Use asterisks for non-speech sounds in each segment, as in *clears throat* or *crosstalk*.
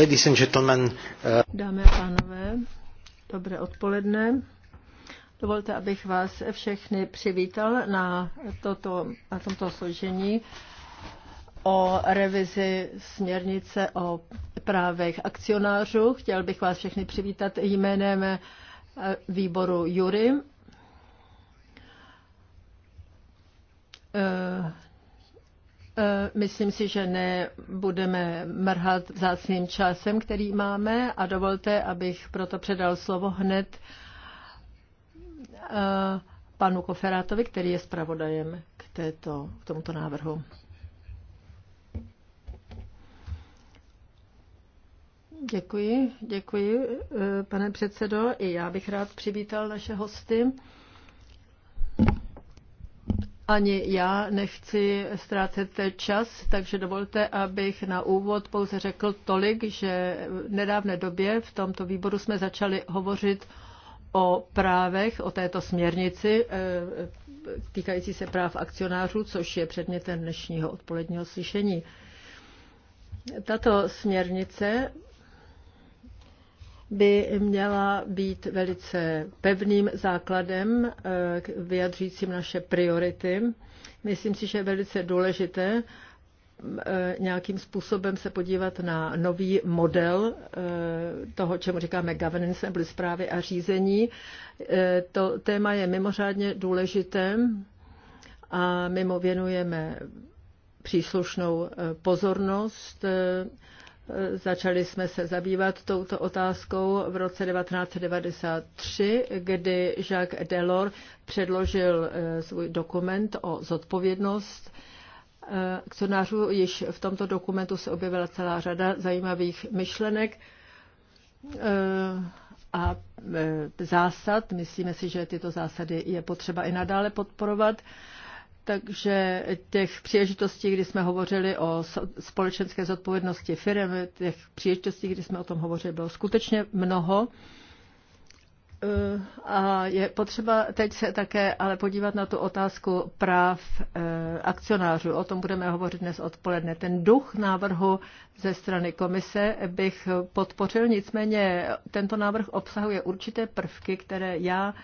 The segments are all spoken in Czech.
Ladies and gentlemen. Eh, Dámy a pánové, dobré odpoledne. Dovolte, abych vás všechny přivítal na, toto, na tomto složení o revizi směrnice o právech akcionářů. Chtěl bych vás všechny přivítat jménem eh, výboru Jury. Eh, Eh, myslím si, že nebudeme mrhat vzácným časem, který máme a dovolte, abych proto předal slovo hned eh, panu Koferátovi, který je zpravodajem k, této, k tomuto návrhu. Děkuji, děkuji, eh, pane předsedo. I já bych rád přivítal naše hosty. Ani já nechci ztrácet čas, takže dovolte, abych na úvod pouze řekl tolik, že v nedávné době v tomto výboru jsme začali hovořit o právech, o této směrnici eh, týkající se práv akcionářů, což je předmětem dnešního odpoledního slyšení. Tato směrnice by měla být velice pevným základem eh, vyjadřícím naše priority. Myslím si, že je velice důležité eh, nějakým způsobem se podívat na nový model eh, toho, čemu říkáme governance nebo zprávy a řízení. To téma je mimořádně důležité a my mu věnujeme příslušnou pozornost. Začali jsme se zabývat touto otázkou v roce 1993, kdy Jacques Delors předložil eh, svůj dokument o zodpovědnost eh, akcionářů. Již v tomto dokumentu se objevila celá řada zajímavých myšlenek eh, a zásad. Myslíme si, že tyto zásady je potřeba i nadále podporovat. Takže těch příležitostí, kdy jsme hovořili o společenské zodpovědnosti firm, těch příležitostí, kdy jsme o tom hovořili, bylo skutečně mnoho. Eh, a je potřeba teď se také ale podívat na tu otázku práv eh, akcionářů. O tom budeme hovořit dnes odpoledne. Ten duch návrhu ze strany komise bych podpořil, nicméně tento návrh obsahuje určité prvky, které já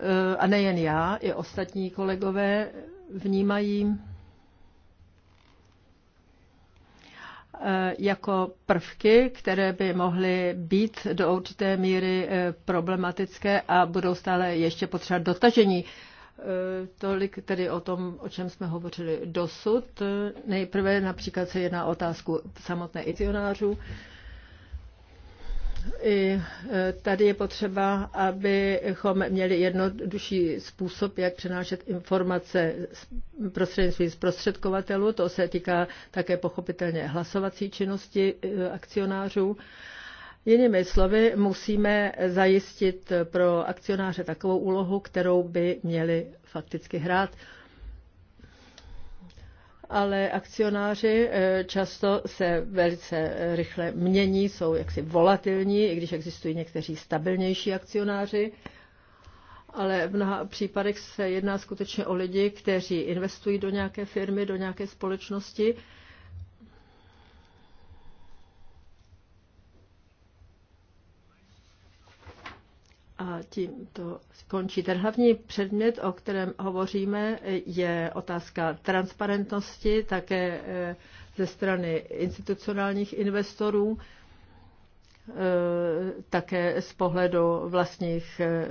Eh, a nejen já, i ostatní kolegové vnímají eh, jako prvky, které by mohly být do určité míry eh, problematické a budou stále ještě potřebovat dotažení. Tolik tedy o tom, o čem jsme hovořili dosud. Nejprve například se jedná o otázku samotné icionářů. I e, tady je potřeba, abychom měli jednodušší způsob, jak přenášet informace prostřednictvím zprostředkovatelů. To se týká také pochopitelně hlasovací činnosti e, akcionářů. Jinými slovy, musíme zajistit pro akcionáře takovou úlohu, kterou by měli fakticky hrát ale akcionáři eh, často se velice eh, rychle mění, jsou jaksi volatilní, i když existují někteří stabilnější akcionáři. Ale v mnoha případech se jedná skutečně o lidi, kteří investují do nějaké firmy, do nějaké společnosti A tím to skončí. Ten hlavní předmět, o kterém hovoříme, je otázka transparentnosti, také e, ze strany institucionálních investorů, e, také z pohledu vlastních e,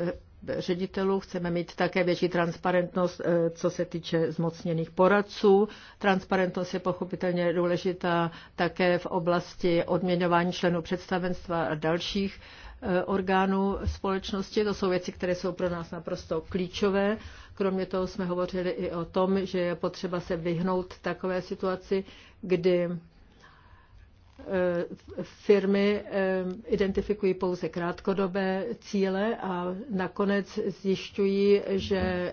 ředitelů. Chceme mít také větší transparentnost, co se týče zmocněných poradců. Transparentnost je pochopitelně důležitá také v oblasti odměňování členů představenstva a dalších Eh, orgánů společnosti. To jsou věci, které jsou pro nás naprosto klíčové. Kromě toho jsme hovořili i o tom, že je potřeba se vyhnout takové situaci, kdy eh, firmy eh, identifikují pouze krátkodobé cíle a nakonec zjišťují, že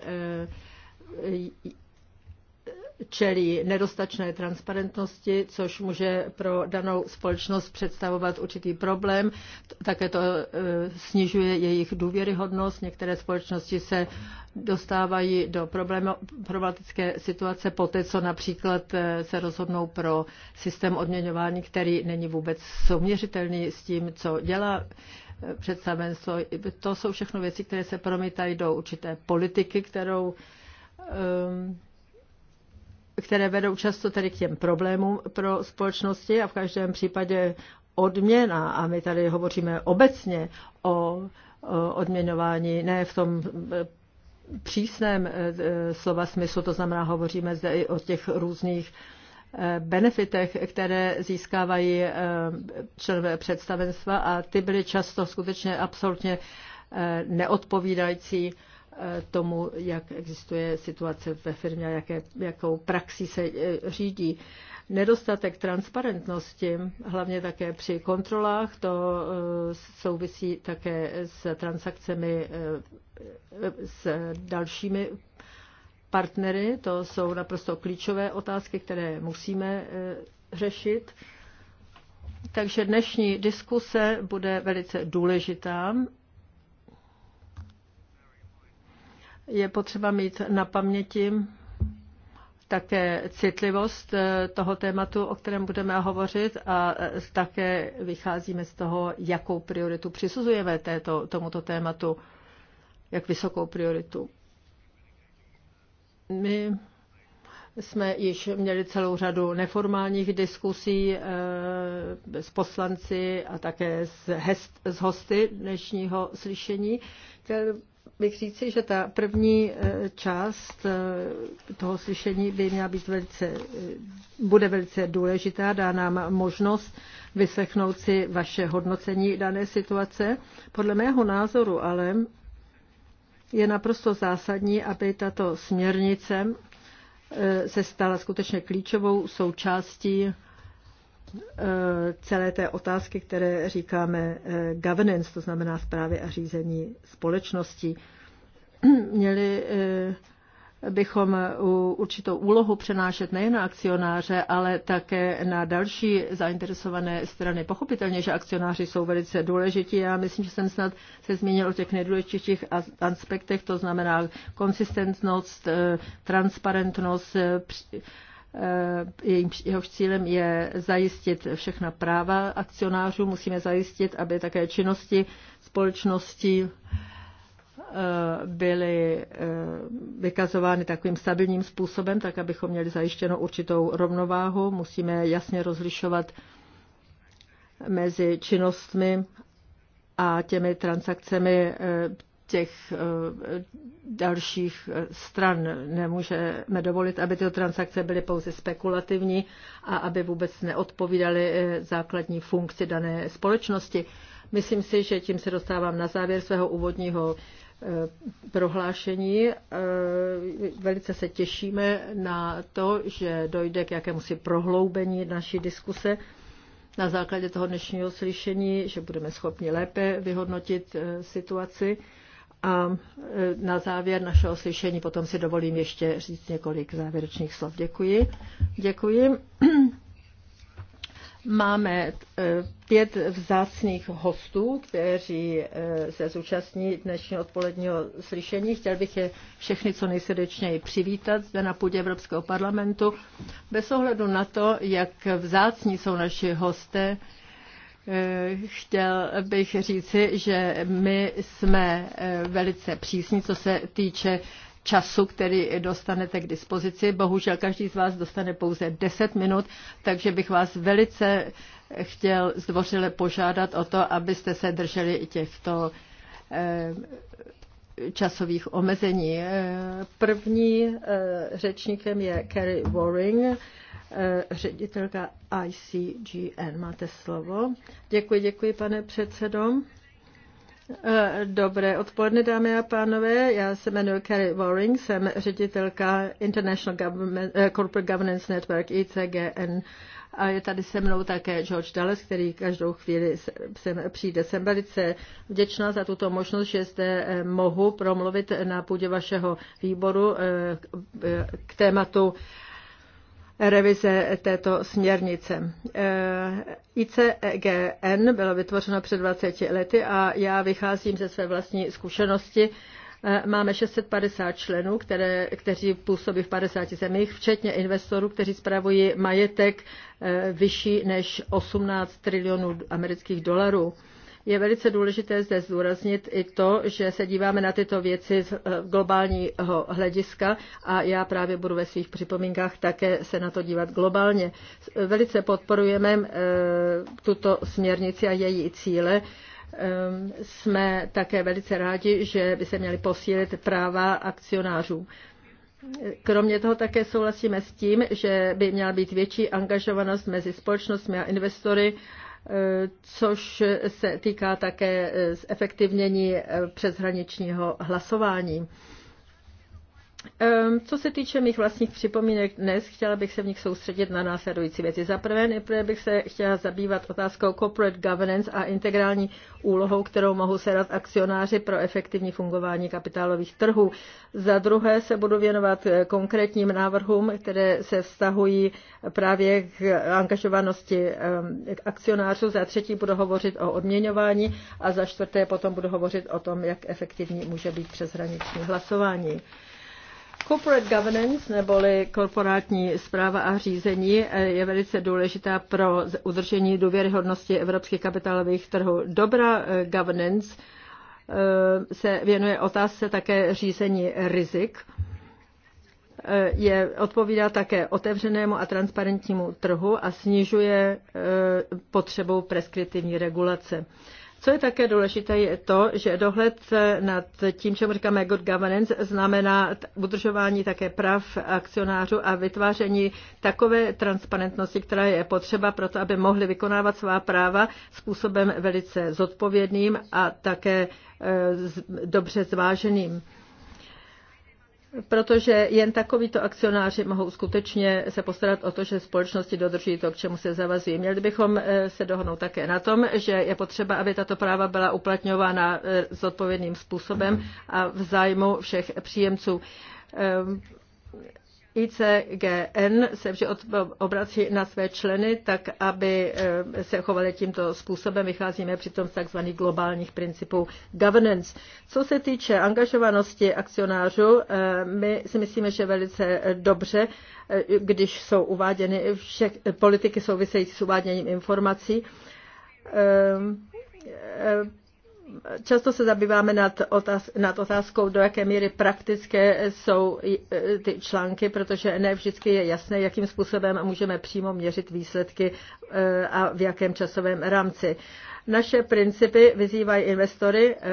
čelí nedostačné transparentnosti, což může pro danou společnost představovat určitý problém. Také to e, snižuje jejich důvěryhodnost. Některé společnosti se dostávají do problematické situace poté, co například e, se rozhodnou pro systém odměňování, který není vůbec souměřitelný s tím, co dělá e, představenstvo. To jsou všechno věci, které se promítají do určité politiky, kterou um, které vedou často tedy k těm problémům pro společnosti a v každém případě odměna, a my tady hovoříme obecně o, o odměňování, ne v tom e, přísném e, slova smyslu, to znamená, hovoříme zde i o těch různých e, benefitech, které získávají členové představenstva a ty byly často skutečně absolutně neodpovídající Eh, tomu, jak existuje situace ve firmě a jaké, jakou praxí se eh, řídí. Nedostatek transparentnosti, hlavně také při kontrolách, to eh, souvisí také s transakcemi s dalšími partnery. To jsou naprosto klíčové otázky, které musíme řešit. Takže dnešní diskuse bude velice důležitá je potřeba mít na paměti také citlivost eh, toho tématu, o kterém budeme hovořit a eh, také vycházíme z toho, jakou prioritu přisuzujeme této, tomuto tématu, jak vysokou prioritu. My jsme již měli celou řadu neformálních diskusí eh, s poslanci a také s, hest, s hosty dnešního slyšení. Chtěl bych říci, že ta první eh, část eh, toho slyšení by měla být velice, eh, bude velice důležitá, dá nám možnost vyslechnout si vaše hodnocení dané situace. Podle mého názoru ale je naprosto zásadní, aby tato směrnice se stala skutečně klíčovou součástí celé té otázky, které říkáme eh, governance, to znamená zprávy a řízení společnosti, Měli eh, bychom určitou úlohu přenášet nejen na akcionáře, ale také na další zainteresované strany. Pochopitelně, že akcionáři jsou velice důležití. Já myslím, že jsem snad se zmínil o těch nejdůležitějších aspektech, to znamená konsistentnost, eh, transparentnost, Eh, jehož cílem je zajistit všechna práva akcionářů, musíme zajistit, aby také činnosti společnosti eh, byly eh, vykazovány takovým stabilním způsobem, tak abychom měli zajištěno určitou rovnováhu. Musíme jasně rozlišovat mezi činnostmi a těmi transakcemi těch eh, dalších eh, stran. Nemůžeme dovolit, aby ty transakce byly pouze spekulativní a aby vůbec neodpovídaly eh, základní funkci dané společnosti. Myslím si, že tím se dostávám na závěr svého úvodního prohlášení. Velice se těšíme na to, že dojde k jakémusi prohloubení naší diskuse na základě toho dnešního slyšení, že budeme schopni lépe vyhodnotit situaci. A e, na závěr našeho slyšení potom si dovolím ještě říct několik závěrečných slov. Děkuji. Děkuji. *clears throat* Máme e, pět vzácných hostů, kteří e, se zúčastní dnešního odpoledního slyšení. Chtěl bych je všechny co nejsrdečněji přivítat zde na půdě Evropského parlamentu. Bez ohledu na to, jak vzácní jsou naši hosté, Chtěl bych říci, že my jsme eh, velice přísní, co se týče času, který dostanete k dispozici. Bohužel každý z vás dostane pouze 10 minut, takže bych vás velice chtěl zdvořile požádat o to, abyste se drželi i těchto eh, časových omezení. Eh, první eh, řečníkem je Kerry Waring, eh, ředitelka ICGN. Máte slovo. Děkuji, děkuji, pane předsedo. Eh, dobré odpoledne, dámy a pánové. Já se jmenuji Kerry Waring, jsem ředitelka International Government, eh, Corporate Governance Network ICGN a je tady se mnou také George Dallas, který každou chvíli sem přijde. Jsem velice vděčná za tuto možnost, že zde eh, mohu promluvit na půdě vašeho výboru k tématu revize této směrnice. Eh, ICGN e bylo vytvořeno před 20 lety a já vycházím ze své vlastní zkušenosti. Eh, máme 650 členů, které, kteří působí v 50 zemích, včetně investorů, kteří spravují majetek eh, vyšší než 18 trilionů amerických dolarů. Je velice důležité zde zdůraznit i to, že se díváme na tyto věci z eh, globálního hlediska a já právě budu ve svých připomínkách také se na to dívat globálně. Eh, velice podporujeme eh, tuto směrnici a její cíle ehm, jsme také velice rádi, že by se měly posílit práva akcionářů. Kromě toho také souhlasíme s tím, že by měla být větší angažovanost mezi společnostmi a investory což se týká také zefektivnění přeshraničního hlasování. Ehm, co se týče mých vlastních připomínek dnes, chtěla bych se v nich soustředit na následující věci. Za prvé, nejprve bych se chtěla zabývat otázkou corporate governance a integrální úlohou, kterou mohou sedat akcionáři pro efektivní fungování kapitálových trhů. Za druhé se budu věnovat konkrétním návrhům, které se vztahují právě k angažovanosti ehm, k akcionářů. Za třetí budu hovořit o odměňování a za čtvrté potom budu hovořit o tom, jak efektivní může být přeshraniční hlasování. Corporate governance neboli korporátní zpráva a řízení eh, je velice důležitá pro udržení důvěryhodnosti evropských kapitálových trhů. Dobrá eh, governance eh, se věnuje otázce také řízení rizik. Je, odpovídá také otevřenému a transparentnímu trhu a snižuje potřebu preskriptivní regulace. Co je také důležité, je to, že dohled nad tím, čemu říkáme good governance, znamená udržování také práv akcionářů a vytváření takové transparentnosti, která je potřeba pro to, aby mohli vykonávat svá práva způsobem velice zodpovědným a také eh, dobře zváženým protože jen takovýto akcionáři mohou skutečně se postarat o to, že společnosti dodrží to, k čemu se zavazují. Měli bychom eh, se dohodnout také na tom, že je potřeba, aby tato práva byla uplatňována eh, zodpovědným způsobem a v zájmu všech příjemců. Ehm, ICGN se vždy obrací na své členy tak, aby eh, se chovali tímto způsobem. Vycházíme přitom z tzv. globálních principů governance. Co se týče angažovanosti akcionářů, eh, my si myslíme, že velice eh, dobře, když jsou uváděny všech, politiky související s uváděním informací často se zabýváme nad, otáz, nad otázkou, do jaké míry praktické jsou e, ty články, protože ne vždycky je jasné, jakým způsobem můžeme přímo měřit výsledky e, a v jakém časovém rámci. Naše principy vyzývají investory e,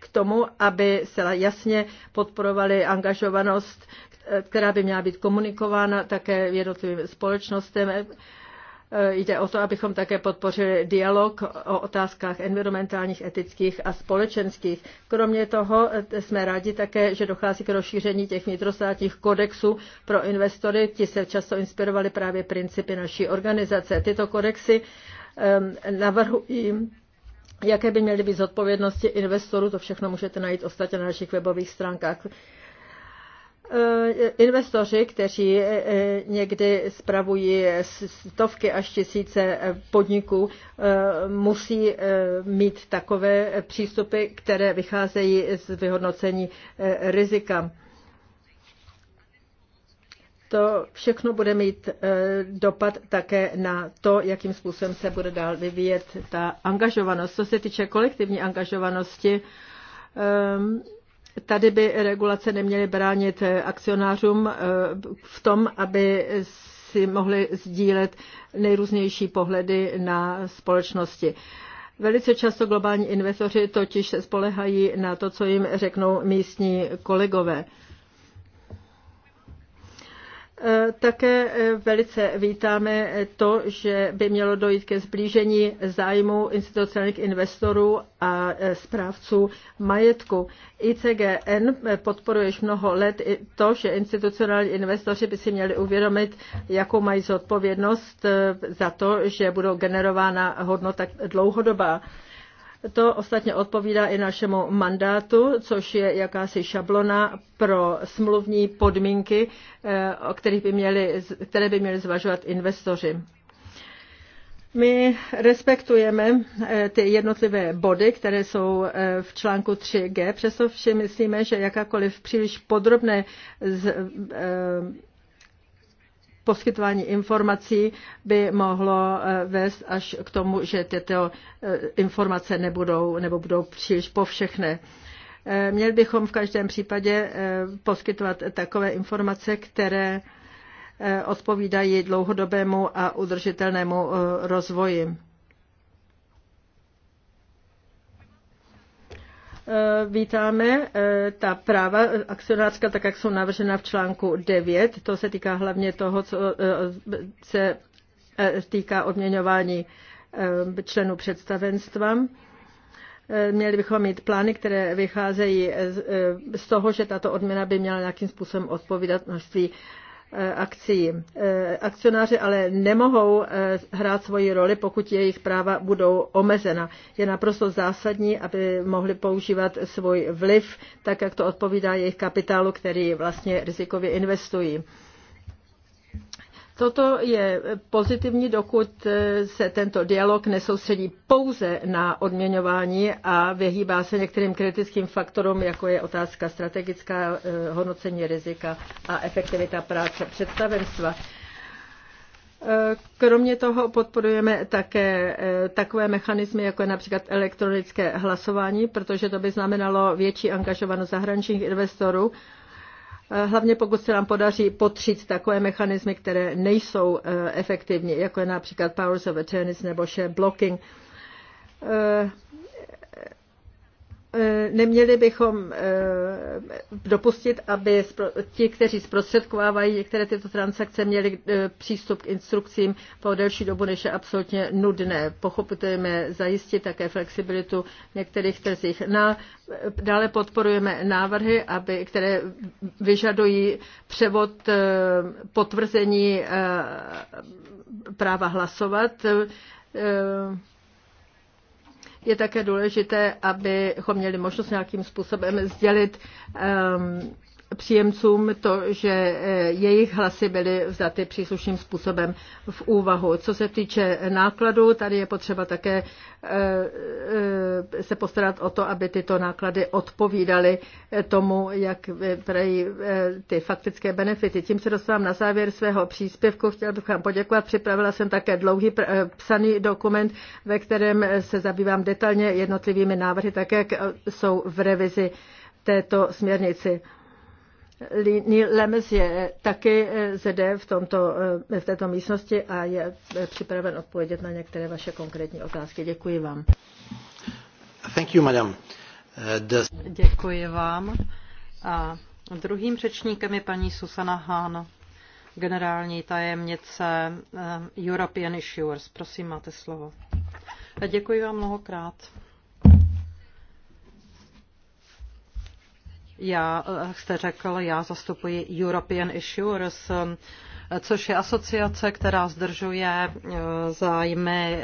k tomu, aby se jasně podporovali angažovanost, která by měla být komunikována také jednotlivým společnostem Eh, jde o to, abychom také podpořili dialog o otázkách environmentálních, etických a společenských. Kromě toho eh, jsme rádi také, že dochází k rozšíření těch vnitrostátních kodexů pro investory. Ti se často inspirovali právě principy naší organizace. Tyto kodexy ehm, navrhují jaké by měly být zodpovědnosti investorů, to všechno můžete najít ostatně na našich webových stránkách. Eh, investoři, kteří eh, eh, někdy spravují stovky až tisíce podniků, musí mít takové přístupy, které vycházejí z vyhodnocení rizika. To všechno bude mít dopad také na to, jakým způsobem se bude dál vyvíjet ta angažovanost. Co se týče kolektivní angažovanosti, ehm, Tady by regulace neměly bránit eh, akcionářům eh, v tom, aby si mohli sdílet nejrůznější pohledy na společnosti. Velice často globální investoři totiž spolehají na to, co jim řeknou místní kolegové. Eh, také eh, velice vítáme eh, to, že by mělo dojít ke zblížení zájmu institucionálních investorů a správců majetku. ICGN podporuje již mnoho let i to, že institucionální investoři by si měli uvědomit, jakou mají zodpovědnost za to, že budou generována hodnota dlouhodobá. To ostatně odpovídá i našemu mandátu, což je jakási šablona pro smluvní podmínky, eh, o kterých by měli, které by měli zvažovat investoři. My respektujeme eh, ty jednotlivé body, které jsou eh, v článku 3G, přesto si myslíme, že jakákoliv příliš podrobné z, poskytování informací by mohlo eh, vést až k tomu, že tyto eh, informace nebudou nebo budou příliš povšechné. Eh, měli bychom v každém případě poskytovat takové informace, které odpovídají dlouhodobému a udržitelnému rozvoji. Eh, vítáme eh, ta práva akcionářská, tak jak jsou navržena v článku 9. To se týká hlavně toho, co eh, se týká odměňování členů představenstva. Měli bychom mít plány, které vycházejí z toho, že tato odměna by měla nějakým způsobem odpovídat množství Eh, akcí. Eh, akcionáři ale nemohou eh, hrát svoji roli, pokud jejich práva budou omezena. Je naprosto zásadní, aby mohli používat svůj vliv, tak jak to odpovídá jejich kapitálu, který vlastně rizikově investují. Toto je pozitivní, dokud e, se tento dialog nesoustředí pouze na odměňování a vyhýbá se některým kritickým faktorům, jako je otázka strategická e, hodnocení rizika a efektivita práce představenstva. E, kromě toho podporujeme také takové mechanismy, jako je například elektronické hlasování, protože to by znamenalo větší angažovanost zahraničních investorů Eh, hlavně pokud se nám podaří potřít takové mechanismy, které nejsou eh, efektivní, jako je například powers of attorneys nebo share blocking eh, E, neměli bychom e, dopustit, aby ti, kteří zprostředkovávají některé tyto transakce, měli e, přístup k instrukcím po delší dobu, než je absolutně nudné. Pochopitelně zajistit také flexibilitu v některých trzích. Na, dále podporujeme návrhy, aby, které vyžadují převod potvrzení práva hlasovat je také důležité, abychom měli možnost nějakým způsobem sdělit um, příjemcům to, že e, jejich hlasy byly vzaty příslušným způsobem v úvahu. Co se týče nákladů, tady je potřeba také e, e, se postarat o to, aby tyto náklady odpovídaly tomu, jak vypadají ty faktické benefity. Tím se dostávám na závěr svého příspěvku. Chtěla bych vám poděkovat. Připravila jsem také dlouhý psaný dokument, ve kterém se zabývám detailně jednotlivými návrhy, tak jak jsou v revizi této směrnici. Lemes je taky eh, zde v, tomto, eh, v této místnosti a je eh, připraven odpovědět na některé vaše konkrétní otázky. Děkuji vám. Thank you, madam. The... Děkuji vám. A druhým řečníkem je paní Susana Hahn, generální tajemnice European Issuers. Prosím, máte slovo. A děkuji vám mnohokrát. Já, jak eh, jste řekl, já zastupuji European Issuers, eh, což je asociace, která zdržuje eh, zájmy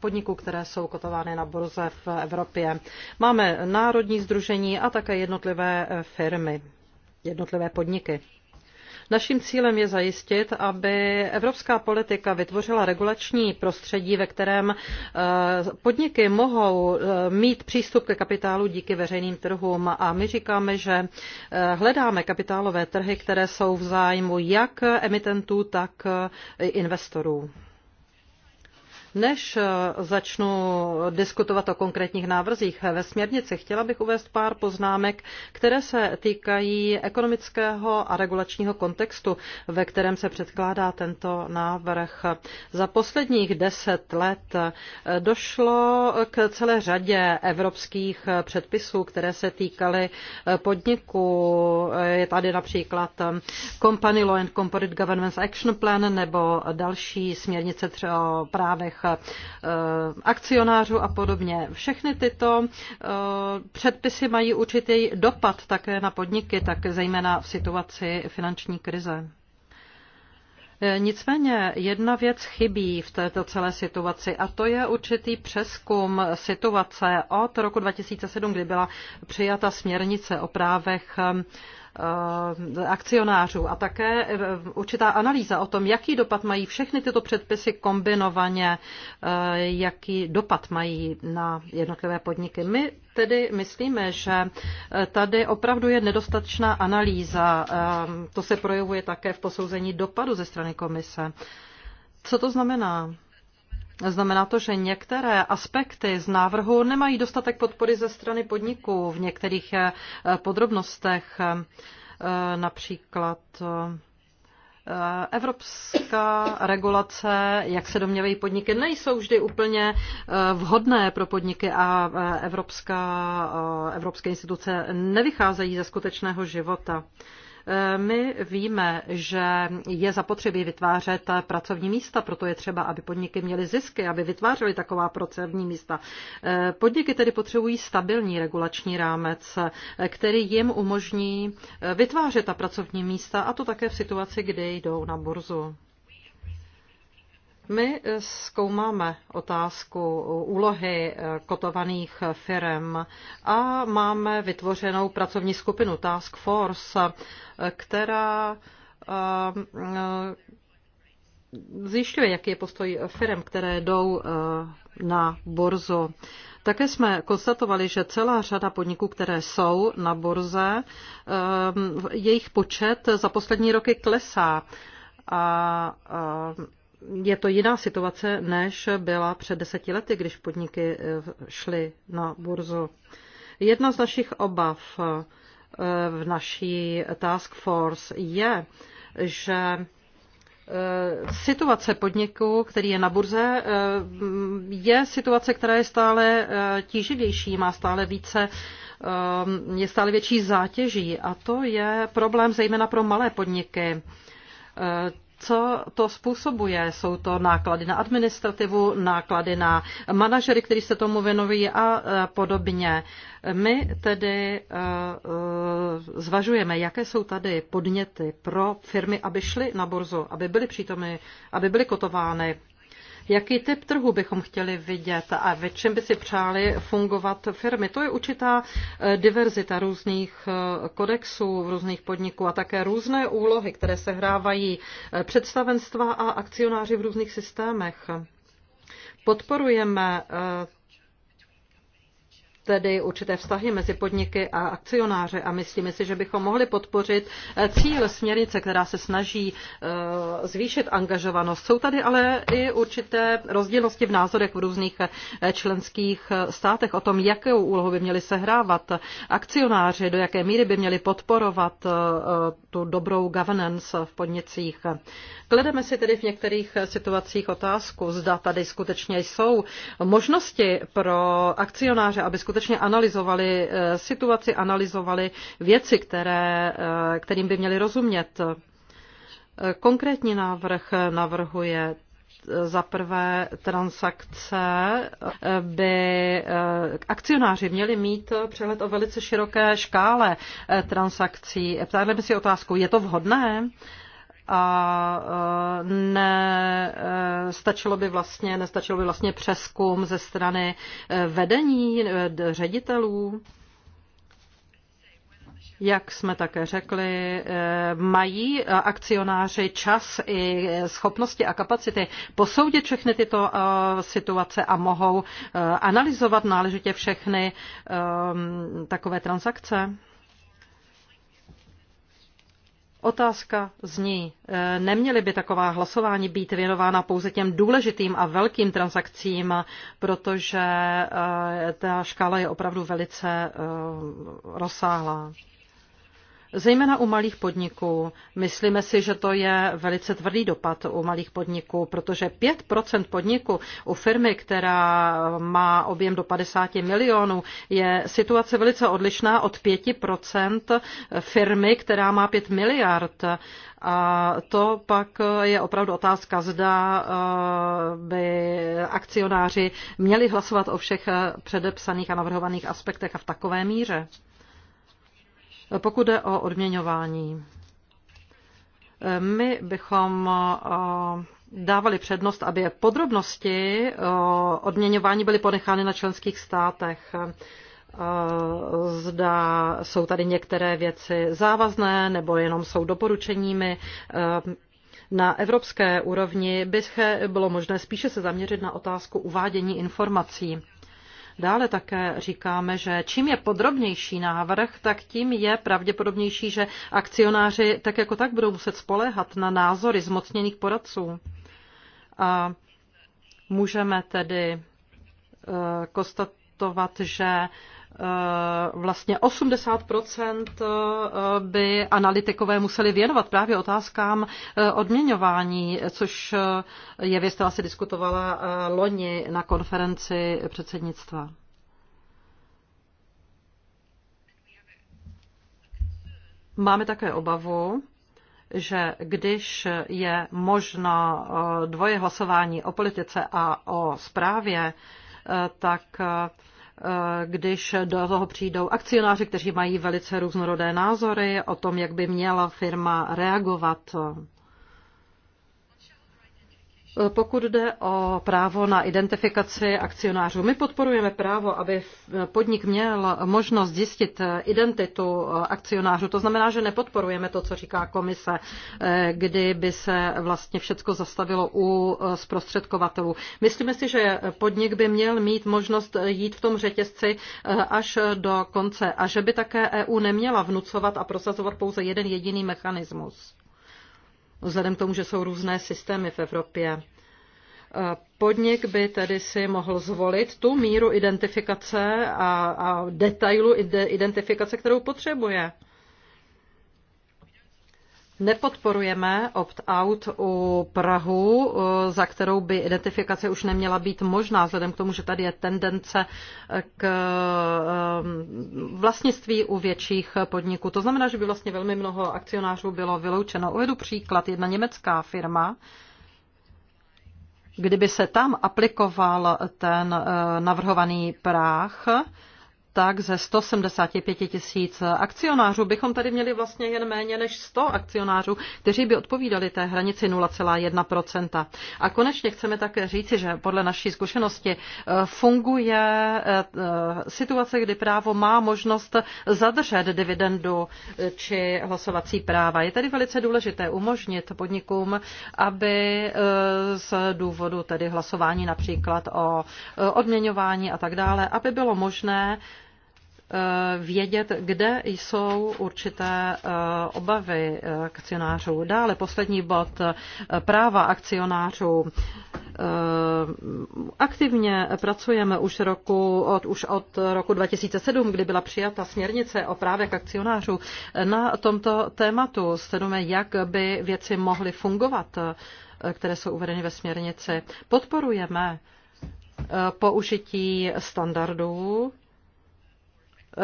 podniků, které jsou kotovány na burze v Evropě. Máme národní združení a také jednotlivé firmy, jednotlivé podniky. Naším cílem je zajistit, aby evropská politika vytvořila regulační prostředí, ve kterém eh, podniky mohou eh, mít přístup ke kapitálu díky veřejným trhům. A my říkáme, že eh, hledáme kapitálové trhy, které jsou v zájmu jak emitentů, tak investorů. Než eh, začnu diskutovat o konkrétních návrzích ve směrnici, chtěla bych uvést pár poznámek, které se týkají ekonomického a regulačního kontextu, ve kterém se předkládá tento návrh. Za posledních deset let eh, došlo k celé řadě evropských eh, předpisů, které se týkaly podniků. Je tady například Company Law and Corporate Governance Action Plan nebo další směrnice třeba o právech Eh, akcionářů a podobně. Všechny tyto eh, předpisy mají určitý dopad také na podniky, tak zejména v situaci finanční krize. Eh, nicméně jedna věc chybí v této celé situaci a to je určitý přeskum situace od roku 2007, kdy byla přijata směrnice o právech Eh, akcionářů a také eh, určitá analýza o tom, jaký dopad mají všechny tyto předpisy kombinovaně, eh, jaký dopad mají na jednotlivé podniky. My tedy myslíme, že tady opravdu je nedostatečná analýza. To se projevuje také v posouzení dopadu ze strany komise. Co to znamená? Znamená to, že některé aspekty z návrhu nemají dostatek podpory ze strany podniků v některých eh, podrobnostech, eh, například eh, Evropská regulace, jak se domněvají podniky, nejsou vždy úplně vhodné pro podniky a evropská, evropské instituce nevycházejí ze skutečného života. My víme, že je zapotřebí vytvářet pracovní místa, proto je třeba, aby podniky měly zisky, aby vytvářely taková pracovní místa. Podniky tedy potřebují stabilní regulační rámec, který jim umožní vytvářet ta pracovní místa, a to také v situaci, kdy jdou na burzu. My eh, zkoumáme otázku úlohy eh, kotovaných firm a máme vytvořenou pracovní skupinu Task Force, eh, která zjišťuje, jaký je postoj firm, které jdou na borzu. Také jsme konstatovali, že celá řada podniků, které jsou na Borze, jejich počet za poslední roky klesá. A je to jiná situace, než byla před deseti lety, když podniky eh, šly na burzu. Jedna z našich obav eh, v naší task force je, že eh, situace podniku, který je na burze, je situace, která je stále tíživější, má stále více je stále větší zátěží a to je problém zejména pro malé podniky co to způsobuje. Jsou to náklady na administrativu, náklady na manažery, kteří se tomu věnují a e, podobně. My tedy e, e, zvažujeme, jaké jsou tady podněty pro firmy, aby šly na burzu, aby byly přítomy, aby byly kotovány Jaký typ trhu bychom chtěli vidět a ve čem by si přáli fungovat firmy? To je určitá eh, diverzita různých eh, kodexů v různých podniků a také různé úlohy, které se hrávají eh, představenstva a akcionáři v různých systémech. Podporujeme tedy určité vztahy mezi podniky a akcionáře a myslíme si, že bychom mohli podpořit eh, cíl směrnice, která se snaží eh, zvýšit angažovanost. Jsou tady ale i určité rozdílnosti v názorech v různých eh, členských státech o tom, jakou úlohu by měli sehrávat akcionáři, do jaké míry by měli podporovat tu dobrou governance v podnicích. Kledeme si tedy v některých situacích otázku, zda tady skutečně jsou možnosti pro akcionáře, aby skutečně skutečně analyzovali eh, situaci, analyzovali věci, které, eh, kterým by měli rozumět. Eh, konkrétní návrh navrhuje za prvé transakce by akcionáři měli mít přehled o velice široké škále transakcí. Ptáme si otázku, je to vhodné? a e, ne, e, stačilo by vlastně, nestačilo by vlastně přeskum ze strany e, vedení ředitelů. Jak jsme také řekli, mají akcionáři čas i schopnosti a kapacity posoudit všechny tyto situace a mohou analyzovat náležitě všechny takové transakce? Otázka zní, eh, neměly by taková hlasování být věnována pouze těm důležitým a velkým transakcím, protože eh, ta škála je opravdu velice eh, rozsáhlá. Zejména u malých podniků. Myslíme si, že to je velice tvrdý dopad u malých podniků, protože 5% podniků u firmy, která má objem do 50 milionů, je situace velice odlišná od 5% firmy, která má 5 miliard. A to pak je opravdu otázka, zda eh, by akcionáři měli hlasovat o všech předepsaných a navrhovaných aspektech a v takové míře. Pokud jde o odměňování, my bychom eh, dávali přednost, aby podrobnosti eh, odměňování byly ponechány na členských státech. Eh, zda jsou tady některé věci závazné nebo jenom jsou doporučeními. Na evropské úrovni by bylo možné spíše se zaměřit na otázku uvádění informací. Dále také říkáme, že čím je podrobnější návrh, tak tím je pravděpodobnější, že akcionáři tak jako tak budou muset spoléhat na názory zmocněných poradců. A můžeme tedy eh, konstatovat, že Eh, vlastně 80% eh, by analytikové museli věnovat právě otázkám eh, odměňování, což je věc, která se diskutovala loni na konferenci předsednictva. Máme také obavu, že když je možno dvoje hlasování o politice a o správě, tak Eh, když do toho přijdou akcionáři, kteří mají velice různorodé názory o tom, jak by měla firma reagovat. Pokud jde o právo na identifikaci akcionářů, my podporujeme právo, aby podnik měl možnost zjistit identitu akcionářů. To znamená, že nepodporujeme to, co říká komise, kdy by se vlastně všechno zastavilo u zprostředkovatelů. Myslíme si, že podnik by měl mít možnost jít v tom řetězci až do konce a že by také EU neměla vnucovat a prosazovat pouze jeden jediný mechanismus vzhledem k tomu, že jsou různé systémy v Evropě. E, podnik by tedy si mohl zvolit tu míru identifikace a, a detailu identifikace, kterou potřebuje. Nepodporujeme opt-out u Prahu, eh, za kterou by identifikace už neměla být možná, vzhledem k tomu, že tady je tendence k eh, vlastnictví u větších podniků. To znamená, že by vlastně velmi mnoho akcionářů bylo vyloučeno. Uvedu příklad. Jedna německá firma, kdyby se tam aplikoval ten eh, navrhovaný práh, tak ze 175 tisíc akcionářů bychom tady měli vlastně jen méně než 100 akcionářů, kteří by odpovídali té hranici 0,1%. A konečně chceme také říci, že podle naší zkušenosti eh, funguje eh, situace, kdy právo má možnost zadržet dividendu eh, či hlasovací práva. Je tedy velice důležité umožnit podnikům, aby z důvodu tedy hlasování například o odměňování a tak dále, aby bylo možné Eh, vědět, kde jsou určité eh, obavy eh, akcionářů. Dále poslední bod práva akcionářů. Aktivně pracujeme už, roku, od, už od roku 2007, kdy byla přijata směrnice o právech akcionářů. Na tomto tématu sledujeme, jak by věci mohly fungovat, které jsou uvedeny ve směrnici. Podporujeme použití standardů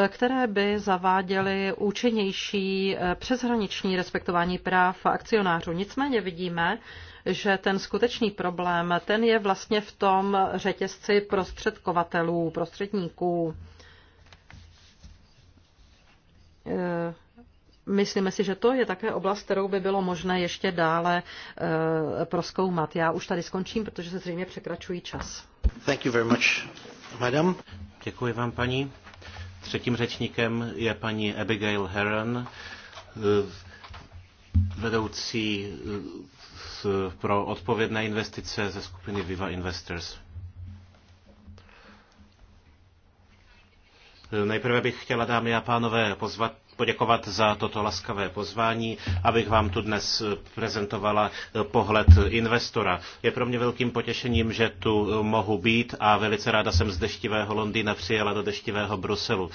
které by zaváděly účinnější eh, přeshraniční respektování práv akcionářů. Nicméně vidíme, že ten skutečný problém, ten je vlastně v tom řetězci prostředkovatelů, prostředníků. Eh, myslíme si, že to je také oblast, kterou by bylo možné ještě dále eh, proskoumat. Já už tady skončím, protože se zřejmě překračují čas. Thank you very much, madam. Děkuji vám, paní. Třetím řečníkem je paní Abigail Heron, eh, vedoucí eh, pro odpovědné investice ze skupiny Viva Investors. Eh, nejprve bych chtěla, dámy a pánové, pozvat poděkovat za toto laskavé pozvání, abych vám tu dnes prezentovala pohled investora. Je pro mě velkým potěšením, že tu mohu být a velice ráda jsem z deštivého Londýna přijela do deštivého Bruselu.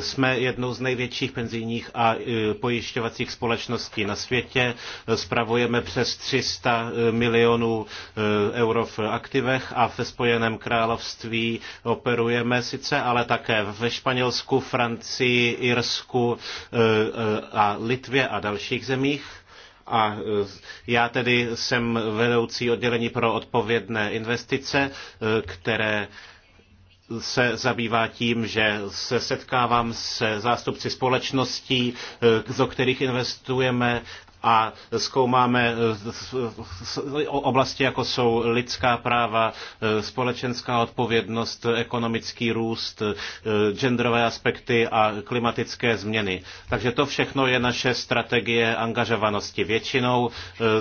Jsme jednou z největších penzijních a e, pojišťovacích společností na světě. Spravujeme přes 300 milionů e, euro v aktivech a ve Spojeném království operujeme sice, ale také ve Španělsku, Francii, Irsku, Eh, a Litvě a dalších zemích a eh, já tedy jsem vedoucí oddělení pro odpovědné investice, eh, které se zabývá tím, že se setkávám se zástupci společností, do kterých investujeme a zkoumáme eh, oblasti, jako jsou lidská práva, eh, společenská odpovědnost, ekonomický růst, eh, genderové aspekty a klimatické změny. Takže to všechno je naše strategie angažovanosti. Většinou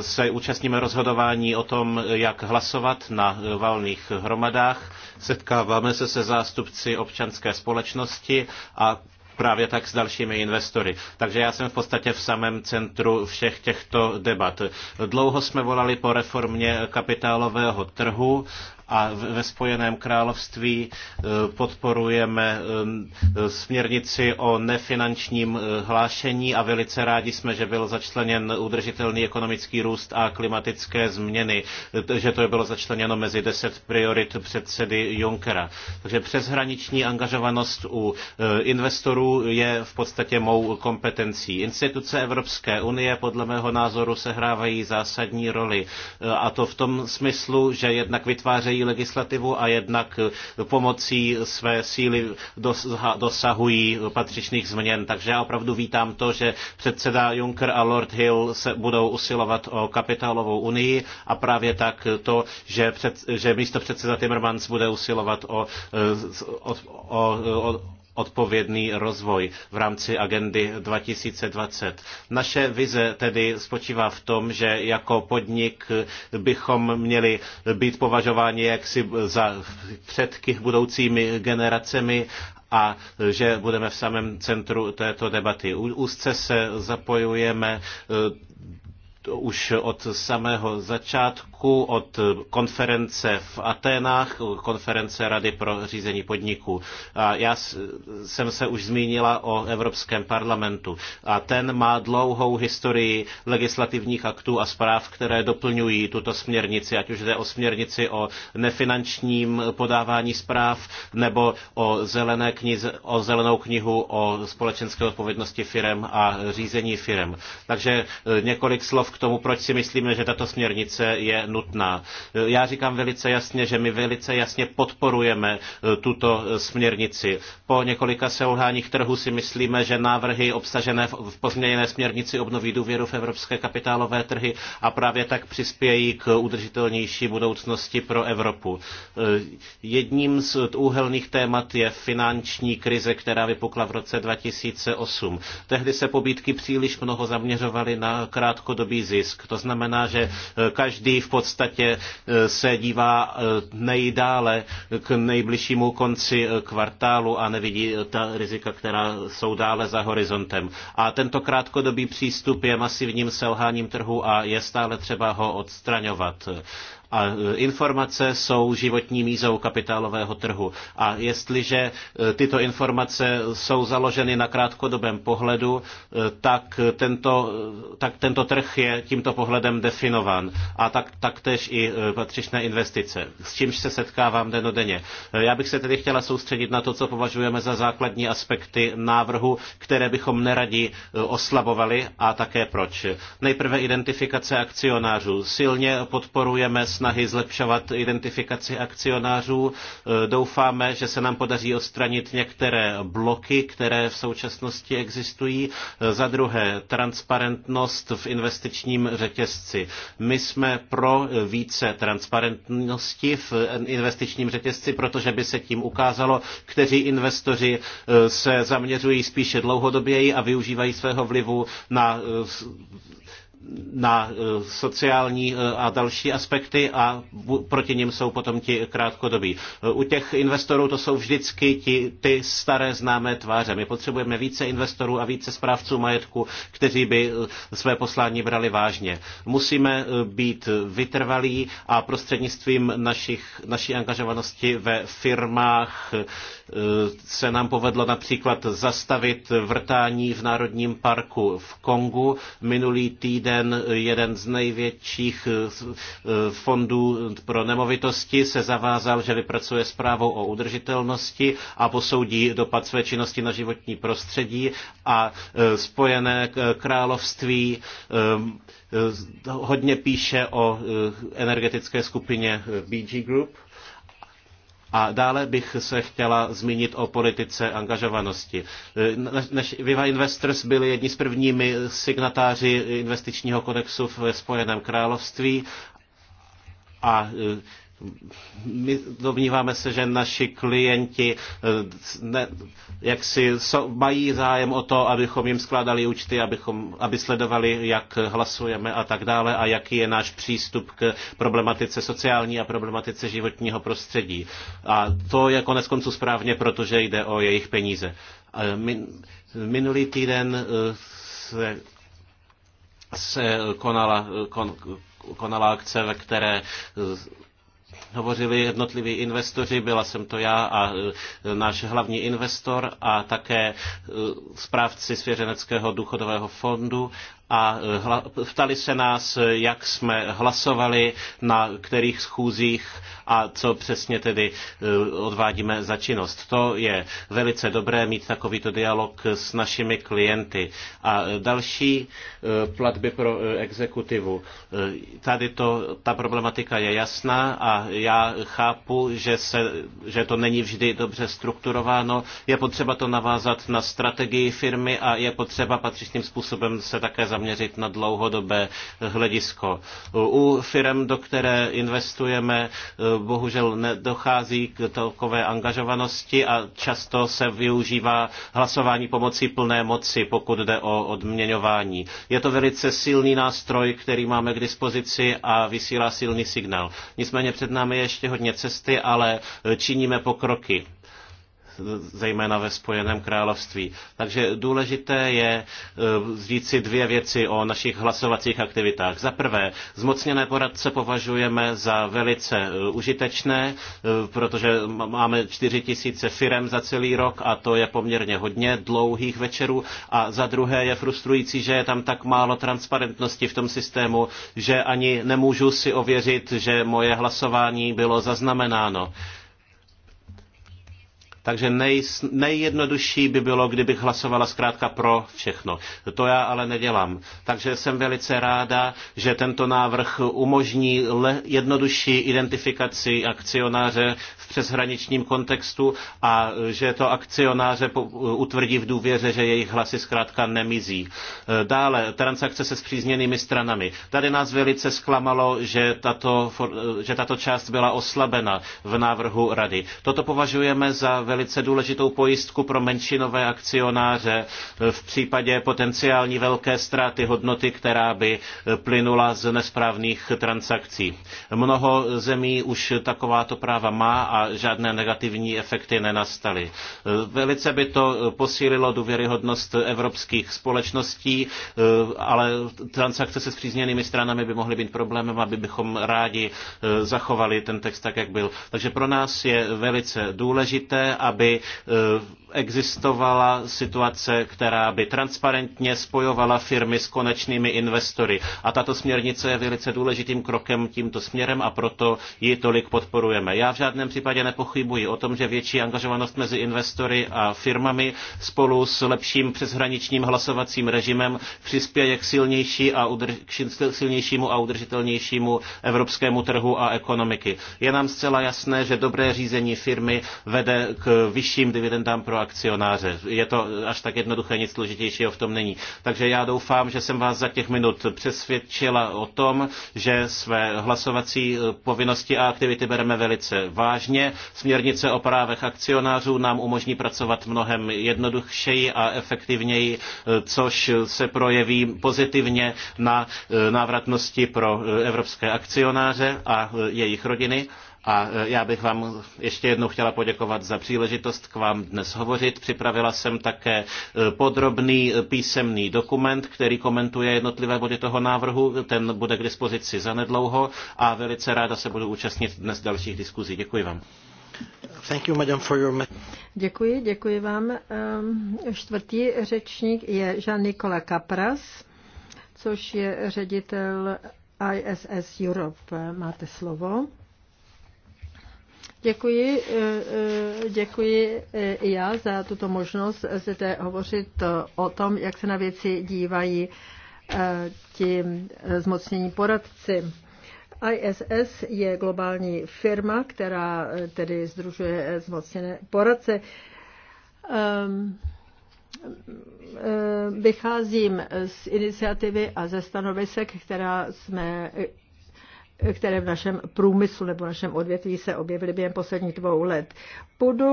se účastníme rozhodování o tom, jak hlasovat na valných hromadách, setkáváme se se zástupci občanské společnosti a právě tak s dalšími investory. Takže já jsem v podstatě v samém centru všech těchto debat. Dlouho jsme volali po reformě kapitálového trhu a ve Spojeném království eh, podporujeme eh, směrnici o nefinančním eh, hlášení a velice rádi jsme, že byl začleněn udržitelný ekonomický růst a klimatické změny, že to bylo začleněno mezi deset priorit předsedy Junckera. Takže přeshraniční angažovanost u investorů je v podstatě mou kompetencí. Instituce Evropské unie podle mého názoru sehrávají zásadní roli a to v tom smyslu, že jednak vytvářejí vytvářejí legislativu a jednak eh, pomocí své síly dosahují patřičných změn. Takže já opravdu vítám to, že předseda Juncker a Lord Hill se budou usilovat o kapitálovou unii a právě tak to, že, před, že místo předseda Timmermans bude usilovat o, eh, o, o, o odpovědný rozvoj v rámci agendy 2020. Naše vize tedy spočívá v tom, že jako podnik bychom měli být považováni jaksi za předky budoucími generacemi a že budeme v samém centru této debaty. Úzce se zapojujeme eh, už od samého začátku výsledků od konference v Aténách, konference Rady pro řízení podniků. A já jsem se už zmínila o Evropském parlamentu. A ten má dlouhou historii legislativních aktů a zpráv, které doplňují tuto směrnici, ať už jde o směrnici o nefinančním podávání zpráv nebo o, zelené knize, o zelenou knihu o společenské odpovědnosti firem a řízení firem. Takže eh, několik slov k tomu, proč si myslíme, že tato směrnice je nutná. Já říkám velice jasně, že my velice jasně podporujeme eh, tuto eh, směrnici. Po několika selháních trhu si myslíme, že návrhy obsažené v pozměněné směrnici obnoví důvěru v evropské kapitálové trhy a právě tak přispějí k udržitelnější budoucnosti pro Evropu. Eh, jedním z úhelných témat je finanční krize, která vypukla v roce 2008. Tehdy se pobídky příliš mnoho zaměřovaly na krátkodobý zisk. To znamená, že každý v podstatě eh, se dívá eh, nejdále k nejbližšímu konci eh, kvartálu a nevidí ta rizika, která jsou dále za horizontem. A tento krátkodobý přístup je masivním selháním trhu a je stále třeba ho odstraňovat. A e, informace jsou životní mízou kapitálového trhu. A jestliže e, tyto informace jsou založeny na krátkodobém pohledu, e, tak tento, tak tento trh je tímto pohledem definován. A tak, taktéž i patřičné investice, s čímž se setkávám denodenně. Já bych se tedy chtěla soustředit na to, co považujeme za základní aspekty návrhu, které bychom neradi oslabovali a také proč. Nejprve identifikace akcionářů. Silně podporujeme snahy zlepšovat identifikaci akcionářů. E, doufáme, že se nám podaří odstranit některé bloky, které v současnosti existují. E, za druhé, transparentnost v investičním řetězci. My jsme pro více transparentnosti v investičním řetězci, protože by se tím ukázalo, kteří investoři e, se zaměřují spíše dlouhodoběji a využívají svého vlivu na na eh, sociální eh, a další aspekty a proti nim jsou potom ti krátkodobí. Eh, u těch investorů to jsou vždycky ti, ty staré známé tváře. My potřebujeme více investorů a více správců majetku, kteří by své poslání brali vážně. Musíme být vytrvalí a prostřednictvím našich, naší angažovanosti ve firmách Eh, se nám povedlo například zastavit vrtání v Národním parku v Kongu. Minulý týden jeden z největších eh, fondů pro nemovitosti se zavázal, že vypracuje zprávu o udržitelnosti a posoudí dopad své činnosti na životní prostředí a eh, spojené království hodně píše o energetické skupině BG Group a dále bych se chtěla zmínit o politice angažovanosti. Než Viva Investors byli jedni z prvními signatáři investičního kodexu ve Spojeném království a my domníváme se, že naši klienti eh, ne, jak si so, mají zájem o to, abychom jim skládali účty, abychom, aby sledovali, jak hlasujeme a tak dále a jaký je náš přístup k problematice sociální a problematice životního prostředí. A to je konec konců správně, protože jde o jejich peníze. Eh, min, minulý týden eh, se, se konala, kon, konala akce, ve které hovořili jednotliví investoři, byla jsem to já a e, náš hlavní investor a také e, správci svěřeneckého důchodového fondu a eh, ptali se nás, eh, jak jsme hlasovali, na kterých schůzích a co přesně tedy eh, odvádíme za činnost. To je velice dobré mít takovýto dialog s našimi klienty. A další platby pro exekutivu. Tady to, ta problematika je jasná a já chápu, že, se, že to není vždy dobře strukturováno. Je potřeba to navázat na strategii firmy a je potřeba patřičným způsobem se také zaměřit zaměřit na dlouhodobé hledisko. U firm, do které investujeme, bohužel nedochází k takové angažovanosti a často se využívá hlasování pomocí plné moci, pokud jde o odměňování. Je to velice silný nástroj, který máme k dispozici a vysílá silný signál. Nicméně před námi je ještě hodně cesty, ale činíme pokroky zejména ve Spojeném království. Takže důležité je říct e, si dvě věci o našich hlasovacích aktivitách. Za prvé, zmocněné poradce považujeme za velice e, užitečné, e, protože máme 4 tisíce firem za celý rok a to je poměrně hodně dlouhých večerů. A za druhé je frustrující, že je tam tak málo transparentnosti v tom systému, že ani nemůžu si ověřit, že moje hlasování bylo zaznamenáno. Takže nej, nejjednodušší by bylo, kdybych hlasovala zkrátka pro všechno. To já ale nedělám. Takže jsem velice ráda, že tento návrh umožní le, jednodušší identifikaci akcionáře v přeshraničním kontextu a že to akcionáře utvrdí v důvěře, že jejich hlasy zkrátka nemizí. Dále, transakce se zpřízněnými stranami. Tady nás velice zklamalo, že tato, že tato část byla oslabena v návrhu rady. Toto považujeme za velice velice důležitou pojistku pro menšinové akcionáře v případě potenciální velké ztráty hodnoty, která by plynula z nesprávných transakcí. Mnoho zemí už takováto práva má a žádné negativní efekty nenastaly. Velice by to posílilo důvěryhodnost evropských společností, ale transakce se skřízněnými stranami by mohly být problémem, aby bychom rádi zachovali ten text tak, jak byl. Takže pro nás je velice důležité, aby eh, existovala situace, která by transparentně spojovala firmy s konečnými investory. A tato směrnice je velice důležitým krokem tímto směrem a proto ji tolik podporujeme. Já v žádném případě nepochybuji o tom, že větší angažovanost mezi investory a firmami spolu s lepším přeshraničním hlasovacím režimem přispěje k, silnější a udrž- k silnějšímu a udržitelnějšímu evropskému trhu a ekonomiky. Je nám zcela jasné, že dobré řízení firmy vede k vyšším dividendám pro akcionáře. Je to až tak jednoduché, nic složitějšího v tom není. Takže já doufám, že jsem vás za těch minut přesvědčila o tom, že své hlasovací eh, povinnosti a aktivity bereme velice vážně. Směrnice o právech akcionářů nám umožní pracovat mnohem jednodušší a efektivněji, eh, což se projeví pozitivně na eh, návratnosti pro evropské akcionáře a jejich rodiny. A e, já bych vám ještě jednou chtěla poděkovat za příležitost k vám dnes hovořit. Připravila jsem také e, podrobný písemný dokument, který komentuje jednotlivé body toho návrhu. Ten bude k dispozici zanedlouho a velice ráda se budu účastnit dnes dalších diskuzí. Děkuji vám. Thank you, madam, for your... Děkuji, děkuji vám. Ehm, čtvrtý řečník je jean Nikola Capras, což je ředitel ISS Europe. Máte slovo. Děkuji, eh, eh, děkuji eh, i já za tuto možnost zde hovořit o tom, jak se na věci dívají ti zmocnění poradci. ISS je globální firma, která tedy združuje zmocněné poradce. Ehm, vycházím z iniciativy a ze stanovisek, která jsme které v našem průmyslu nebo našem odvětví se objevily během posledních dvou let. Budu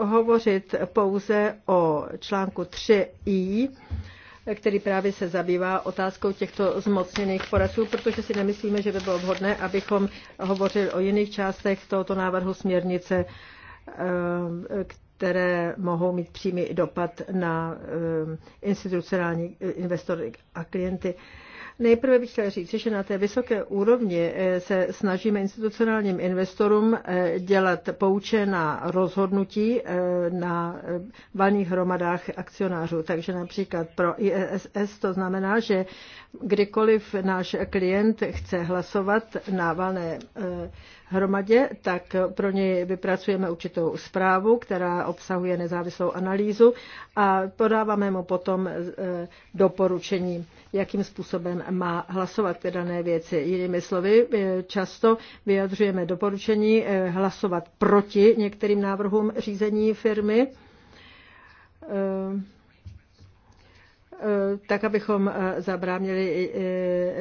eh, hovořit pouze o článku 3i, který právě se zabývá otázkou těchto zmocněných poradců, protože si nemyslíme, že by bylo vhodné, abychom hovořili o jiných částech tohoto návrhu směrnice, eh, které mohou mít přímý dopad na eh, institucionální investory a klienty. Nejprve bych chtěla říct, že na té vysoké úrovni eh, se snažíme institucionálním investorům eh, dělat poučená rozhodnutí eh, na valných hromadách akcionářů. Takže například pro ISS to znamená, že kdykoliv náš klient chce hlasovat na valné hromadě, tak pro něj vypracujeme určitou zprávu, která obsahuje nezávislou analýzu a podáváme mu potom doporučení jakým způsobem má hlasovat k dané věci. Jinými slovy, eh, často vyjadřujeme doporučení eh, hlasovat proti některým návrhům řízení firmy eh, tak abychom zabránili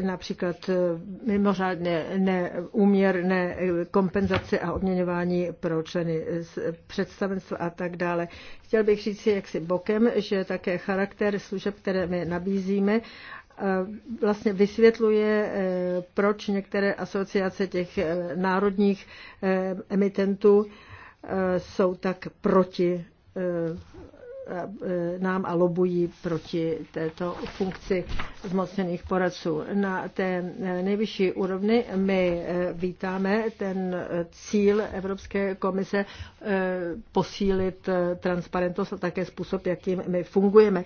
například mimořádně neúměrné kompenzace a odměňování pro členy představenstva a tak dále. Chtěl bych říct si jaksi bokem, že také charakter služeb, které my nabízíme, vlastně vysvětluje, e, proč některé asociace těch e, národních e, emitentů jsou tak proti nám a lobují proti této funkci zmocněných poradců. Na té nejvyšší úrovni my vítáme ten cíl Evropské komise posílit transparentnost a také způsob, jakým my fungujeme.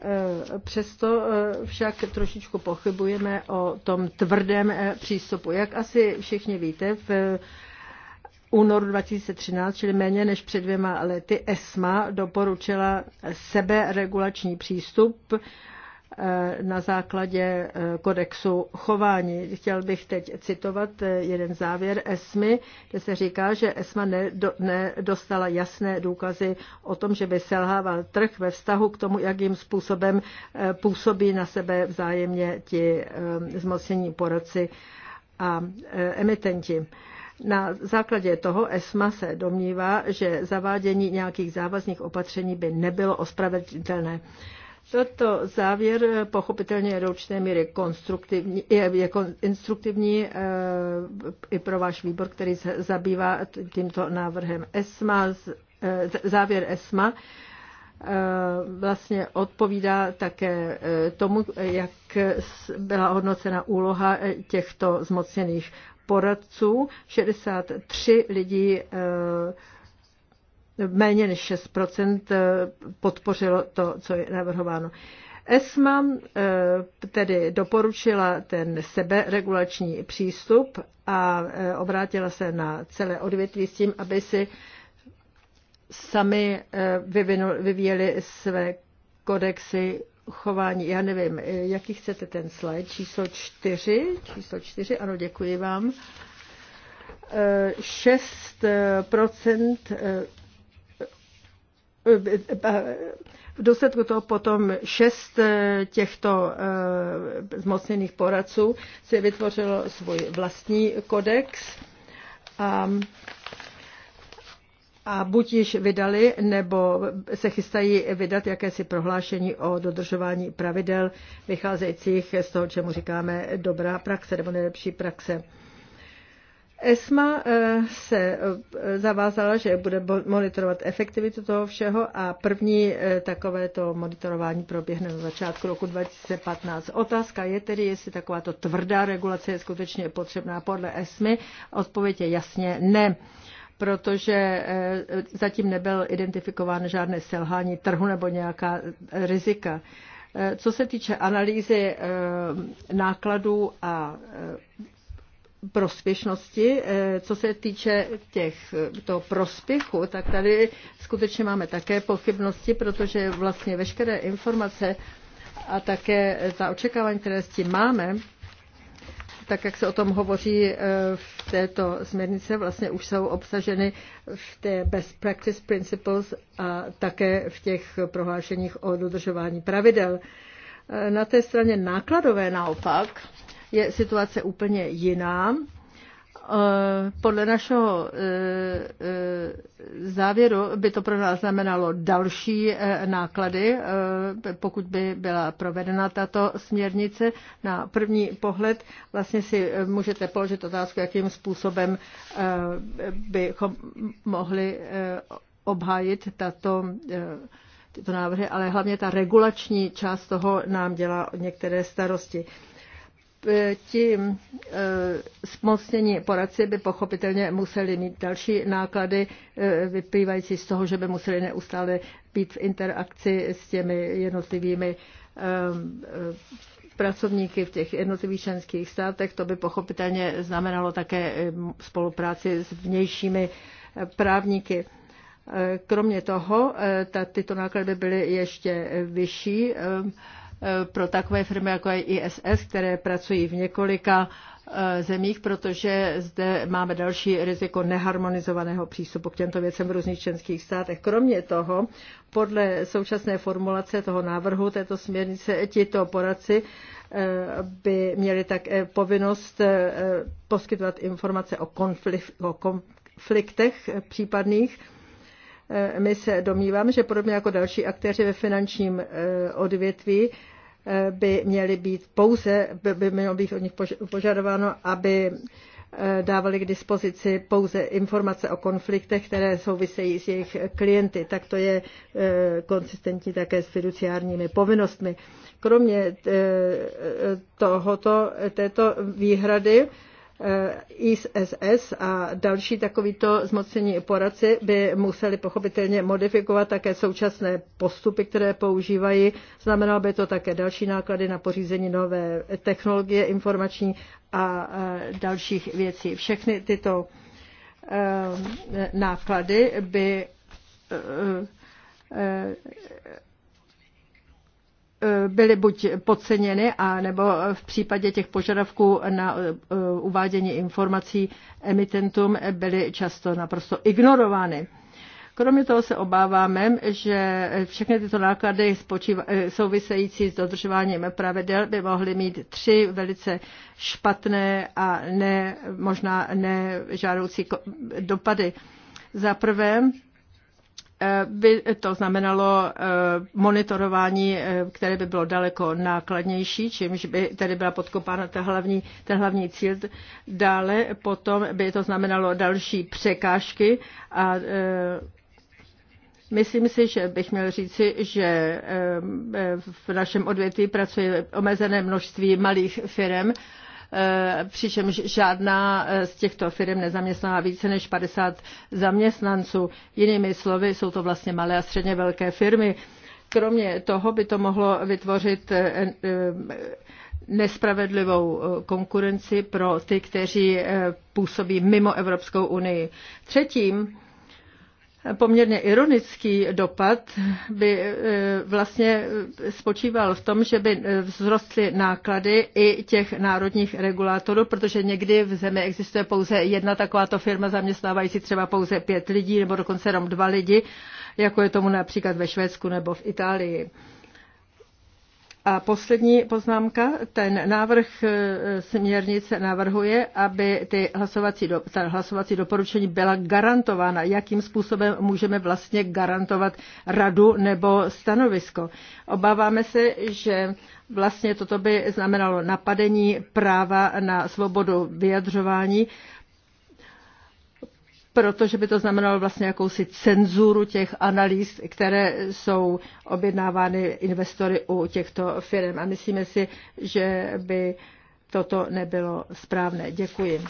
Eh, přesto eh, však trošičku pochybujeme o tom tvrdém eh, přístupu. Jak asi všichni víte, v únoru 2013, čili méně než před dvěma lety, ESMA doporučila seberegulační přístup Eh, na základě eh, kodexu chování. Chtěl bych teď citovat eh, jeden závěr ESMY, kde se říká, že ESMA nedostala jasné důkazy o tom, že by selhával trh ve vztahu k tomu, jakým způsobem působí na sebe vzájemně ti zmocnění poradci a emitenti. Na základě toho ESMA se domnívá, že zavádění nějakých závazných opatření by nebylo ospravedlnitelné. Toto závěr eh, pochopitelně je do určité míry konstruktivní, je, je instruktivní e, i pro váš výbor, který se zabývá tímto návrhem ESMA, z, e, závěr ESMA. E, vlastně odpovídá také tomu, jak byla hodnocena úloha těchto zmocněných poradců. 63 lidí méně než 6 eh, podpořilo to, co je navrhováno. ESMA eh, tedy doporučila ten seberegulační přístup a eh, obrátila se na celé odvětví s tím, aby si sami vyvinul, vyvíjeli své kodexy chování. Já nevím, jaký chcete ten slide? Číslo čtyři? Číslo čtyři, ano, děkuji vám. 6% v důsledku toho potom šest eh, těchto eh, zmocněných poradců si vytvořilo svůj vlastní kodex a, a buď již vydali, nebo se chystají vydat jakési prohlášení o dodržování pravidel vycházejících z toho, čemu říkáme dobrá praxe nebo nejlepší praxe. ESMA eh, se eh, zavázala, že bude monitorovat efektivitu toho všeho a první eh, takovéto monitorování proběhne na začátku roku 2015. Otázka je tedy, jestli takováto tvrdá regulace je skutečně potřebná podle ESMY. Odpověď je jasně ne protože zatím nebyl identifikován žádné selhání trhu nebo nějaká rizika. Co se týče analýzy nákladů a prospěšnosti, eh, co se týče těch, toho prospěchu, tak tady skutečně máme také pochybnosti, protože vlastně veškeré informace a také ta očekávání, které s tím máme, tak jak se o tom hovoří eh, v této směrnice, vlastně už jsou obsaženy v té Best Practice Principles a také v těch prohlášeních o dodržování pravidel. Na té straně nákladové naopak je situace úplně jiná. Eh, podle našeho eh, eh, závěru by to pro nás znamenalo další náklady, pokud by byla provedena tato směrnice. Na první pohled vlastně si můžete položit otázku, jakým způsobem bychom mohli obhájit tato tyto návrhy, ale hlavně ta regulační část toho nám dělá některé starosti. Ti eh, zmocnění poradci by pochopitelně museli mít další náklady eh, vyplývající z toho, že by museli neustále být v interakci s těmi jednotlivými eh, pracovníky v těch jednotlivých členských státech. To by pochopitelně znamenalo také spolupráci s vnějšími právníky. Eh, kromě toho, eh, tyto náklady byly ještě vyšší eh, pro takové firmy, jako je ISS, které pracují v několika zemích, protože zde máme další riziko neharmonizovaného přístupu k těmto věcem v různých členských státech. Kromě toho, podle současné formulace toho návrhu této směrnice, tito poradci by měli tak povinnost poskytovat informace o, konflikt, o konfliktech případných Eh, my se domníváme, že podobně jako další aktéři ve finančním eh, odvětví eh, by měly být pouze, by mělo být od nich požadováno, aby dávali k dispozici pouze informace o konfliktech, které souvisejí s jejich klienty. Tak to je konsistentní také s fiduciárními povinnostmi. Kromě tohoto, této výhrady Eh, ISS a další takovýto zmocnění poradci by museli pochopitelně modifikovat také současné postupy, které používají. Znamenalo by to také další náklady na pořízení nové technologie informační a eh, dalších věcí. Všechny tyto eh, náklady by byly buď podceněny, a nebo v případě těch požadavků na e, uvádění informací emitentům byly často naprosto ignorovány. Kromě toho se obáváme, že všechny tyto náklady spočíva, e, související s dodržováním pravidel by mohly mít tři velice špatné a ne, možná nežádoucí dopady. Za prvé, by to znamenalo eh, monitorování, eh, které by bylo daleko nákladnější, čímž by tedy byla podkopána ten hlavní, ten hlavní cíl. Dále potom by to znamenalo další překážky a eh, Myslím si, že bych měl říci, že v našem odvětví pracuje omezené množství malých firm Eh, přičemž žádná eh, z těchto firm nezaměstnává více než 50 zaměstnanců. Jinými slovy, jsou to vlastně malé a středně velké firmy. Kromě toho by to mohlo vytvořit eh, nespravedlivou konkurenci pro ty, kteří působí mimo Evropskou unii. Třetím poměrně ironický dopad by e, vlastně e, spočíval v tom, že by e, vzrostly náklady i těch národních regulátorů, protože někdy v zemi existuje pouze jedna takováto firma zaměstnávající třeba pouze pět lidí nebo dokonce jenom dva lidi, jako je tomu například ve Švédsku nebo v Itálii. A poslední poznámka, ten návrh e, směrnice navrhuje, aby ty hlasovací, do, ta hlasovací doporučení byla garantována. Jakým způsobem můžeme vlastně garantovat radu nebo stanovisko? Obáváme se, že vlastně toto by znamenalo napadení práva na svobodu vyjadřování protože by to znamenalo vlastně jakousi cenzuru těch analýz, které jsou objednávány investory u těchto firm. A myslíme si, že by toto nebylo správné. Děkuji.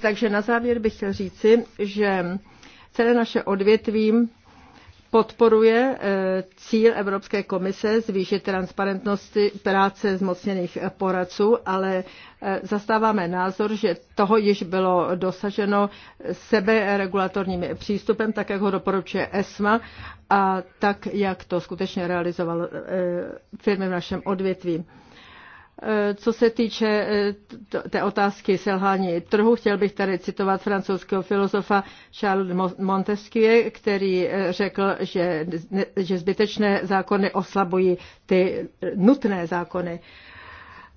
Takže na závěr bych chtěl říci, že celé naše odvětví podporuje eh, cíl Evropské komise zvýšit transparentnost práce zmocněných eh, poradců, ale eh, zastáváme názor, že toho již bylo dosaženo seberegulatorním přístupem, tak jak ho doporučuje ESMA a tak, jak to skutečně realizoval firmy v našem odvětví. Eh, co se týče eh, té otázky selhání trhu, chtěl bych tady citovat francouzského filozofa Charles Montesquieu, který eh, řekl, že, že zbytečné zákony oslabují ty nutné zákony.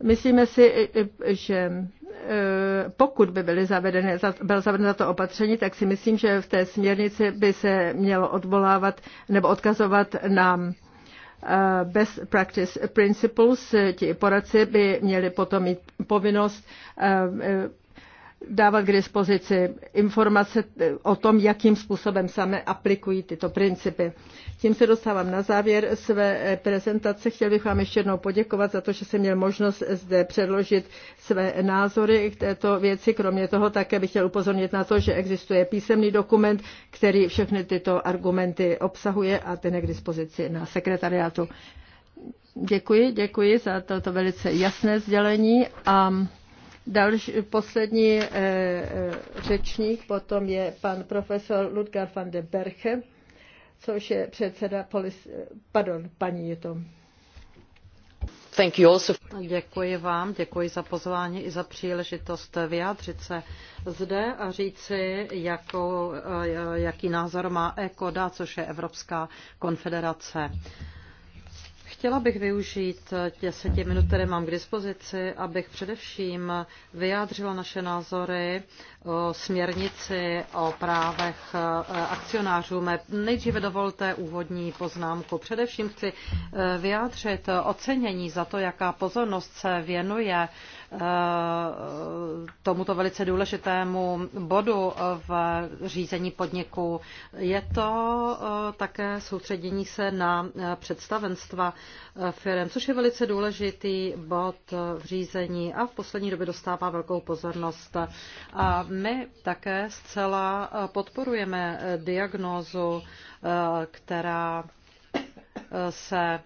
Myslíme si, že pokud by byly zavedeny, byl zaveden za to opatření, tak si myslím, že v té směrnici by se mělo odvolávat nebo odkazovat na Eh, best Practice Principles, ti poradci by měli potom mít povinnost eh, eh, dávat k dispozici informace eh, o tom, jakým způsobem sami aplikují tyto principy. Tím se dostávám na závěr své eh, prezentace. Chtěl bych vám ještě jednou poděkovat za to, že jsem měl možnost zde předložit své názory k této věci. Kromě toho také bych chtěl upozornit na to, že existuje písemný dokument, který všechny tyto argumenty obsahuje a ten je k dispozici na sekretariátu. Děkuji, děkuji za toto velice jasné sdělení a Další, poslední e, řečník potom je pan profesor Ludgar van de Berche, což je předseda polis, pardon, paní je to. Thank you also. Děkuji vám, děkuji za pozvání i za příležitost vyjádřit se zde a říci, jako, jaký názor má ECODA, což je Evropská konfederace Chtěla bych využít deseti minut, které mám k dispozici, abych především vyjádřila naše názory směrnici o právech e, akcionářů. Nejdříve dovolte úvodní poznámku. Především chci e, vyjádřit ocenění za to, jaká pozornost se věnuje e, tomuto velice důležitému bodu v řízení podniku. Je to také soustředění se na představenstva firm, což je velice důležitý bod v řízení a v poslední době dostává velkou pozornost. A my také zcela eh, podporujeme eh, diagnózu, eh, která se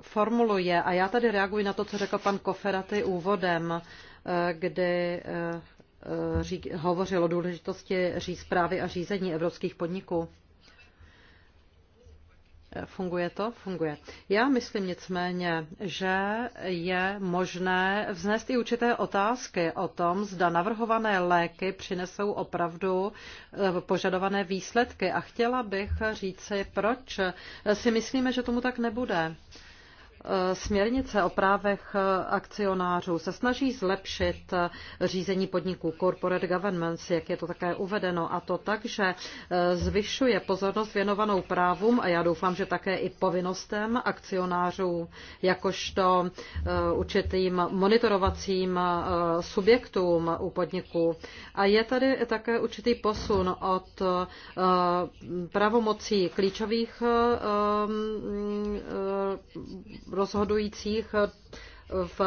formuluje, a já tady reaguji na to, co řekl pan Koferaty úvodem, kdy hovořil o důležitosti zprávy a řízení evropských podniků. Eh, funguje to? Funguje. Já myslím nicméně, že je možné vznést i určité otázky o tom, zda navrhované léky přinesou opravdu eh, požadované výsledky. A chtěla bych říci, proč eh, si myslíme, že tomu tak nebude. Eh, směrnice o právech akcionářů se snaží zlepšit eh, řízení podniků corporate governance, jak je to také uvedeno, a to tak, že eh, zvyšuje pozornost věnovanou právům a já doufám, že také i povinnostem akcionářů, jakožto určitým monitorovacím subjektům u podniků. A je tady také určitý posun od pravomocí klíčových rozhodujících eh, v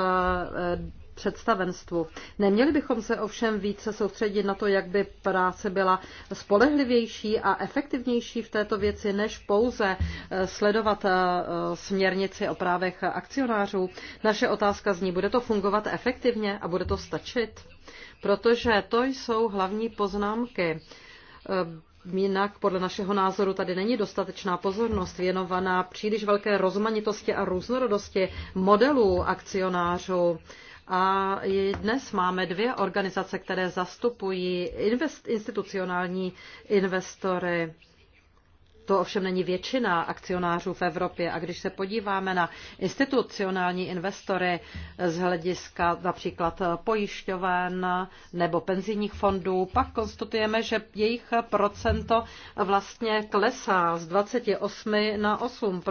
eh, představenstvu. Neměli bychom se ovšem více soustředit na to, jak by práce byla spolehlivější a efektivnější v této věci, než pouze eh, sledovat směrnici o právech akcionářů. Naše otázka zní, bude to fungovat efektivně a bude to stačit? Protože to jsou hlavní poznámky jinak podle našeho názoru tady není dostatečná pozornost věnovaná příliš velké rozmanitosti a různorodosti modelů akcionářů. A dnes máme dvě organizace, které zastupují invest, institucionální investory. To ovšem není většina akcionářů v Evropě. A když se podíváme na institucionální investory z hlediska například pojišťoven nebo penzijních fondů, pak konstatujeme, že jejich procento vlastně klesá z 28 na 8 v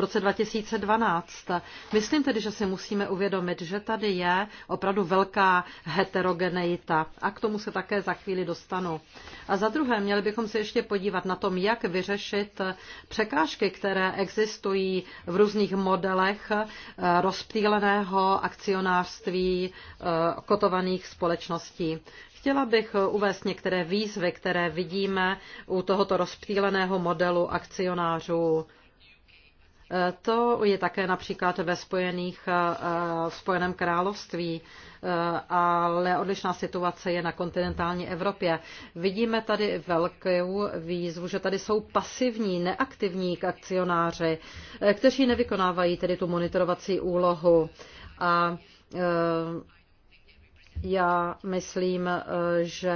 roce 2012. Myslím tedy, že si musíme uvědomit, že tady je opravdu velká heterogeneita. A k tomu se také za chvíli dostanu. A za druhé, měli bychom se ještě podívat na tom, jak vy vyřešit překážky, které existují v různých modelech eh, rozptýleného akcionářství eh, kotovaných společností. Chtěla bych uvést některé výzvy, které vidíme u tohoto rozptýleného modelu akcionářů to je také například ve Spojených, eh, v Spojeném království, eh, ale odlišná situace je na kontinentální Evropě. Vidíme tady velkou výzvu, že tady jsou pasivní, neaktivní akcionáři, eh, kteří nevykonávají tedy tu monitorovací úlohu. A já myslím, že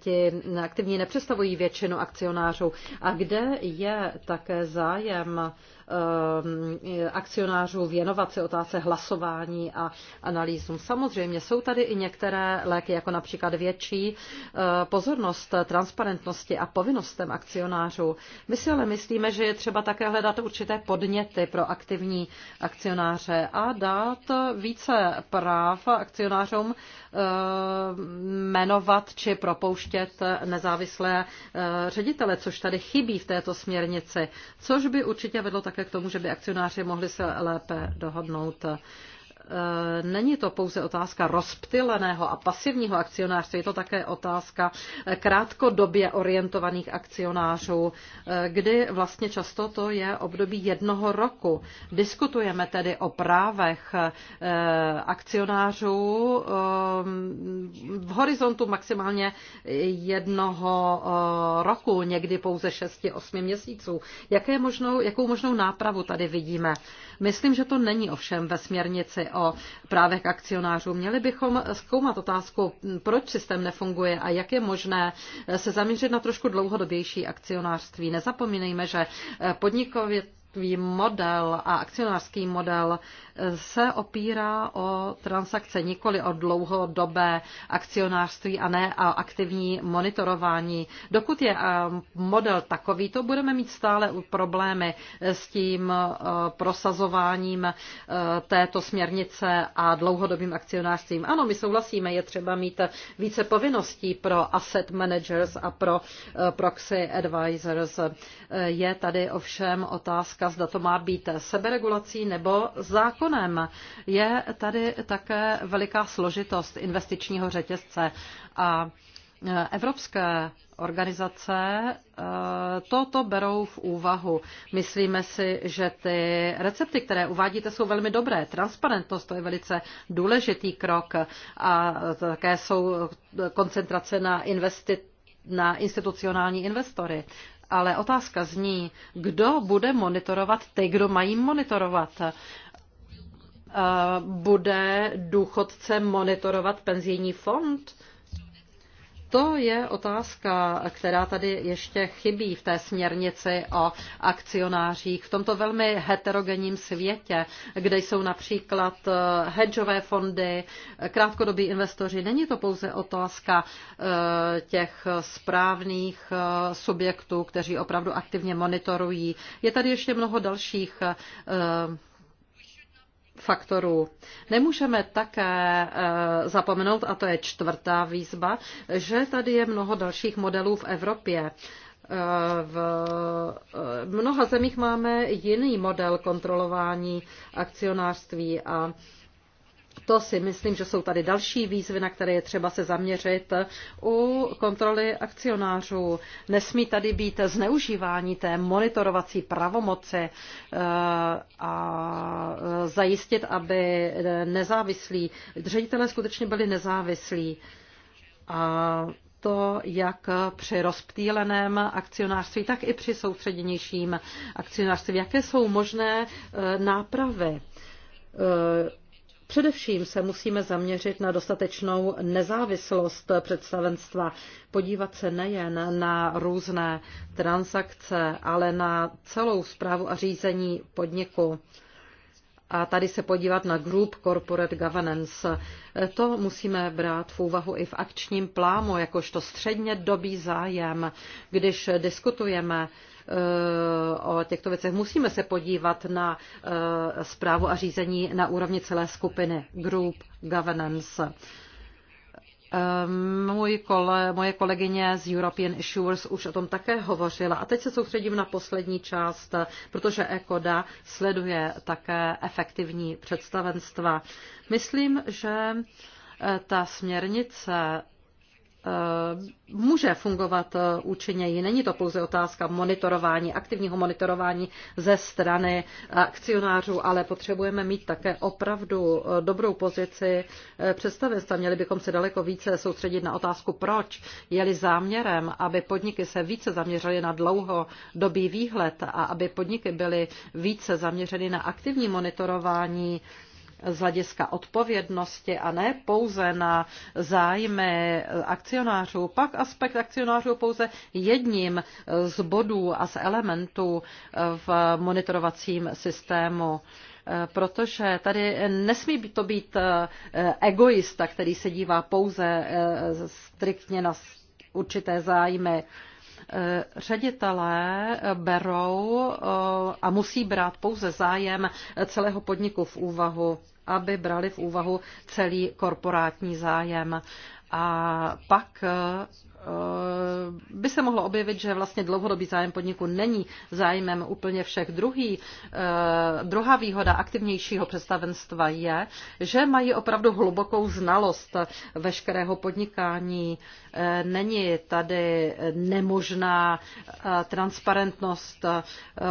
ti aktivní nepředstavují většinu akcionářů. A kde je také zájem Ehm, akcionářů věnovat se otázce hlasování a analýzům. Samozřejmě jsou tady i některé léky, jako například větší eh, pozornost transparentnosti a povinnostem akcionářů. My si ale myslíme, že je třeba také hledat určité podněty pro aktivní akcionáře a dát více práv akcionářům ehm, jmenovat či propouštět nezávislé eh, ředitele, což tady chybí v této směrnici, což by určitě vedlo také také k tomu, že by akcionáři mohli se lépe dohodnout. Eh, není to pouze otázka rozptyleného a pasivního akcionářství, je to také otázka eh, krátkodobě orientovaných akcionářů, eh, kdy vlastně často to je období jednoho roku. Diskutujeme tedy o právech akcionářů v horizontu maximálně jednoho roku, někdy pouze 6-8 měsíců. Jaké možnou, jakou možnou nápravu tady vidíme? Myslím, že to není ovšem ve směrnici o právech akcionářů. Měli bychom zkoumat otázku, proč systém nefunguje a jak je možné se zaměřit na trošku dlouhodobější akcionářství. Nezapomínejme, že podnikově bankovní model a akcionářský model eh, se opírá o transakce, nikoli o dlouhodobé akcionářství a ne o aktivní monitorování. Dokud je eh, model takový, to budeme mít stále problémy s tím eh, prosazováním této směrnice a dlouhodobým akcionářstvím. Ano, my souhlasíme, je třeba mít více povinností pro asset managers a pro proxy advisors. Je tady ovšem otázka, otázka, zda to má být seberegulací nebo zákonem. Je tady také veliká složitost investičního řetězce a e, Evropské organizace e, toto berou v úvahu. Myslíme si, že ty recepty, které uvádíte, jsou velmi dobré. Transparentnost to je velice důležitý krok a také jsou koncentrace na investit na institucionální investory ale otázka zní, kdo bude monitorovat ty, kdo mají monitorovat. Eh, bude důchodce monitorovat penzijní fond? To je otázka, která tady ještě chybí v té směrnici o akcionářích v tomto velmi heterogenním světě, kde jsou například eh, hedžové fondy, krátkodobí investoři. Není to pouze otázka eh, těch správných eh, subjektů, kteří opravdu aktivně monitorují. Je tady ještě mnoho dalších faktorů. Nemůžeme také eh, zapomenout, a to je čtvrtá výzva, že tady je mnoho dalších modelů v Evropě. Eh, eh, v mnoha zemích máme jiný model kontrolování akcionářství a to si myslím, že jsou tady další výzvy, na které je třeba se zaměřit u kontroly akcionářů. Nesmí tady být zneužívání té monitorovací pravomoci eh, a zajistit, aby nezávislí ředitelé skutečně byli nezávislí. A to jak při rozptýleném akcionářství, tak i při soustředěnějším akcionářství. Jaké jsou možné eh, nápravy? Eh, Především se musíme zaměřit na dostatečnou nezávislost představenstva, podívat se nejen na různé transakce, ale na celou zprávu a řízení podniku a tady se podívat na Group Corporate Governance. To musíme brát v úvahu i v akčním plánu, jakožto středně dobý zájem, když diskutujeme Eh, o těchto věcech. Musíme se podívat na eh, zprávu a řízení na úrovni celé skupiny, group governance. Eh, můj kole, moje kolegyně z European Issuers už o tom také hovořila. A teď se soustředím na poslední část, protože ECODA sleduje také efektivní představenstva. Myslím, že ta směrnice Eh, může fungovat eh, účinněji. Není to pouze otázka monitorování, aktivního monitorování ze strany akcionářů, ale potřebujeme mít také opravdu eh, dobrou pozici představenstva. Měli bychom se daleko více soustředit na otázku proč. jeli záměrem, aby podniky se více zaměřily na dlouhodobý výhled a aby podniky byly více zaměřeny na aktivní monitorování, z hlediska odpovědnosti a ne pouze na zájmy akcionářů. Pak aspekt akcionářů pouze jedním z bodů a z elementů v monitorovacím systému protože tady nesmí to být egoista, který se dívá pouze eh, striktně na určité zájmy. Eh, ředitelé eh, berou eh, a musí brát pouze zájem celého podniku v úvahu, aby brali v úvahu celý korporátní zájem. A pak Eh, by se mohlo objevit, že vlastně dlouhodobý zájem podniku není zájmem úplně všech druhý. Eh, druhá výhoda aktivnějšího představenstva je, že mají opravdu hlubokou znalost veškerého podnikání. Eh, není tady nemožná transparentnost.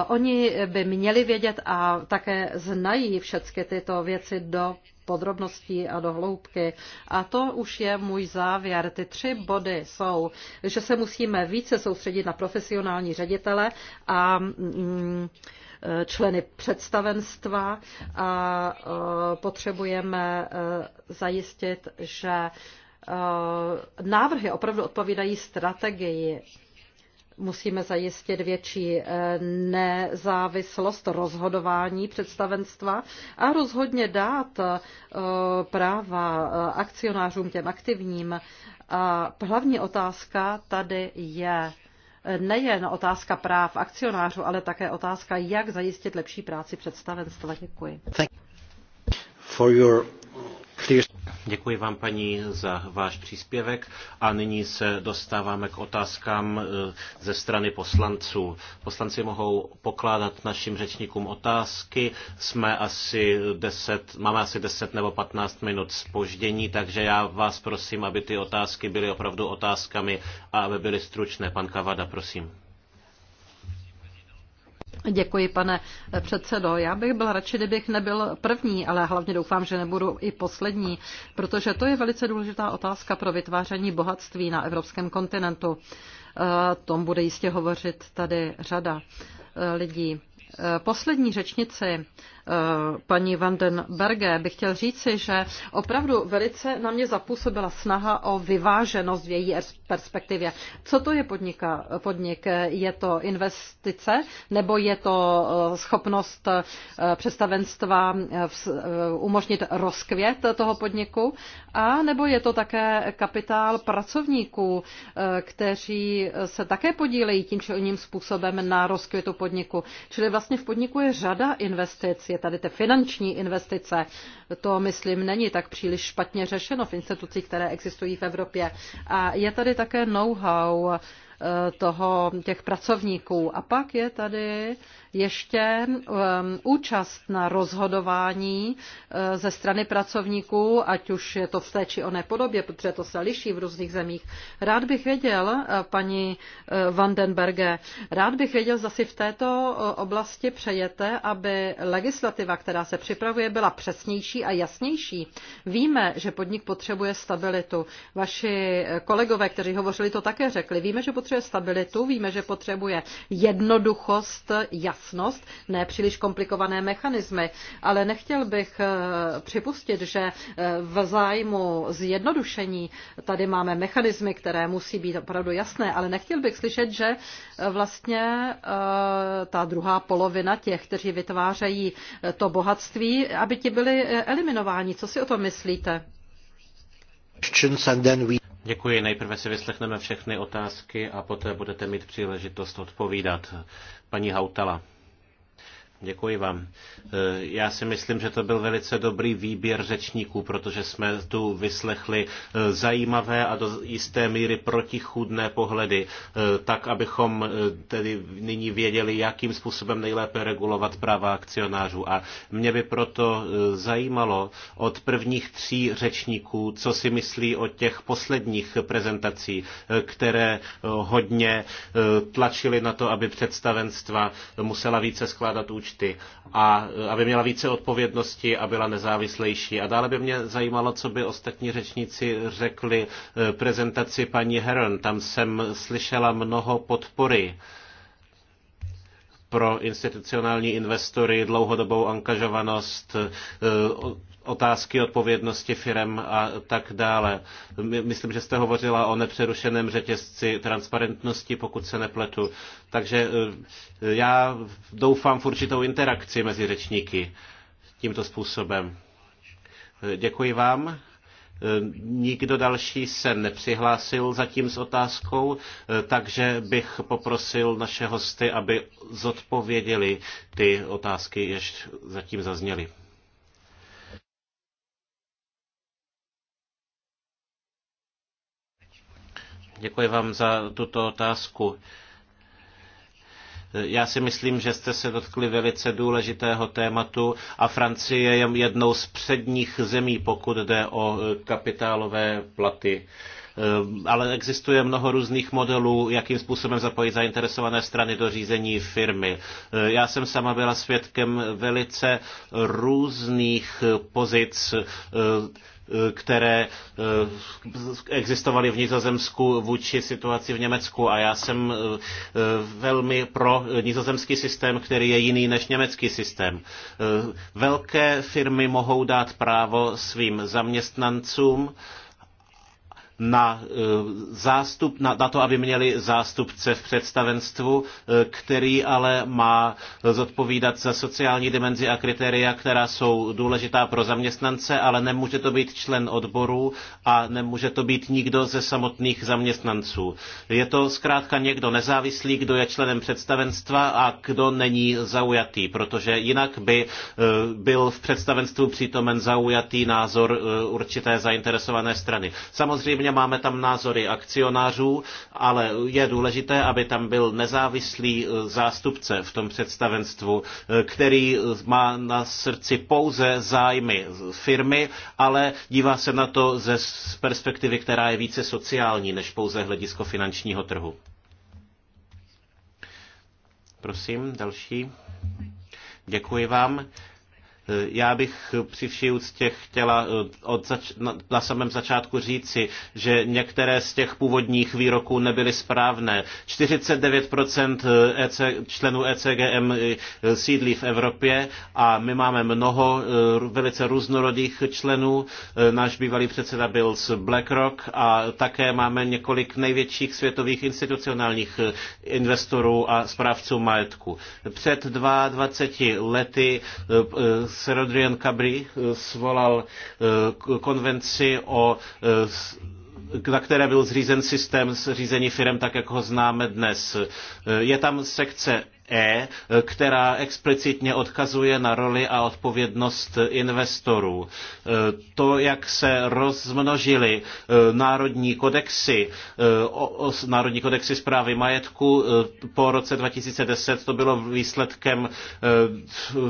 Oni by měli vědět a také znají všechny tyto věci do podrobnosti a do hloubky. A to už je můj závěr. Ty tři body jsou, že se musíme více soustředit na profesionální ředitele a mm, členy představenstva a e, potřebujeme e, zajistit, že e, návrhy opravdu odpovídají strategii Musíme zajistit větší eh, nezávislost rozhodování představenstva a rozhodně dát eh, práva eh, akcionářům těm aktivním. A hlavní otázka tady je nejen otázka práv akcionářů, ale také otázka, jak zajistit lepší práci představenstva. Děkuji. For your Děkuji vám, paní, za váš příspěvek a nyní se dostáváme k otázkám eh, ze strany poslanců. Poslanci mohou pokládat našim řečníkům otázky. Jsme asi 10, máme asi 10 nebo 15 minut spoždění, takže já vás prosím, aby ty otázky byly opravdu otázkami a aby byly stručné. Pan Kavada, prosím. Děkuji, pane eh, předsedo. Já bych byl radši, kdybych nebyl první, ale hlavně doufám, že nebudu i poslední, protože to je velice důležitá otázka pro vytváření bohatství na evropském kontinentu. Eh, tom bude jistě hovořit tady řada eh, lidí. Poslední řečnici Eh, paní Van den Berge, bych chtěl říci, že opravdu velice na mě zapůsobila snaha o vyváženost v její perspektivě. Co to je podnika, podnik? Je to investice nebo je to eh, schopnost eh, představenstva umožnit rozkvět toho podniku? A nebo je to také kapitál pracovníků, kteří se také podílejí tím či oním způsobem na rozkvětu podniku? Čili vlastně v podniku je řada investic je tady ty finanční investice. To, myslím, není tak příliš špatně řešeno v institucích, které existují v Evropě. A je tady také know-how Eh, toho, těch pracovníků. A pak je tady ještě účast na rozhodování eh, ze strany pracovníků, ať už je to v té či oné podobě, protože to se liší v různých zemích. Rád bych věděl, eh, paní Vandenberge, rád bych věděl, zase v této oblasti přejete, aby legislativa, která se připravuje, byla přesnější a jasnější. Víme, že podnik potřebuje stabilitu. Vaši kolegové, kteří hovořili, to také řekli. Víme, že potřebuje potřebuje stabilitu, víme, že potřebuje jednoduchost, jasnost, ne příliš komplikované mechanismy, ale nechtěl bych eh, připustit, že eh, v zájmu zjednodušení tady máme mechanismy, které musí být opravdu jasné, ale nechtěl bych slyšet, že eh, vlastně ta druhá polovina těch, kteří vytvářejí to bohatství, aby ti byli eliminováni. Co si o tom myslíte? Děkuji. Nejprve si vyslechneme všechny otázky a poté budete mít příležitost odpovídat. Paní Hautala. Děkuji vám. Eh, já si myslím, že to byl velice dobrý výběr řečníků, protože jsme tu vyslechli eh, zajímavé a do jisté míry protichudné pohledy, eh, tak abychom tedy nyní věděli, jakým způsobem nejlépe regulovat práva akcionářů. A mě by proto zajímalo od prvních tří řečníků, co si myslí o těch posledních prezentací, které hodně tlačily na to, aby představenstva musela více skládat účty účty a aby měla více odpovědnosti a byla nezávislejší. A dále by mě zajímalo, co by ostatní řečníci řekli eh, prezentaci paní Heron. Tam jsem slyšela mnoho podpory pro institucionální investory, dlouhodobou angažovanost, eh, otázky odpovědnosti firem a tak dále. Myslím, že jste hovořila o nepřerušeném řetězci transparentnosti, pokud se nepletu. Takže eh, já doufám v určitou interakci mezi řečníky tímto způsobem. Eh, děkuji vám. Eh, nikdo další se nepřihlásil zatím s otázkou, takže bych poprosil naše hosty, aby zodpověděli ty otázky, jež zatím zazněly. Děkuji vám za tuto otázku. Já si myslím, že jste se dotkli velice důležitého tématu a Francie je jednou z předních zemí, pokud jde o e, kapitálové platy. E, ale existuje mnoho různých modelů, jakým způsobem zapojit zainteresované strany do řízení firmy. E, já jsem sama byla svědkem velice různých pozic Eh, které eh, existovaly v Nizozemsku vůči situaci v Německu. A já jsem eh, velmi pro nizozemský systém, který je jiný než německý systém. Velké firmy mohou dát právo svým zaměstnancům, na, eh, zástup, na, na to, aby měli zástupce v představenstvu, eh, který ale má zodpovídat za sociální dimenzi a kritéria, která jsou důležitá pro zaměstnance, ale nemůže to být člen odboru a nemůže to být nikdo ze samotných zaměstnanců. Je to zkrátka někdo nezávislý, kdo je členem představenstva a kdo není zaujatý, protože jinak by eh, byl v představenstvu přítomen zaujatý názor určité zainteresované strany. Samozřejmě máme tam názory akcionářů, ale je důležité, aby tam byl nezávislý eh, zástupce v tom představenstvu, eh, který eh, má na srdci pouze zájmy firmy, ale dívá se na to ze perspektivy, která je více sociální než pouze hledisko finančního trhu. Prosím, další. Děkuji vám. Eh, já bych při vší úctě chtěla eh, od zač- na, na samém začátku říci, že některé z těch původních výroků nebyly správné. 49% EC, eh, e členů ECGM sídlí v Evropě a my máme mnoho velice různorodých členů. Náš bývalý předseda byl z BlackRock a také máme několik největších světových institucionálních investorů a správců majetku. Před 22 lety Rodrien Cabri eh, svolal eh, konvenci o eh, na které byl zřízen systém řízení firm, tak jak ho známe dnes. Je tam sekce E, která explicitně odkazuje na roli a odpovědnost investorů. E, to, jak se rozmnožily e, národní kodexy, e, národní kodexy zprávy majetku po roce 2010, to bylo výsledkem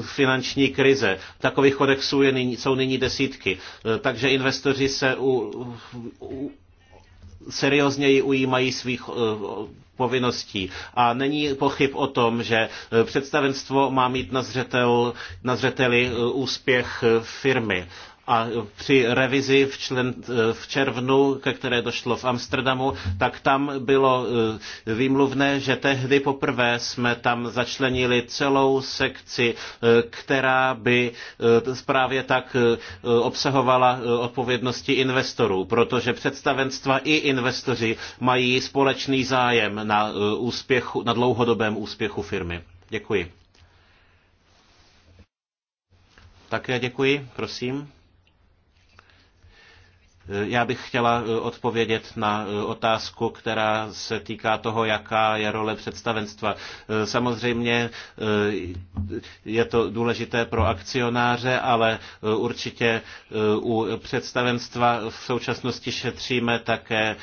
finanční krize. Takových kodexů je nyní, jsou nyní desítky. Takže investoři se u, u, seriózněji ujímají svých povinností. A není pochyb o tom, že eh, představenstvo má mít na, zřetel, na zřeteli eh, úspěch eh, firmy. A při revizi v, člen, v červnu, ke které došlo v Amsterdamu, tak tam bylo e, výmluvné, že tehdy poprvé jsme tam začlenili celou sekci, e, která by e, právě tak obsahovala odpovědnosti investorů, protože představenstva i investoři mají společný zájem na, úspěchu, na dlouhodobém úspěchu firmy. Děkuji. Také děkuji, prosím. Eh, já bych chtěla eh, odpovědět na eh, otázku, která se týká toho, jaká je role představenstva. Samozřejmě je to důležité pro akcionáře, ale určitě u představenstva v současnosti šetříme také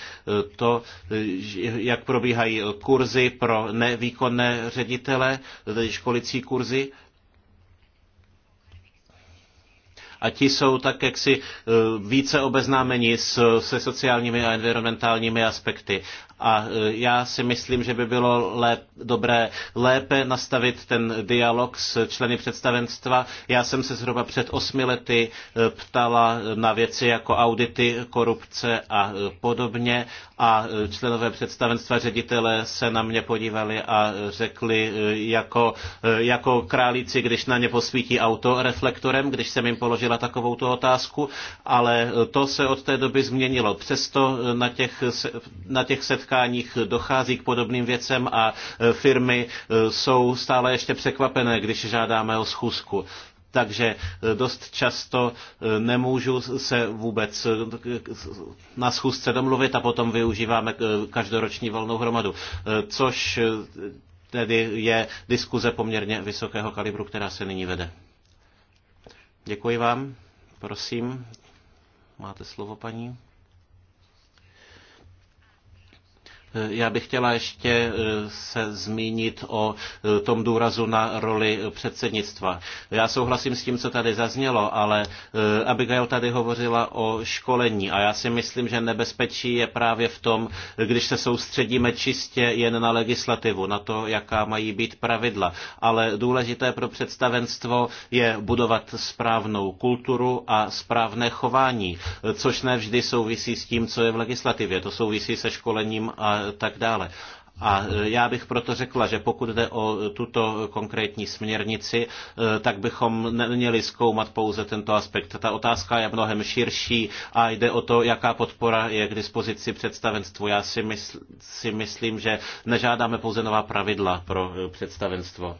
to, jak probíhají kurzy pro nevýkonné ředitele, tedy školicí kurzy a ti jsou tak jaksi eh, více obeznámeni se sociálními a environmentálními aspekty. A e, já si myslím, že by bylo lép, dobré lépe nastavit ten dialog s členy představenstva. Já jsem se zhruba před osmi lety e, ptala na věci jako audity, korupce a e, podobně a členové představenstva ředitele se na mě podívali a řekli jako, jako králíci, když na ně posvítí auto reflektorem, když jsem jim položila takovou tu otázku, ale to se od té doby změnilo. Přesto na těch, na těch setkáních setkáních dochází k podobným věcem a e, firmy e, jsou stále ještě překvapené, když žádáme o schůzku takže e, dost často nemůžu se vůbec na schůzce domluvit a potom využíváme každoroční volnou hromadu, což tedy je diskuze poměrně vysokého kalibru, která se nyní vede. Děkuji vám. Prosím, máte slovo, paní. Já bych chtěla ještě eh, se zmínit o eh, tom důrazu na roli předsednictva. Já souhlasím s tím, co tady zaznělo, ale eh, Abigail tady hovořila o školení a já si myslím, že nebezpečí je právě v tom, když se soustředíme čistě jen na legislativu, na to, jaká mají být pravidla. Ale důležité pro představenstvo je budovat správnou kulturu a správné chování, což nevždy souvisí s tím, co je v legislativě. To souvisí se školením a tak dále. A e, já bych proto řekla, že pokud jde o tuto konkrétní směrnici, e, tak bychom neměli zkoumat pouze tento aspekt. Ta otázka je mnohem širší a jde o to, jaká podpora je k dispozici představenstvu. Já si, mysl, si myslím, že nežádáme pouze nová pravidla pro e, představenstvo.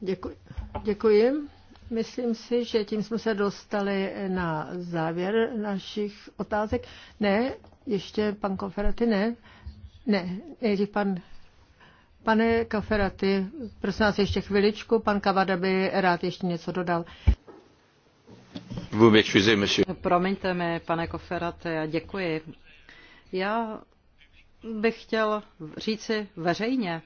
Děkuji. Děkuji. Myslím si, že tím jsme se dostali na závěr našich otázek. Ne, ještě pan Koferaty, ne. Ne, nejdřív pan Pane Kaferaty, prosím vás ještě chviličku, pan Kavada by rád ještě něco dodal. Promiňte mi, pane Koferaty, já děkuji. Já bych chtěl říci veřejně,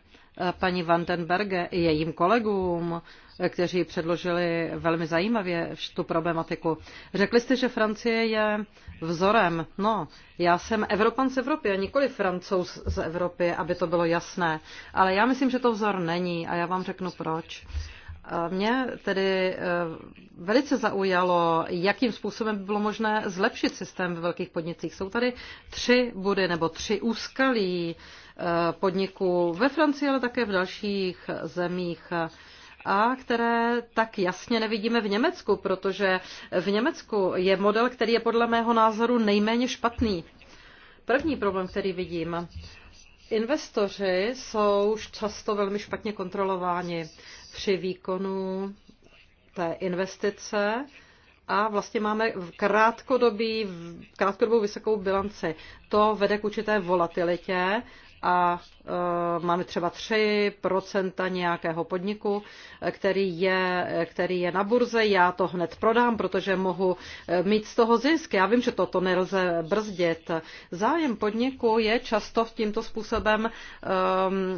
paní Vandenberge i jejím kolegům, kteří předložili velmi zajímavě tu problematiku. Řekli jste, že Francie je vzorem. No, já jsem Evropan z Evropy a nikoli Francouz z Evropy, aby to bylo jasné. Ale já myslím, že to vzor není a já vám řeknu proč. Mě tedy e, velice zaujalo, jakým způsobem by bylo možné zlepšit systém ve velkých podnicích. Jsou tady tři body nebo tři úskalí, Eh, podniků ve Francii, ale také v dalších zemích a které tak jasně nevidíme v Německu, protože v Německu je model, který je podle mého názoru nejméně špatný. První problém, který vidím, investoři jsou často velmi špatně kontrolováni při výkonu té investice a vlastně máme krátkodobý, krátkodobou vysokou bilanci. To vede k určité volatilitě a e, máme třeba 3% nějakého podniku, který je, který je na burze, já to hned prodám, protože mohu e, mít z toho zisk. Já vím, že toto nelze brzdit. Zájem podniku je často tímto způsobem e,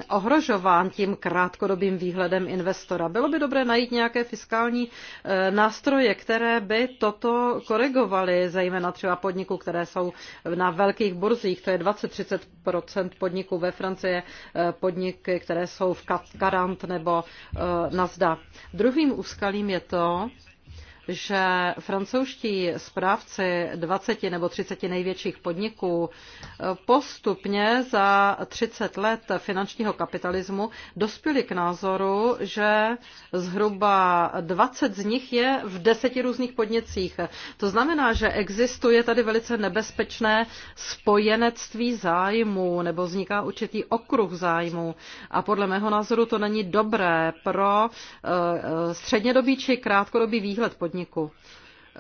ohrožován tím krátkodobým výhledem investora. Bylo by dobré najít nějaké fiskální e, nástroje, které by toto koregovaly, zejména třeba podniku, které jsou na velkých burzích, to je 20-30% podniků podniků ve Francii, eh, podniky, které jsou v Karant nebo eh, Nazda. Druhým úskalím je to, že francouzští správci 20 nebo 30 největších podniků postupně za 30 let finančního kapitalismu dospěli k názoru, že zhruba 20 z nich je v deseti různých podnicích. To znamená, že existuje tady velice nebezpečné spojenectví zájmů nebo vzniká určitý okruh zájmů. A podle mého názoru to není dobré pro eh, eh, střednědobý či krátkodobý výhled podniků podniku.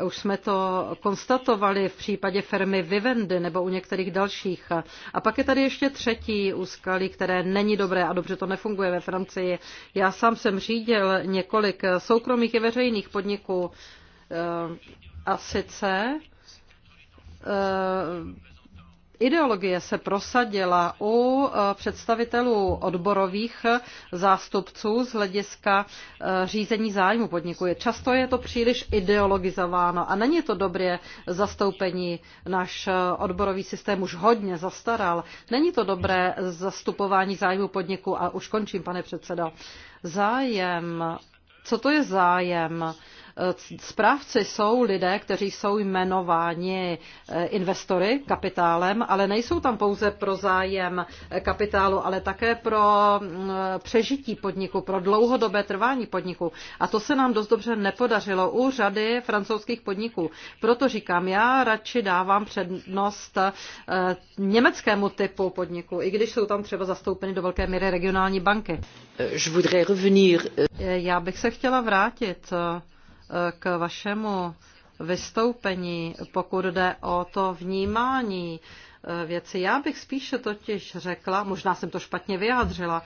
Už jsme to konstatovali v případě firmy Vivendi nebo u některých dalších. A pak je tady ještě třetí úskalí, které není dobré a dobře to nefunguje ve Francii. Já sám jsem řídil několik soukromých i veřejných podniků eh, a sice eh, Ideologie se prosadila u e, představitelů odborových zástupců z hlediska e, řízení zájmu podniku. Často je to příliš ideologizováno a není to dobré zastoupení. Náš e, odborový systém už hodně zastaral. Není to dobré zastupování zájmu podniku a už končím, pane předsedo. Zájem. Co to je zájem? Eh, správci jsou lidé, kteří jsou jmenováni eh, investory kapitálem, ale nejsou tam pouze pro zájem eh, kapitálu, ale také pro mm, přežití podniku, pro dlouhodobé trvání podniku. A to se nám dost dobře nepodařilo u řady francouzských podniků. Proto říkám, já radši dávám přednost německému typu podniku, i když jsou tam třeba zastoupeny do velké míry regionální banky. Euh, já bych se chtěla vrátit k vašemu vystoupení, pokud jde o to vnímání eh, věci. Já bych spíše totiž řekla, možná jsem to špatně vyjádřila,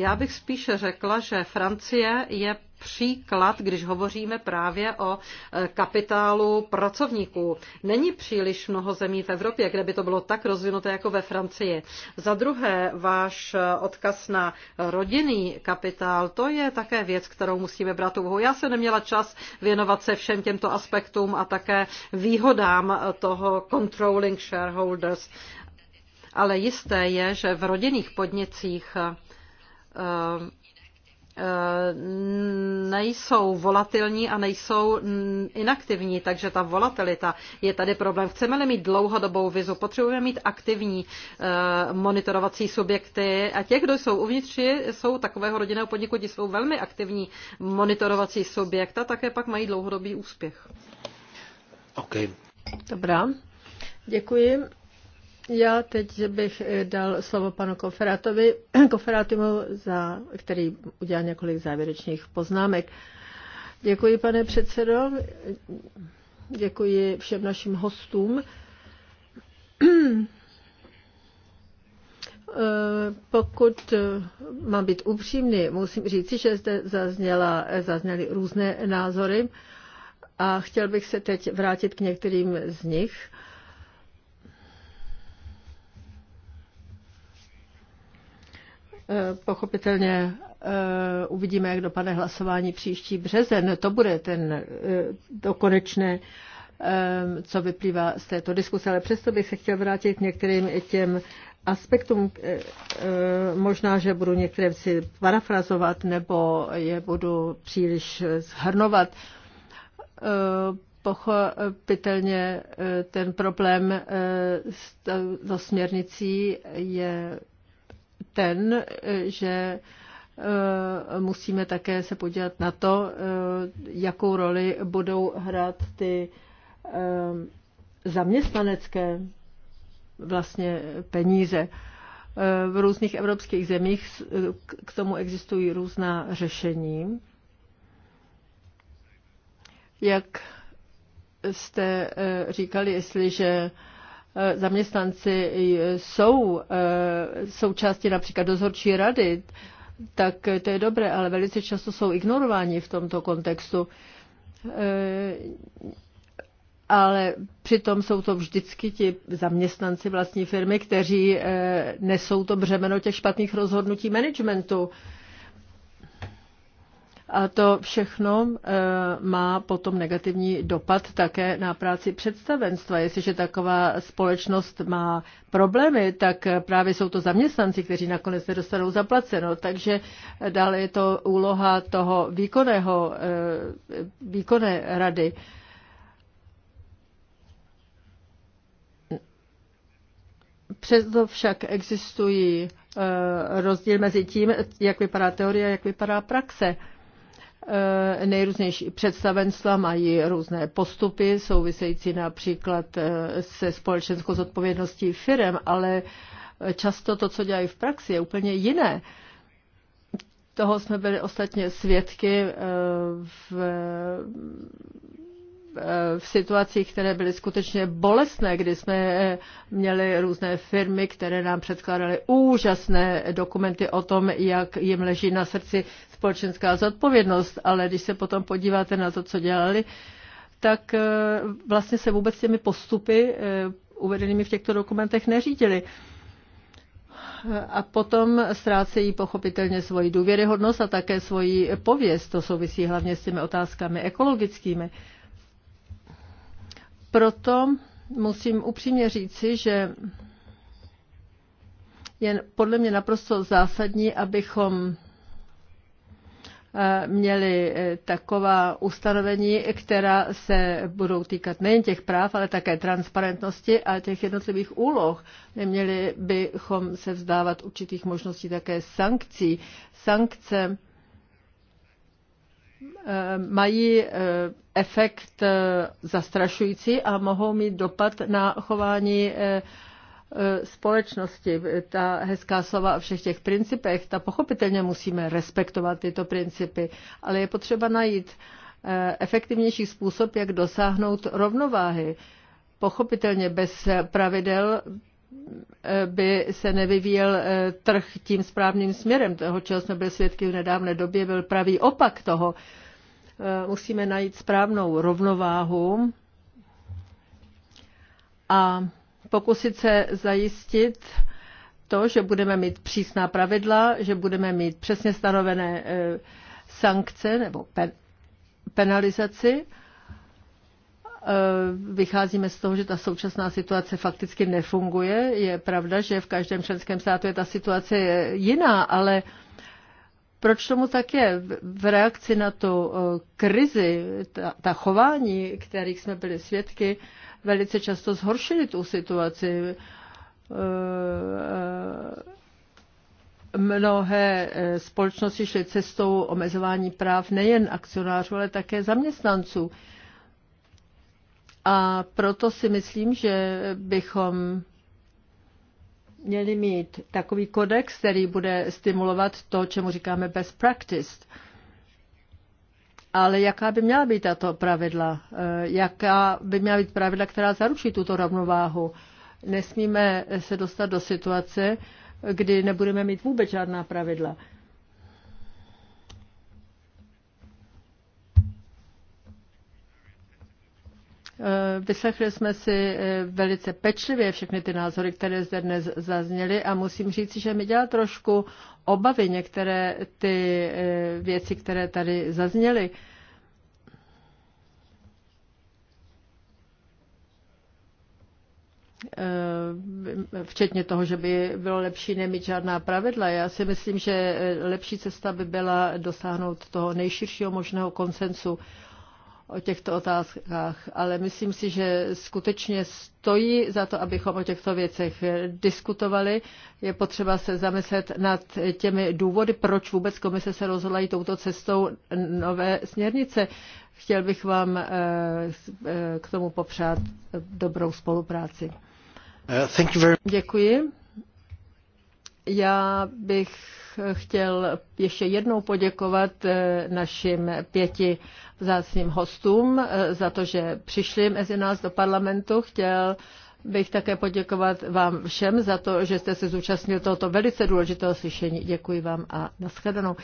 já bych spíše řekla, že Francie je příklad, když hovoříme právě o e, kapitálu pracovníků. Není příliš mnoho zemí v Evropě, kde by to bylo tak rozvinuté jako ve Francii. Za druhé, váš e, odkaz na rodinný kapitál, to je také věc, kterou musíme brát úvahu. Já jsem neměla čas věnovat se všem těmto aspektům a také výhodám e, toho controlling shareholders. Ale jisté je, že v rodinných podnicích Eh, eh, nejsou volatilní a nejsou inaktivní, takže ta volatilita je tady problém. Chceme-li mít dlouhodobou vizu, potřebujeme mít aktivní eh, monitorovací subjekty a těch, kdo jsou uvnitř, jsou takového rodinného podniku, ti jsou velmi aktivní monitorovací subjekt a také pak mají dlouhodobý úspěch. Okay. Dobrá, děkuji. Já teď bych eh, dal slovo panu Koferátovi, *clears throat* Koferátimu, za, který udělal několik závěrečných poznámek. Děkuji, pane předsedo. Děkuji všem našim hostům. *clears throat* Eh, pokud eh, mám být upřímný, musím říci, že zde zazněla, zazněly různé názory a chtěl bych se teď vrátit k některým z nich Eh, pochopitelně eh, uvidíme, jak dopadne hlasování příští březen. To bude ten, eh, to konečné, co vyplývá z této diskuse. Ale přesto bych se chtěl vrátit k některým těm aspektům. Možná, že budu některé věci parafrazovat nebo je budu příliš zhrnovat pochopitelně ten problém s to směrnicí je ten, že eh, musíme také se podívat na to, eh, jakou roli budou hrát ty eh, zaměstnanecké vlastně peníze. V různých evropských zemích k tomu existují různá řešení. Jak jste říkali, jestliže Eh, zaměstnanci eh, jsou eh, součástí například dozorčí rady, tak to je dobré, ale velice často jsou ignorováni v tomto kontextu. Ale přitom jsou to vždycky ti zaměstnanci vlastní firmy, kteří nesou to břemeno těch špatných rozhodnutí managementu. A to všechno eh, má potom negativní dopad také na práci představenstva. Jestliže taková společnost má problémy, tak eh, právě jsou to zaměstnanci, kteří nakonec nedostanou zaplaceno. Takže eh, dále je to úloha toho výkonného, výkonné rady. Přesto však existují rozdíl mezi tím, jak vypadá teorie a jak vypadá praxe. Eh, nejrůznější představenstva mají různé postupy, související například eh, se společenskou zodpovědností firm, ale často to, co dělají v praxi, je úplně jiné. Toho jsme byli ostatně svědky eh, v, v situacích, které byly skutečně bolestné, kdy jsme měli různé firmy, které nám předkládaly úžasné dokumenty o tom, jak jim leží na srdci společenská zodpovědnost, ale když se potom podíváte na to, co dělali, tak eh, vlastně se vůbec těmi postupy eh, uvedenými v těchto dokumentech neřídili. A potom ztrácejí pochopitelně svoji důvěryhodnost a také svoji pověst. To souvisí hlavně s těmi otázkami ekologickými. Proto musím upřímně říci, že je podle mě naprosto zásadní, abychom měli e, taková ustanovení, která se budou týkat nejen těch práv, ale také transparentnosti a těch jednotlivých úloh. Neměli bychom se vzdávat určitých možností také sankcí. Sankce e, mají e, efekt zastrašující a mohou mít dopad na chování Eh, společnosti, ta hezká slova o všech těch principech, ta pochopitelně musíme respektovat tyto principy, ale je potřeba najít eh, efektivnější způsob, jak dosáhnout rovnováhy. Pochopitelně bez pravidel eh, by se nevyvíjel trh tím správným směrem. Toho, čeho jsme byli svědky v nedávné době, byl pravý opak toho. Musíme najít správnou rovnováhu a pokusit se zajistit to, že budeme mít přísná pravidla, že budeme mít přesně stanovené e, sankce nebo penalizaci. E, vycházíme z toho, že ta současná situace fakticky nefunguje. Je pravda, že v každém členském státu je ta situace jiná, ale proč tomu tak je? V reakci na tu e, krizi, ta, ta chování, kterých jsme byli svědky, velice často zhoršili tu situaci. Eh, eh, mnohé eh, společnosti šly cestou omezování práv nejen akcionářů, ale také zaměstnanců. A proto si myslím, že bychom měli mít takový kodex, který bude stimulovat to, čemu říkáme best practice. Ale jaká by měla být tato pravidla? Eh, jaká by měla být pravidla, která zaručí tuto rovnováhu? Nesmíme se dostat do situace, kdy nebudeme mít vůbec žádná pravidla. Eh, vyslechli jsme si eh, velice pečlivě všechny ty názory, které zde dnes zazněly a musím říct, že mi dělá trošku obavy některé ty eh, věci, které tady zazněly. včetně toho, že by bylo lepší nemít žádná pravidla. Já si myslím, že lepší cesta by byla dosáhnout toho nejširšího možného konsensu o těchto otázkách, ale myslím si, že skutečně stojí za to, abychom o těchto věcech diskutovali. Je potřeba se zamyslet nad těmi důvody, proč vůbec komise se rozhodla jít touto cestou nové směrnice. Chtěl bych vám eh, eh, k tomu popřát dobrou spolupráci. Eh, Děkuji. Já bych chtěl ještě jednou poděkovat našim pěti zácným hostům eh, za to, že přišli mezi nás do parlamentu. Chtěl bych také poděkovat vám všem za to, že jste se zúčastnili tohoto velice důležitého slyšení. Děkuji vám a nashledanou.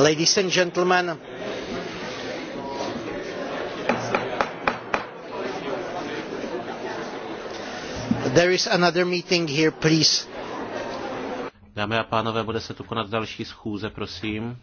Ladies and gentlemen, there is another meeting here, please. Dámy a pánové, bude se tu konat další schůze, prosím.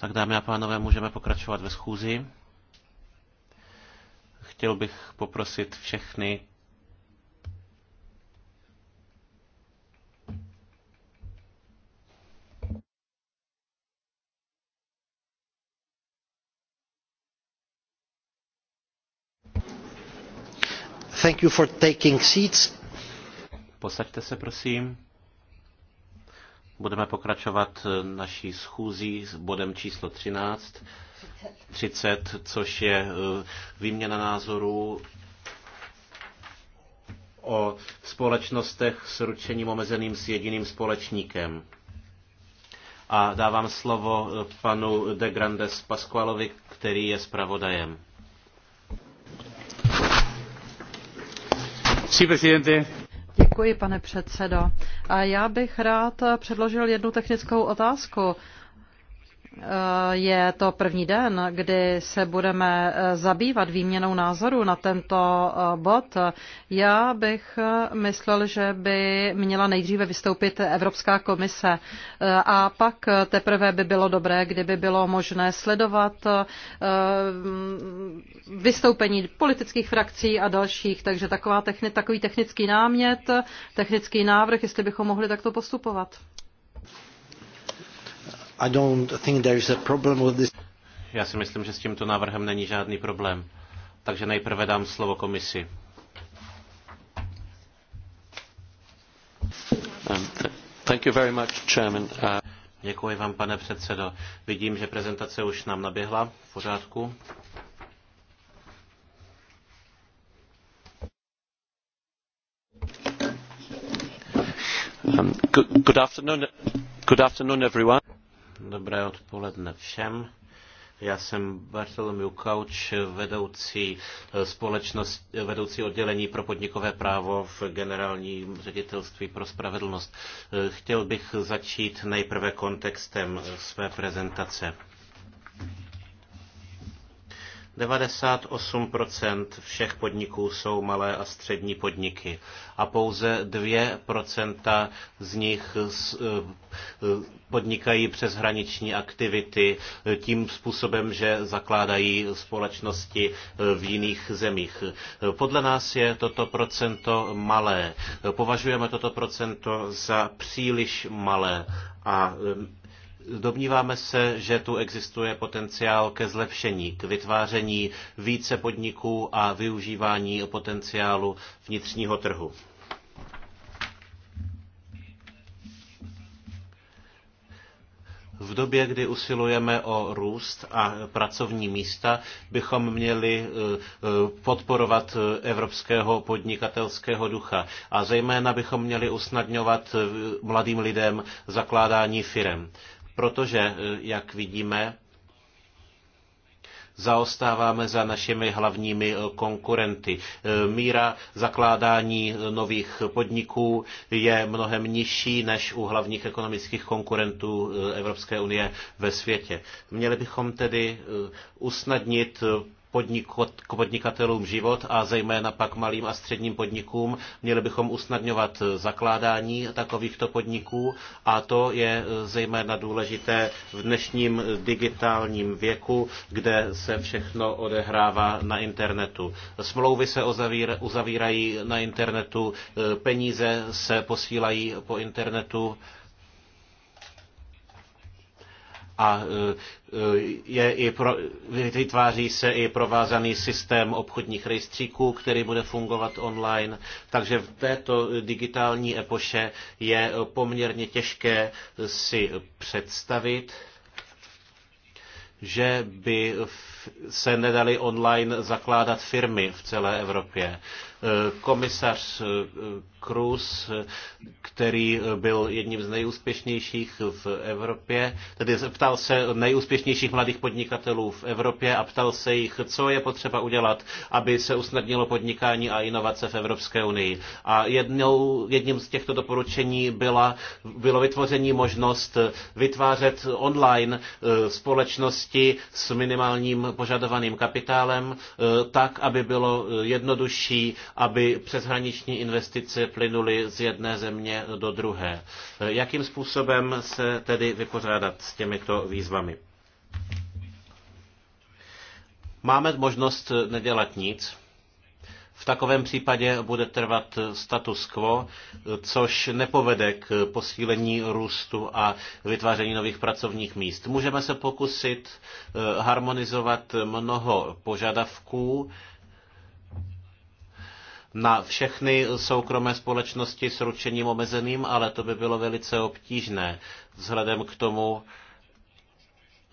Tak dámy a pánové, můžeme pokračovat ve schůzi. Chtěl bych poprosit všechny, Thank you for taking seats. Posaďte se, prosím. Budeme pokračovat naší schůzí s bodem číslo 13, 30, což je e, výměna názorů o společnostech s ručením omezeným s jediným společníkem. A dávám slovo e, panu De Grandes Pasqualovi, který je zpravodajem. Sí, presidente. Děkuji, pane předsedo. A já bych rád předložil jednu technickou otázku Eh, je to první den, kdy se budeme eh, zabývat výměnou názoru na tento eh, bod. Já bych myslel, že by měla nejdříve vystoupit Evropská komise a pak teprve by bylo dobré, kdyby bylo možné sledovat vystoupení politických frakcí a dalších. Takže taková techni- takový technický námět, technický návrh, jestli bychom mohli takto postupovat. I don't think there is a problem with this. Já si myslím, že s tímto návrhem není žádný problém. Takže nejprve dám slovo komisi. Um, thank you very much, Chairman. Uh... Děkuji vám, pane předsedo. Vidím, že prezentace už nám naběhla. V pořádku. Um, good, good afternoon, good afternoon everyone. Dobré odpoledne všem. Já jsem Bartolomew Kauč, vedoucí, eh, společnost, eh, vedoucí oddělení pro podnikové právo v generálním ředitelství pro spravedlnost. Eh, chtěl bych začít nejprve kontextem své prezentace. 98% všech podniků jsou malé a střední podniky a pouze 2% z nich eh, podnikají přeshraniční aktivity tím způsobem, že zakládají společnosti eh, v jiných zemích. Podle nás je toto procento malé. Považujeme toto procento za příliš malé a Domníváme se, že tu existuje potenciál ke zlepšení, k vytváření více podniků a využívání potenciálu vnitřního trhu. V době, kdy usilujeme o růst a pracovní místa, bychom měli e, e, podporovat evropského podnikatelského ducha a zejména bychom měli usnadňovat e, mladým lidem zakládání firem protože, e, jak vidíme, zaostáváme za našimi hlavními e, konkurenty. E, míra zakládání nových podniků je mnohem nižší než u hlavních ekonomických konkurentů Evropské unie ve světě. Měli bychom tedy usnadnit k podnikatelům život a zejména pak malým a středním podnikům. Měli bychom usnadňovat zakládání takovýchto podniků a to je zejména důležité v dnešním digitálním věku, kde se všechno odehrává na internetu. Smlouvy se uzavírají na internetu, peníze se posílají po internetu a e, e, je i pro, vytváří se i provázaný systém obchodních rejstříků, který bude fungovat online. Takže v této digitální epoše je poměrně těžké si představit, že by se nedaly online zakládat firmy v celé Evropě. Eh, komisař eh, Cruz, eh, který byl jedním z nejúspěšnějších v Evropě, tedy ptal se nejúspěšnějších mladých podnikatelů v Evropě a ptal se jich, co je potřeba udělat, aby se usnadnilo podnikání a inovace v Evropské unii. A jednou, jedním z těchto doporučení byla, bylo vytvoření možnost vytvářet online společnosti s minimálním požadovaným kapitálem, tak, aby bylo jednodušší aby přeshraniční investice plynuly z jedné země do druhé. Jakým způsobem se tedy vypořádat s těmito výzvami? Máme možnost nedělat nic. V takovém případě bude trvat status quo, což nepovede k posílení růstu a vytváření nových pracovních míst. Můžeme se pokusit eh, harmonizovat mnoho požadavků, na všechny soukromé společnosti s ručením omezeným, ale to by bylo velice obtížné vzhledem k tomu,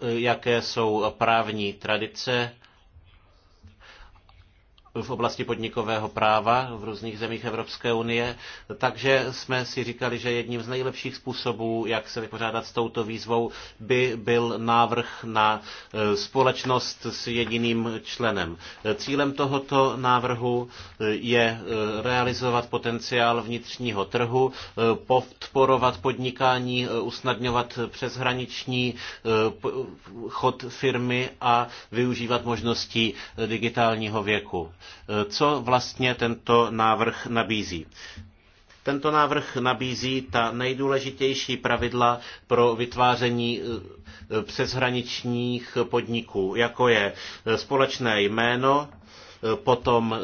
jaké jsou právní tradice v oblasti podnikového práva v různých zemích Evropské unie, takže jsme si říkali, že jedním z nejlepších způsobů, jak se vypořádat s touto výzvou, by byl návrh na e, společnost s jediným členem. Cílem tohoto návrhu e, je e, realizovat potenciál vnitřního trhu, podporovat podnikání, usnadňovat přeshraniční chod firmy a využívat možností digitálního věku. Co vlastně tento návrh nabízí? Tento návrh nabízí ta nejdůležitější pravidla pro vytváření e, e, přeshraničních podniků, jako je e, společné jméno, potom eh,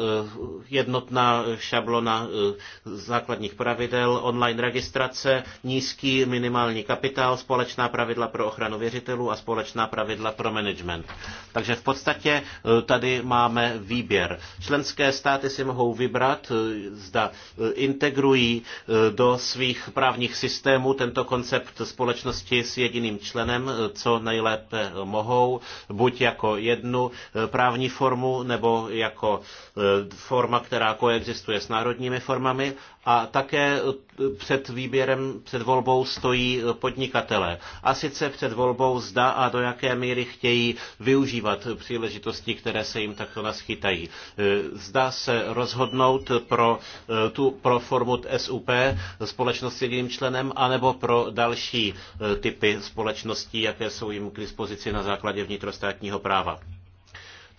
jednotná šablona eh, základních pravidel, online registrace, nízký minimální kapitál, společná pravidla pro ochranu věřitelů a společná pravidla pro management. Takže v podstatě eh, tady máme výběr. Členské státy si mohou vybrat, zda integrují do svých právních systémů tento koncept společnosti s jediným členem, co nejlépe mohou, buď jako jednu právní formu nebo jako jako e, forma, která koexistuje s národními formami a také e, před výběrem, před volbou stojí podnikatele. A sice před volbou zda a do jaké míry chtějí využívat příležitosti, které se jim takto naschytají. E, zda se rozhodnout pro, tu, pro formu SUP, společnost s jedním členem, anebo pro další typy společností, jaké jsou jim k dispozici na základě vnitrostátního práva.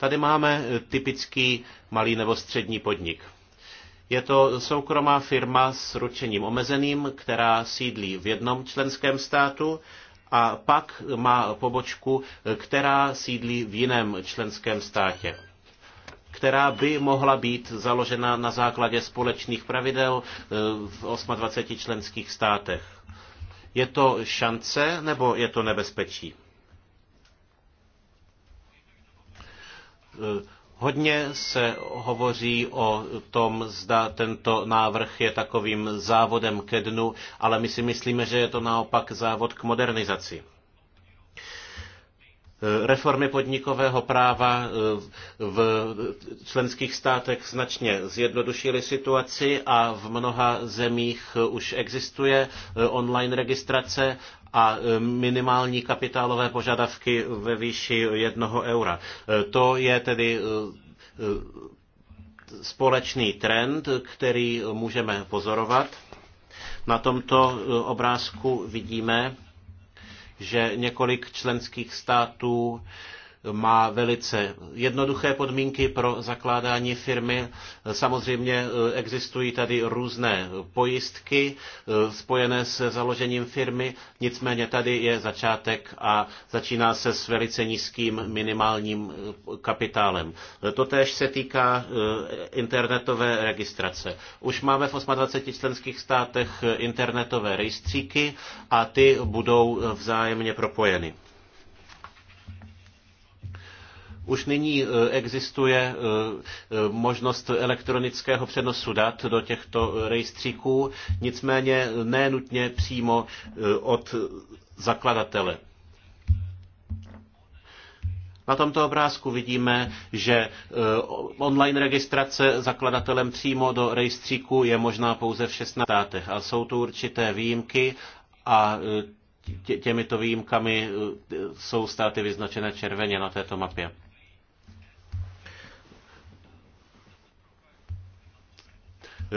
Tady máme eh, typický malý nebo střední podnik. Je to soukromá firma s ručením omezeným, která sídlí v jednom členském státu a pak má pobočku, eh, která sídlí v jiném členském státě která by mohla být založena na základě společných pravidel eh, v 28 členských státech. Je to šance nebo je to nebezpečí? Hodně se hovoří o tom, zda tento návrh je takovým závodem ke dnu, ale my si myslíme, že je to naopak závod k modernizaci. Reformy podnikového práva v členských státech značně zjednodušily situaci a v mnoha zemích už existuje online registrace a e, minimální kapitálové požadavky ve výši jednoho eura. E, to je tedy e, společný trend, který můžeme pozorovat. Na tomto obrázku vidíme, že několik členských států má velice jednoduché podmínky pro zakládání firmy. Samozřejmě eh, existují tady různé pojistky eh, spojené se založením firmy, nicméně tady je začátek a začíná se s velice nízkým minimálním eh, kapitálem. Totéž se týká internetové registrace. Už máme v 28 členských státech internetové rejstříky a ty budou vzájemně propojeny. Už nyní eh, existuje eh, eh, možnost elektronického přenosu dat do těchto rejstříků, nicméně ne nutně přímo od zakladatele. Na tomto obrázku vidíme, že online registrace zakladatelem přímo do rejstříku je možná pouze v 16 státech a jsou tu určité výjimky a těmito výjimkami jsou státy vyznačené červeně na této mapě.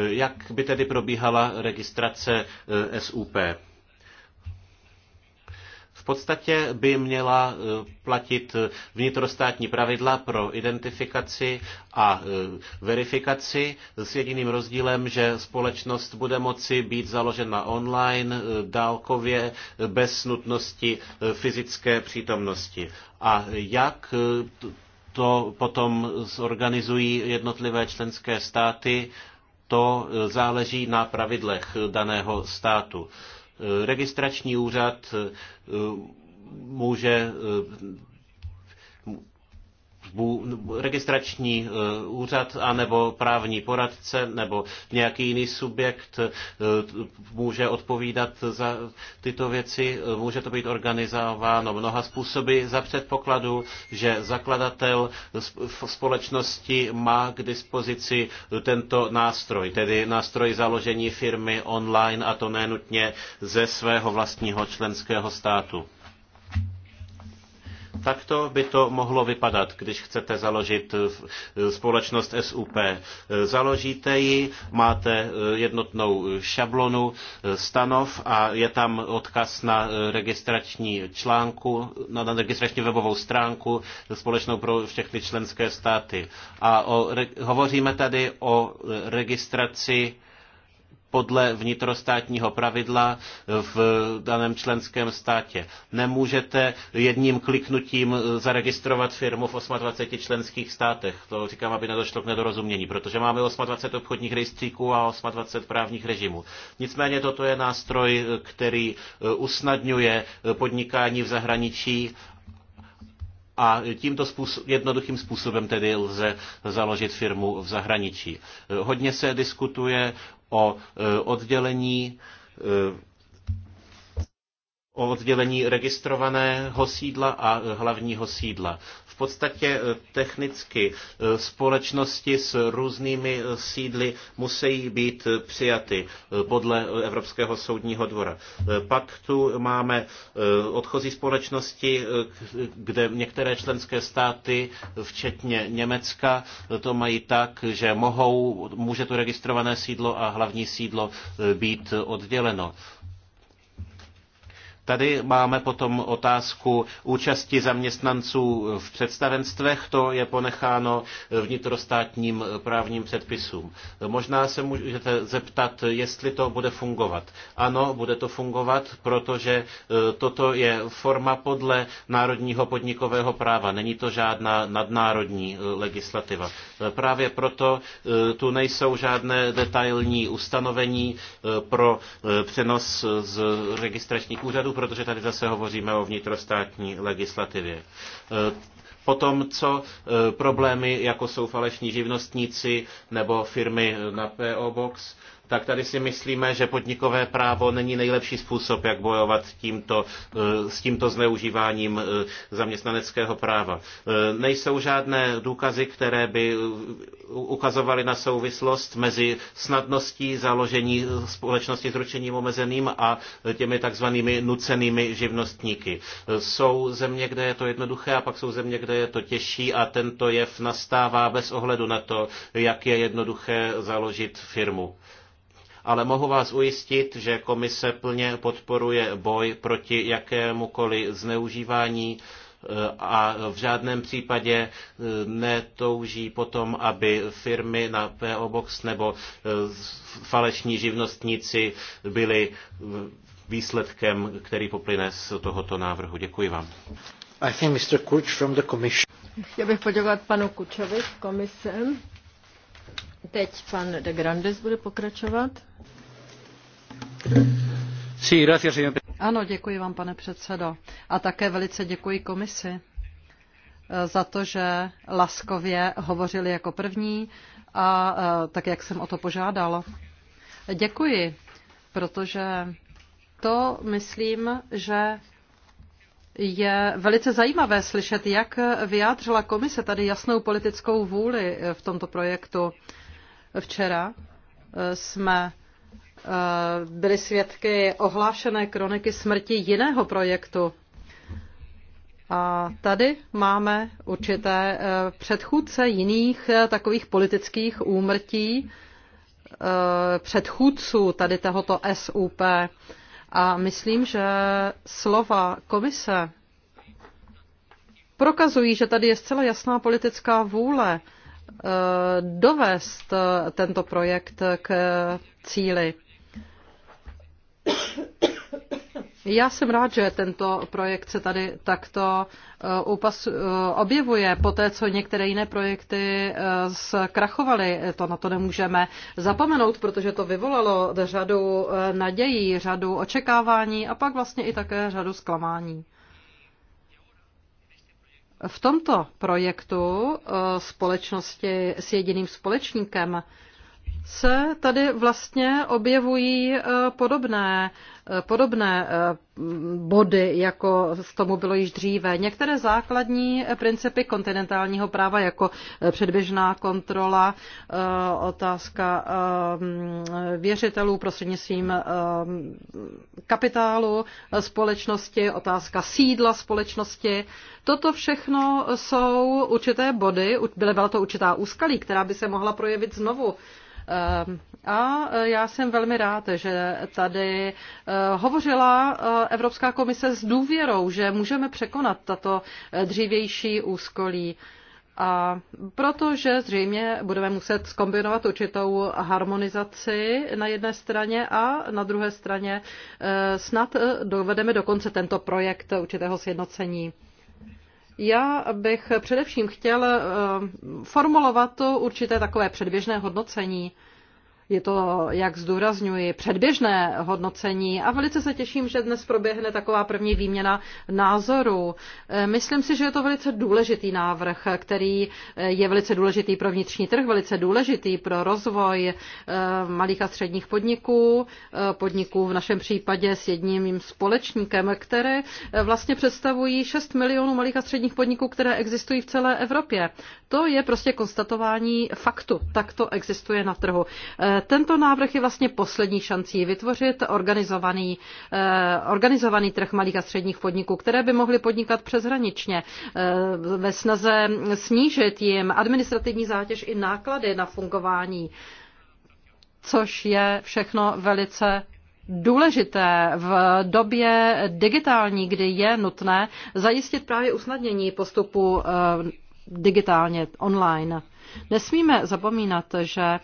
Jak by tedy probíhala registrace eh, SUP? V podstatě by měla eh, platit eh, vnitrostátní pravidla pro identifikaci a verifikaci s jediným rozdílem, že společnost bude moci být založena online, dálkově, bez nutnosti fyzické přítomnosti. A jak to potom zorganizují jednotlivé členské státy, to e, záleží na pravidlech daného státu. E, registrační úřad e, může registrační eh, úřad anebo právní poradce nebo nějaký jiný subjekt eh, může odpovídat za tyto věci. Eh, může to být organizováno mnoha způsoby za předpokladu, že zakladatel společnosti má k dispozici tento nástroj, tedy nástroj založení firmy online a to nenutně ze svého vlastního členského státu. Takto by to mohlo vypadat, když chcete založit eh, společnost SUP. Eh, založíte ji, máte eh, jednotnou šablonu stanov a je tam odkaz na registrační článku, na registrační webovou stránku společnou pro všechny členské státy. A o, hovoříme tady o registraci podle vnitrostátního pravidla v daném členském státě. Nemůžete jedním kliknutím eh, zaregistrovat firmu v 28 členských státech. To říkám, aby nedošlo k nedorozumění, protože máme 28 obchodních rejstříků a 28 právních režimů. Nicméně toto je nástroj, eh, který eh, usnadňuje podnikání v zahraničí a tímto způsob, jednoduchým způsobem tedy lze založit firmu v zahraničí. Hodně se diskutuje o e, oddělení e, o oddělení registrovaného sídla a hlavního sídla. V podstatě eh, technicky eh, společnosti s různými eh, sídly musí být přijaty podle Evropského soudního dvora. Pak tu máme odchozí společnosti, kde některé členské státy, včetně Německa, to mají tak, že mohou, může tu registrované sídlo a hlavní sídlo být odděleno. Tady máme potom otázku účasti zaměstnanců v představenstvech, to je ponecháno vnitrostátním právním předpisům. Možná se můžete zeptat, jestli to bude fungovat. Ano, bude to fungovat, protože e, toto je forma podle národního podnikového práva. Není to žádná nadnárodní e, legislativa. E, právě proto tu nejsou žádné detailní ustanovení pro přenos z registračních úřadů protože tady zase hovoříme o vnitrostátní legislativě. E, potom, co e, problémy, jako jsou falešní živnostníci nebo firmy na PO Box, tak tady si myslíme, že podnikové právo není nejlepší způsob, jak bojovat tímto, eh, s tímto zneužíváním eh, zaměstnaneckého práva. Eh, nejsou žádné důkazy, které by ukazovaly na souvislost mezi snadností založení společnosti s ručením omezeným a těmi takzvanými nucenými živnostníky. Jsou země, kde je to jednoduché a pak jsou země, kde je to těžší a tento jev nastává bez ohledu na to, jak je jednoduché založit firmu ale mohu vás ujistit, že komise plně podporuje boj proti jakémukoliv zneužívání eh, a v žádném případě eh, netouží potom, aby firmy na PO Box nebo eh, falešní živnostníci byli výsledkem, který poplyne z tohoto návrhu. Děkuji vám. I think Mr. Kuch from the commission. Chtěl bych poděkovat panu Kučovi z komise. Teď pan de Grandes bude pokračovat. Sí, gracias, señor. Ano, děkuji vám, pane předsedo. A také velice děkuji komisi eh, za to, že laskově hovořili jako první a eh, tak, jak jsem o to požádal. Děkuji, protože to myslím, že je velice zajímavé slyšet, jak vyjádřila komise tady jasnou politickou vůli eh, v tomto projektu. Včera eh, jsme eh, byli svědky ohlášené kroniky smrti jiného projektu. A tady máme určité eh, předchůdce jiných takových politických úmrtí, předchůdců tady tohoto SUP. A myslím, že slova komise prokazují, že tady je zcela jasná politická vůle dovést eh, tento projekt k cíli. Já jsem rád, že tento projekt se tady takto eh, eh, objevuje, po té, co některé jiné projekty zkrachovaly, to na to nemůžeme zapomenout, protože to vyvolalo řadu nadějí, řadu očekávání a pak vlastně i také řadu zklamání. V tomto projektu eh, společnosti s jediným společníkem se tady vlastně objevují eh, podobné, eh, podobné eh, body, jako z tomu bylo již dříve. Některé základní principy kontinentálního práva, jako předběžná kontrola, otázka věřitelů prostřednictvím kapitálu společnosti, otázka sídla společnosti, toto všechno jsou určité body, byla to určitá úskalí, která by se mohla projevit znovu Ehm, a e, já jsem velmi rád, že tady e, hovořila e, Evropská komise s důvěrou, že můžeme překonat tato dřívější úskolí. A protože zřejmě budeme muset skombinovat určitou harmonizaci na jedné straně a na druhé straně snad dovedeme dokonce tento projekt určitého sjednocení. Já bych především chtěl eh, formulovat určité takové předběžné hodnocení je to, jak zdůrazňuji, předběžné hodnocení a velice se těším, že dnes proběhne taková první výměna názorů. E, myslím si, že je to velice důležitý návrh, který e, je velice důležitý pro vnitřní trh, velice důležitý pro rozvoj e, malých a středních podniků, podniků v našem případě s jedním společníkem, které vlastně představují 6 milionů malých a středních podniků, které existují v celé Evropě. To je prostě konstatování faktu. Tak to existuje na trhu tento návrh je vlastně poslední šancí vytvořit organizovaný, eh, organizovaný trh malých a středních podniků, které by mohly podnikat přeshraničně eh, ve snaze snížit jim administrativní zátěž i náklady na fungování což je všechno velice důležité v době digitální, kdy je nutné zajistit právě usnadnění postupu eh, digitálně online. Nesmíme zapomínat, že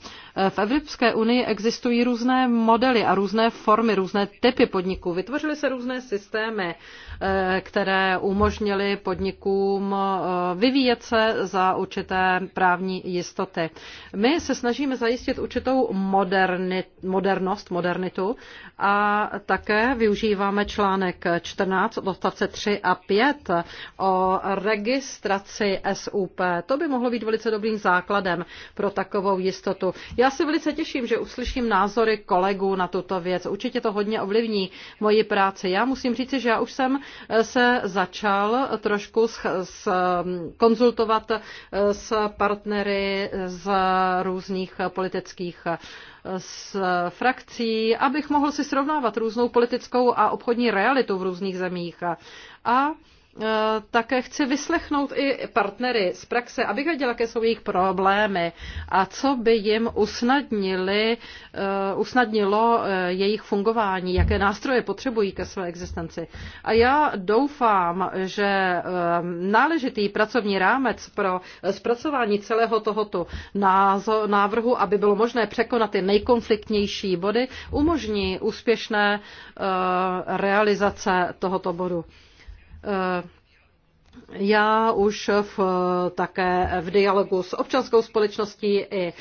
v Evropské unii existují různé modely a různé formy, různé typy podniků. Vytvořily se různé systémy, eh, které umožnily podnikům eh, vyvíjet se za určité právní jistoty. My se snažíme zajistit určitou modernit, modernost, modernitu a také využíváme článek 14 odstavce 3 a 5 o registraci SUP. To by mohlo být velice dobrým základem pro takovou jistotu. Já se velice těším, že uslyším názory kolegů na tuto věc. Určitě to hodně ovlivní moji práci. Já musím říct, že já už jsem eh, se začal trošku s, s, mm, konzultovat eh, s partnery z různých politických eh, s frakcí, abych mohl si srovnávat různou politickou a obchodní realitu v různých zemích. A Eh, také chci vyslechnout i partnery z praxe, abych věděla, jaké jsou jejich problémy a co by jim usnadnili, eh, usnadnilo eh, jejich fungování, jaké nástroje potřebují ke své existenci. A já doufám, že náležitý pracovní rámec pro zpracování celého tohoto návrhu, aby bylo možné překonat ty nejkonfliktnější body, umožní úspěšné realizace tohoto bodu uh, já už v, také v dialogu s občanskou společností i e,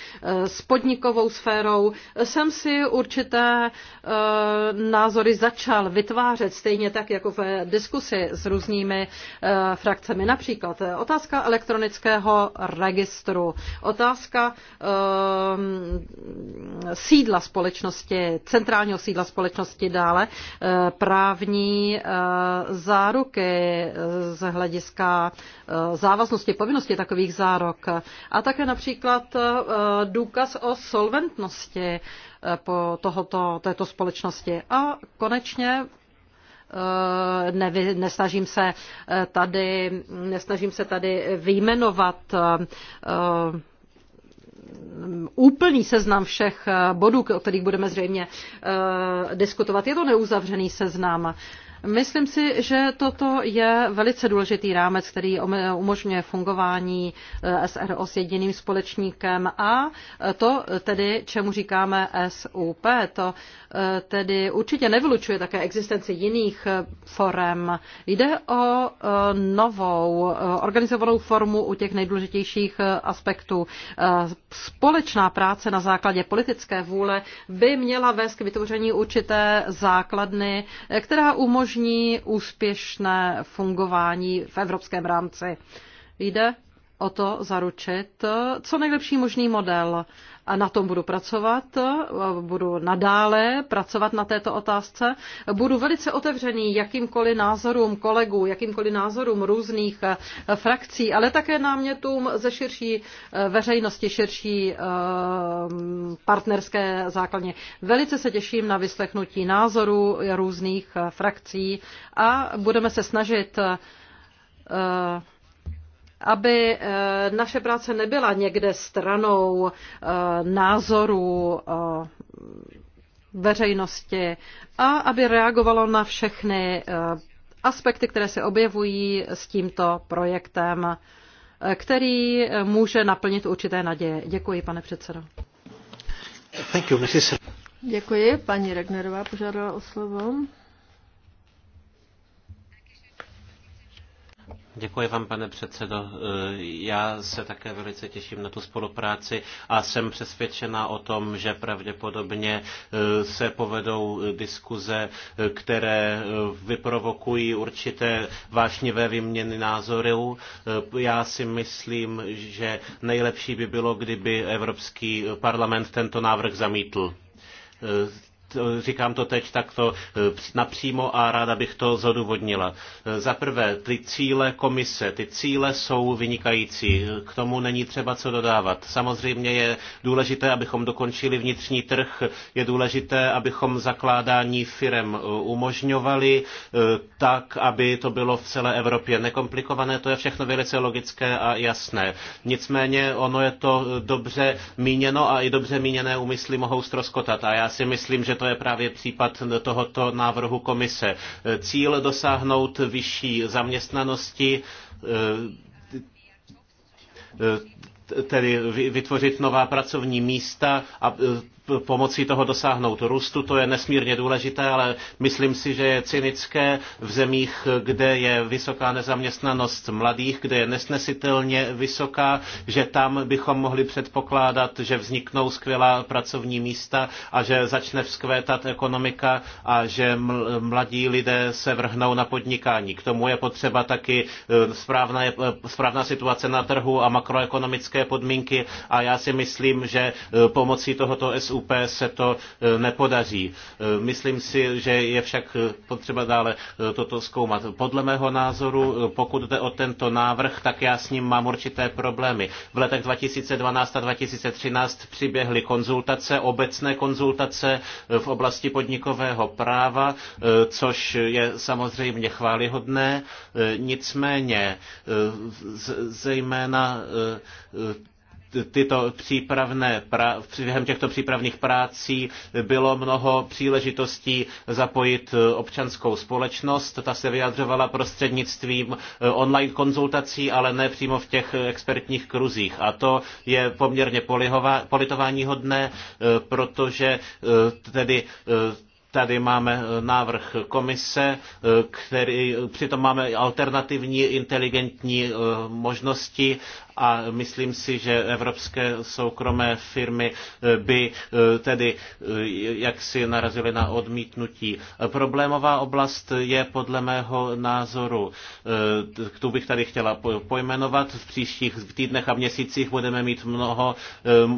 s podnikovou sférou jsem si určité e, názory začal vytvářet, stejně tak jako ve diskusi s různými e, frakcemi. Například otázka elektronického registru, otázka sídla společnosti, centrálního sídla společnosti dále, právní záruky z hlediska hlediska eh, závaznosti, povinnosti takových zárok a také například eh, důkaz o solventnosti eh, po tohoto, této společnosti. A konečně nevy, nesnažím se tady, nesnažím se tady vyjmenovat úplný seznam všech bodů, o kterých budeme zřejmě diskutovat. Je to neuzavřený seznam. Myslím si, že toto je velice důležitý rámec, který um, umožňuje fungování eh, SRO s jediným společníkem a eh, to tedy, čemu říkáme SUP, to eh, tedy určitě nevylučuje také existenci jiných forem. Jde o novou organizovanou formu u těch nejdůležitějších aspektů. Společná práce na základě politické vůle by měla vést k vytvoření určité základny, která umožňuje umožní úspěšné fungování v evropském rámci. Jde o to zaručit co nejlepší možný model. A na tom budu pracovat, budu nadále pracovat na této otázce. Budu velice otevřený jakýmkoliv názorům kolegů, jakýmkoliv názorům různých eh, frakcí, ale také námětům ze širší eh, veřejnosti, širší eh, partnerské základně. Velice se těším na vyslechnutí názorů různých frakcí a budeme se snažit aby eh, naše práce nebyla někde stranou eh, názoru, eh, veřejnosti a aby reagovalo na všechny aspekty, které se objevují s tímto projektem, který může naplnit určité naděje. Děkuji, pane předsedo. Thank you, Děkuji. Paní Regnerová požádala o slovo. Děkuji vám, pane předsedo. Eh, já se také velice těším na tu spolupráci a jsem přesvědčena o tom, že pravděpodobně eh, se povedou eh, diskuze, které vyprovokují určité vášnivé výměny názorů. Já si myslím, že nejlepší by bylo, kdyby Evropský parlament tento návrh zamítl. Eh, říkám to teď takto eh, napřímo a ráda bych to zodůvodnila. Eh, za prvé, ty cíle komise, ty cíle jsou vynikající, k tomu není třeba co dodávat. Samozřejmě je důležité, abychom dokončili vnitřní trh, je důležité, abychom zakládání firem umožňovali tak, aby to bylo v celé Evropě nekomplikované, to je všechno velice logické a jasné. Nicméně ono je to dobře míněno a i dobře míněné úmysly mohou stroskotat a já si myslím, že to je právě případ tohoto návrhu komise. Cíl dosáhnout vyšší zaměstnanosti tedy vytvořit nová pracovní místa a e, pomocí toho dosáhnout růstu. To je nesmírně důležité, ale myslím si, že je cynické v zemích, kde je vysoká nezaměstnanost mladých, kde je nesnesitelně vysoká, že tam bychom mohli předpokládat, že vzniknou skvělá pracovní místa a že začne vzkvétat ekonomika a že mladí lidé se vrhnou na podnikání. K tomu je potřeba taky e, správná, e, správná situace na trhu a makroekonomické ekonomické podmínky a já si myslím, že eh, pomocí tohoto SUP se to eh, nepodaří. Eh, myslím si, že je však potřeba dále toto zkoumat. Podle mého názoru, pokud jde o tento návrh, tak já s ním mám určité problémy. V letech 2012 a 2013 přiběhly konzultace, obecné konzultace v oblasti podnikového práva, což je samozřejmě chválihodné. Nicméně zejména tyto přípravné, během těchto přípravných prácí bylo mnoho příležitostí zapojit občanskou společnost. Ta se vyjadřovala prostřednictvím eh, online konzultací, ale ne přímo v těch expertních kruzích. A to je poměrně politování hodné, eh, protože eh, tedy Tady máme návrh komise, který, přitom máme alternativní inteligentní možnosti a myslím si, že evropské soukromé firmy eh, by eh, tedy eh, jaksi narazily na odmítnutí. Problémová oblast je podle mého názoru, tu bych tady chtěla pojmenovat, v příštích týdnech a měsících budeme mít mnoho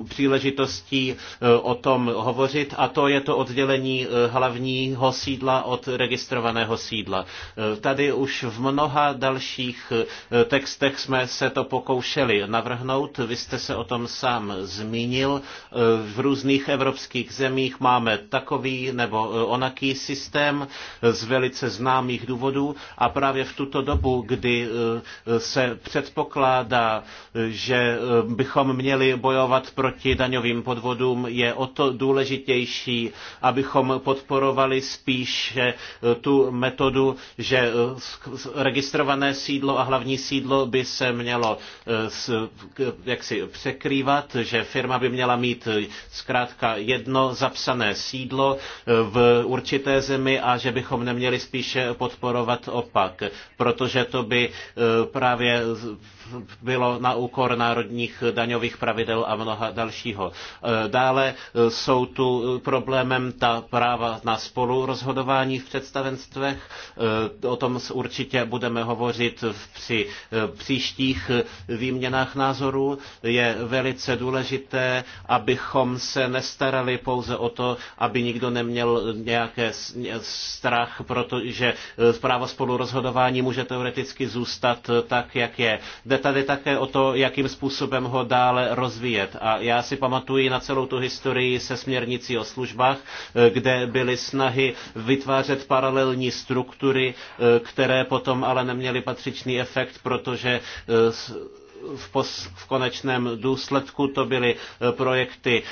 příležitostí o tom hovořit a to je to oddělení hlavního sídla od registrovaného sídla. Tady už v mnoha dalších textech jsme se to pokoušeli mohli navrhnout. Vy jste se o tom sám zmínil. V různých evropských zemích máme takový nebo e, onaký systém z velice známých důvodů a právě v tuto dobu, kdy e, se předpokládá, že e, bychom měli bojovat proti daňovým podvodům, je o to důležitější, abychom podporovali spíše tu metodu, že registrované sídlo a hlavní sídlo by se mělo jaksi překrývat, že firma by měla mít eh, zkrátka jedno zapsané sídlo eh, v určité zemi a že bychom neměli spíše podporovat opak, protože to by eh, právě bylo na úkor národních daňových pravidel a mnoha dalšího. Eh, dále eh, jsou tu eh, problémem ta práva na spolurozhodování v představenstvech. O tom určitě budeme hovořit při příštích výměnách názorů. Je velice důležité, abychom se nestarali pouze o to, aby nikdo neměl nějaké strach, protože právo spolurozhodování může teoreticky zůstat tak, jak je tady také o to, jakým způsobem ho dále rozvíjet. A já si pamatuji na celou tu historii se směrnicí o službách, eh, kde byly snahy vytvářet paralelní struktury, eh, které potom ale neměly patřičný efekt, protože eh, v, pos, v konečném důsledku to byly e, projekty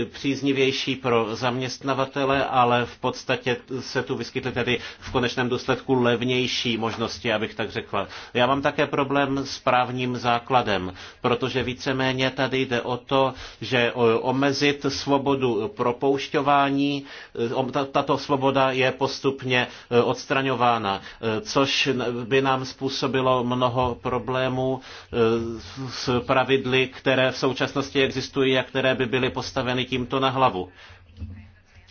e, příznivější pro zaměstnavatele, ale v podstatě se tu vyskytly tedy v konečném důsledku levnější možnosti, abych tak řekla. Já mám také problém s právním základem, protože víceméně tady jde o to, že e, omezit svobodu propoušťování, tato svoboda je postupně odstraňována, což by nám způsobilo mnoho problémů, s pravidly, které v současnosti existují a které by byly postaveny tímto na hlavu.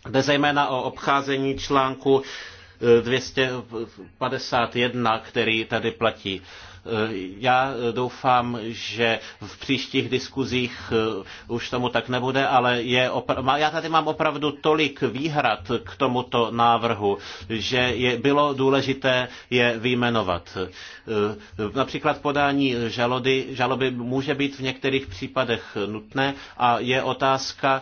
Jde zejména o obcházení článku eh, 251, který tady platí. Eh, já eh, doufám, že v příštích diskuzích eh, už tomu tak nebude, ale je já tady mám opravdu tolik výhrad k tomuto návrhu, že je, bylo důležité je vyjmenovat. Například podání žalody, žaloby může být v některých případech nutné a je otázka,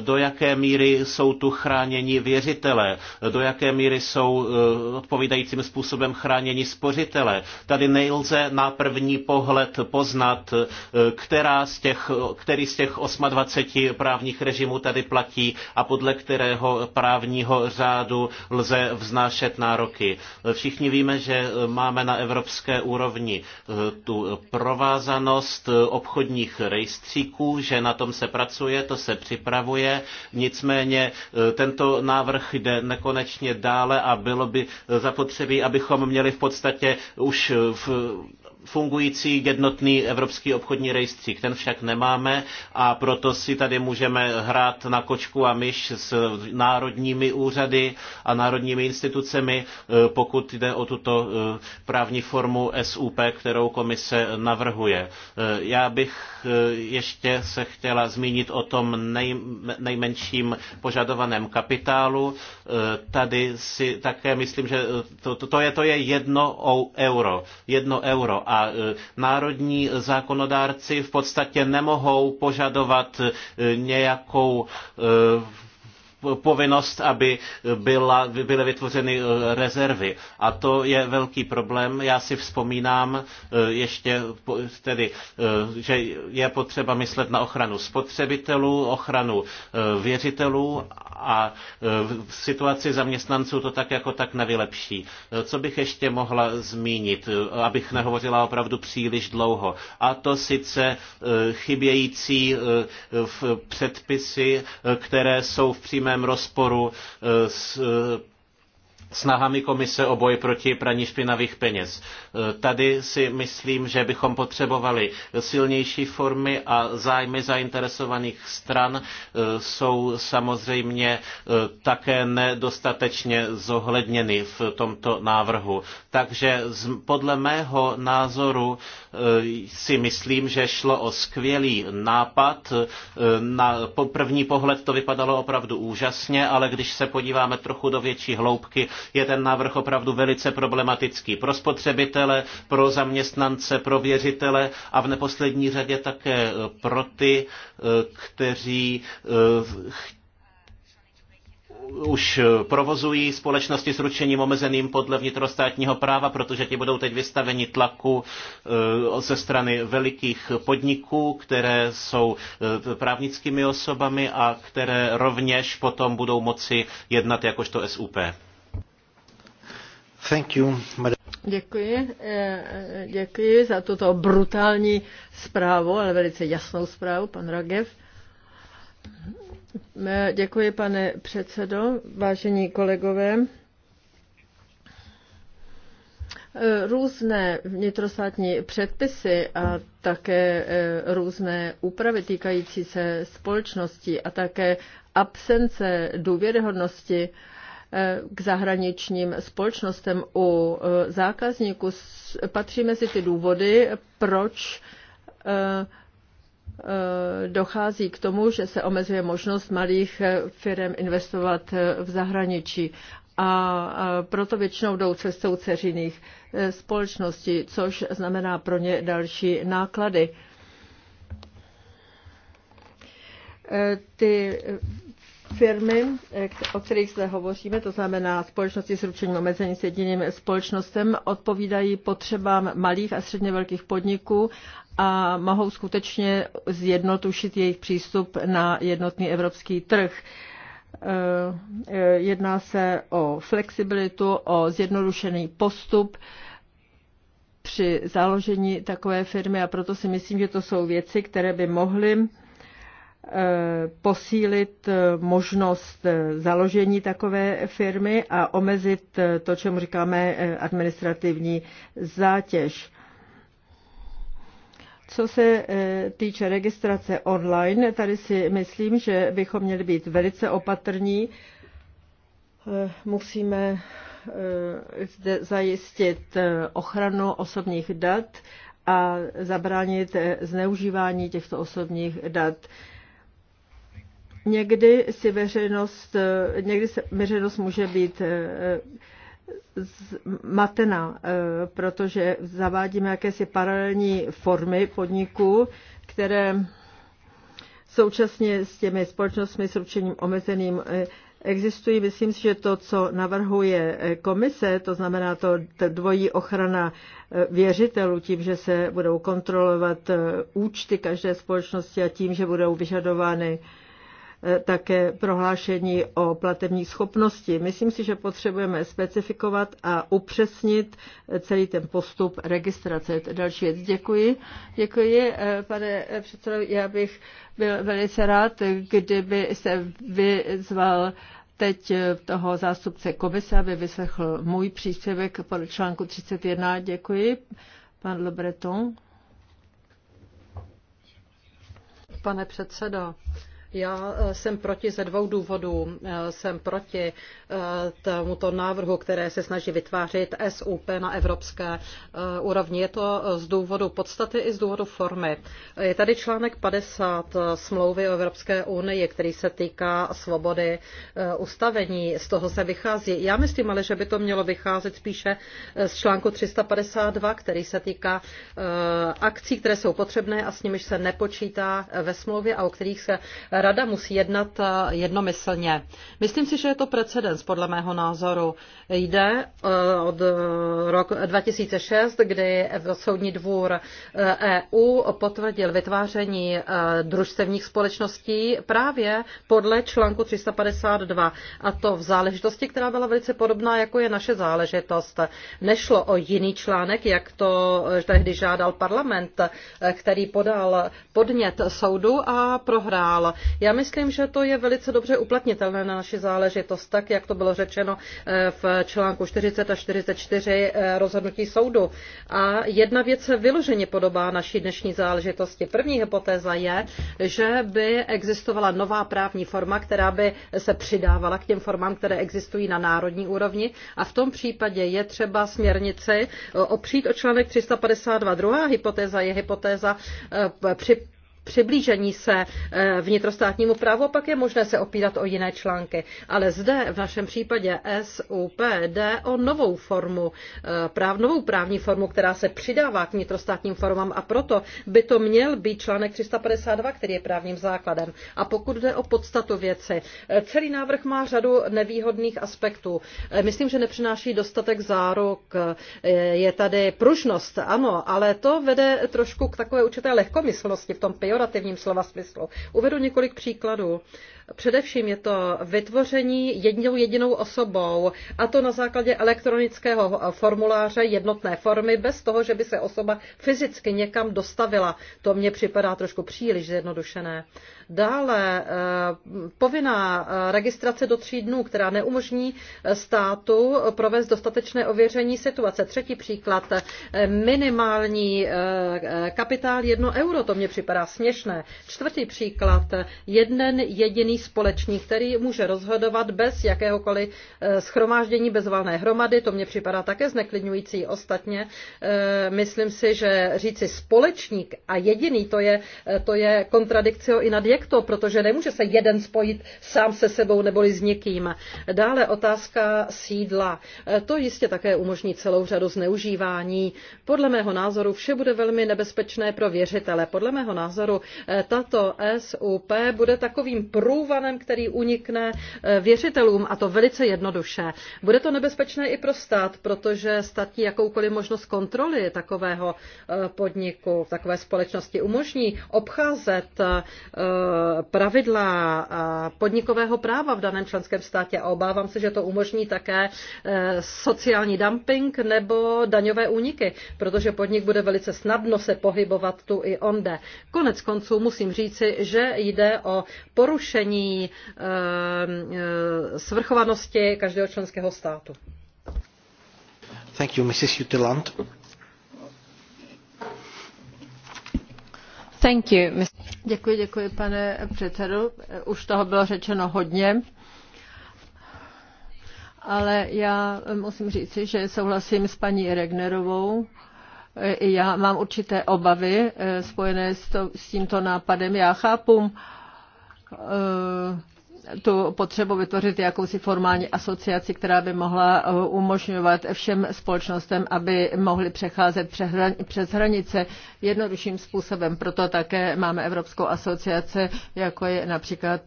do jaké míry jsou tu chráněni věřitelé, do jaké míry jsou odpovídajícím způsobem chráněni spořitelé. Tady nejlze lze na první pohled poznat, eh, která z těch, který z těch 28 právních režimů tady platí a podle kterého právního řádu lze vznášet nároky. Eh, všichni víme, že eh, máme na evropské úrovni tu provázanost obchodních rejstříků, že na tom se pracuje, to se připravuje, nicméně tento návrh jde nekonečně dále a bylo by zapotřebí, abychom měli v podstatě už v fungující jednotný evropský obchodní rejstřík. Ten však nemáme a proto si tady můžeme hrát na kočku a myš s národními úřady a národními institucemi, eh, pokud jde o tuto eh, právní formu SUP, kterou komise navrhuje. Eh, já bych ještě se chtěla zmínit o tom nej, nejmenším požadovaném kapitálu. Tady si také myslím, že to, to, je, to je jedno euro. Jedno euro. A E, národní zákonodárci v podstatě nemohou požadovat e, nějakou e, povinnost, aby byla, byly vytvořeny eh, rezervy. A to je velký problém. Já si vzpomínám eh, ještě tedy, eh, že je potřeba myslet na ochranu spotřebitelů, ochranu věřitelů a v situaci zaměstnanců to tak jako tak nevylepší. Co bych ještě mohla zmínit, abych nehovořila opravdu příliš dlouho. A to sice chybějící předpisy, které jsou v přímé přímém rozporu eh, s eh, snahami komise o boj proti praní špinavých peněz. Eh, tady si myslím, že bychom potřebovali silnější formy a zájmy zainteresovaných stran jsou samozřejmě také nedostatečně zohledněny v tomto návrhu. Takže podle mého názoru Eh, si myslím, že šlo o skvělý nápad. Eh, na první pohled to vypadalo opravdu úžasně, ale když se podíváme trochu do větší hloubky, je ten návrh opravdu velice problematický pro spotřebitele, pro zaměstnance, pro věřitele a v neposlední řadě také pro ty, eh, kteří chtějí už provozují společnosti s ručením omezeným podle vnitrostátního práva, protože ti budou teď vystaveni tlaku eh, ze strany velikých podniků, které jsou eh, právnickými osobami a které rovněž potom budou moci jednat jakožto SUP. Thank you, Děkuji. Eh, děkuji za tuto brutální zprávu, ale velice jasnou zprávu, pan Ragev. Děkuji, pane předsedo, vážení kolegové. Různé vnitrostátní předpisy a také eh, různé úpravy týkající se společnosti a také absence důvěryhodnosti eh, k zahraničním společnostem u eh, zákazníků patří mezi ty důvody, proč Eh, dochází k tomu, že se omezuje možnost malých eh, firm investovat eh, v zahraničí a proto většinou jdou cestou ceřiných společností, což znamená pro ně další náklady. Ty firmy, o kterých zde hovoříme, to znamená společnosti s ručením omezením s jediným společnostem, odpovídají potřebám malých a středně velkých podniků a mohou skutečně zjednotušit jejich přístup na jednotný evropský trh. Eh, jedná se o flexibilitu, o zjednodušený postup při založení takové firmy a proto si myslím, že to jsou věci, které by mohly eh, posílit eh, možnost založení takové firmy a omezit to, čemu říkáme administrativní zátěž. Co se e, týče registrace online, tady si myslím, že bychom měli být velice opatrní. E, musíme e, zde zajistit ochranu osobních dat a zabránit zneužívání těchto osobních dat. Někdy si veřejnost, někdy se veřejnost může být zmatená, eh, protože zavádíme jakési paralelní formy podniků, které současně s těmi společnostmi s ručením omezeným eh, existují. Myslím si, že to, co navrhuje eh, komise, to znamená to dvojí ochrana věřitelů tím, že se budou kontrolovat účty každé společnosti a tím, že budou vyžadovány Eh, také prohlášení o platební schopnosti. Myslím si, že potřebujeme specifikovat a upřesnit eh, celý ten postup registrace. Další věc. Děkuji. Děkuji, eh, pane předsedo. Já bych byl velice rád, kdyby se vyzval teď toho zástupce komise, aby vyslechl můj příspěvek pod článku 31. Děkuji. Pan Le Breton. Pane předsedo, já e, jsem proti ze dvou důvodů. E, jsem proti e, tomuto návrhu, které se snaží vytvářet SUP na evropské úrovni. Je to z důvodu podstaty i z důvodu formy. Je tady článek 50 smlouvy o Evropské unii, který se týká svobody ustavení. Z toho se vychází. Já myslím ale, že by to mělo vycházet spíše z článku 352, který se týká akcí, které jsou potřebné a s nimiž se nepočítá ve smlouvě a o kterých se Rada musí jednat eh, jednomyslně. Myslím si, že je to precedens, podle mého názoru. Jde eh, od eh, roku 2006, kdy Soudní dvůr EU e potvrdil vytváření družstevních společností právě podle článku 352, a to v záležitosti, která byla velice podobná, jako je naše záležitost. Nešlo o jiný článek, jak to tehdy žádal parlament, který podal podnět soudu a prohrál. Já myslím, že to je velice dobře uplatnitelné na naši záležitost, tak jak to bylo řečeno eh, v článku 40 a 44 eh, rozhodnutí soudu. A jedna věc se vyloženě podobá naší dnešní záležitosti. První hypotéza je, že by existovala nová právní forma, která by se přidávala k těm formám, které existují na národní úrovni a v tom případě je třeba směrnici eh, opřít o článek 352. Druhá hypotéza je hypotéza při přiblížení se eh, vnitrostátnímu právu pak je možné se opírat o jiné články. Ale zde v našem případě SUP jde o novou formu, eh, práv, novou právní formu, která se přidává k vnitrostátním formám a proto by to měl být článek 352, který je právním základem. A pokud jde o podstatu věci, eh, celý návrh má řadu nevýhodných aspektů. Myslím, že nepřináší dostatek záruk, je tady pružnost, ano, ale to vede trošku k takové určité lehkomyslnosti v tom pionu pejorativním slova smyslu. Uvedu několik příkladů. Především je to vytvoření jednou jedinou osobou, a to na základě elektronického formuláře jednotné formy, bez toho, že by se osoba fyzicky někam dostavila. To mně připadá trošku příliš zjednodušené. Dále eh, povinná eh, registrace do tří dnů, která neumožní eh, státu provést dostatečné ověření situace. Třetí příklad, minimální kapitál jedno euro, to mně připadá směšné směšné. Čtvrtý příklad, jeden jediný společník, který může rozhodovat bez jakéhokoliv eh, schromáždění, bez valné hromady, to mě připadá také zneklidňující. Ostatně eh, myslím si, že říci společník a jediný, to je, eh, to je kontradikcio in adjecto, protože nemůže se jeden spojit sám se sebou neboli s někým. Dále otázka sídla. To jistě také umožní celou řadu zneužívání. Podle mého názoru vše bude velmi nebezpečné pro věřitele. Podle mého názoru Eh, tato SUP bude takovým průvanem, který unikne eh, věřitelům a to velice jednoduše. Bude to nebezpečné i pro stát, protože statí jakoukoliv možnost kontroly takového eh, podniku, takové společnosti umožní obcházet pravidla podnikového práva v daném členském státě a obávám se, že to umožní také sociální dumping nebo daňové úniky, protože podnik bude velice snadno se pohybovat tu i onde. Konec Konec konců musím říci, že jde o porušení ehm, e, svrchovanosti každého členského státu. Thank you, Mrs. Jutland. Thank you, Mr. Děkuji, děkuji, pane předsedu. Už toho bylo řečeno hodně ale já musím říci, že souhlasím s paní Regnerovou já mám určité obavy eh, spojené s, to, s tímto nápadem. Já chápu eh, tu potřebu vytvořit jakousi formální asociaci, která by mohla eh, umožňovat všem společnostem, aby mohli přecházet přes hranice jednodušším způsobem. Proto také máme Evropskou asociaci, jako je například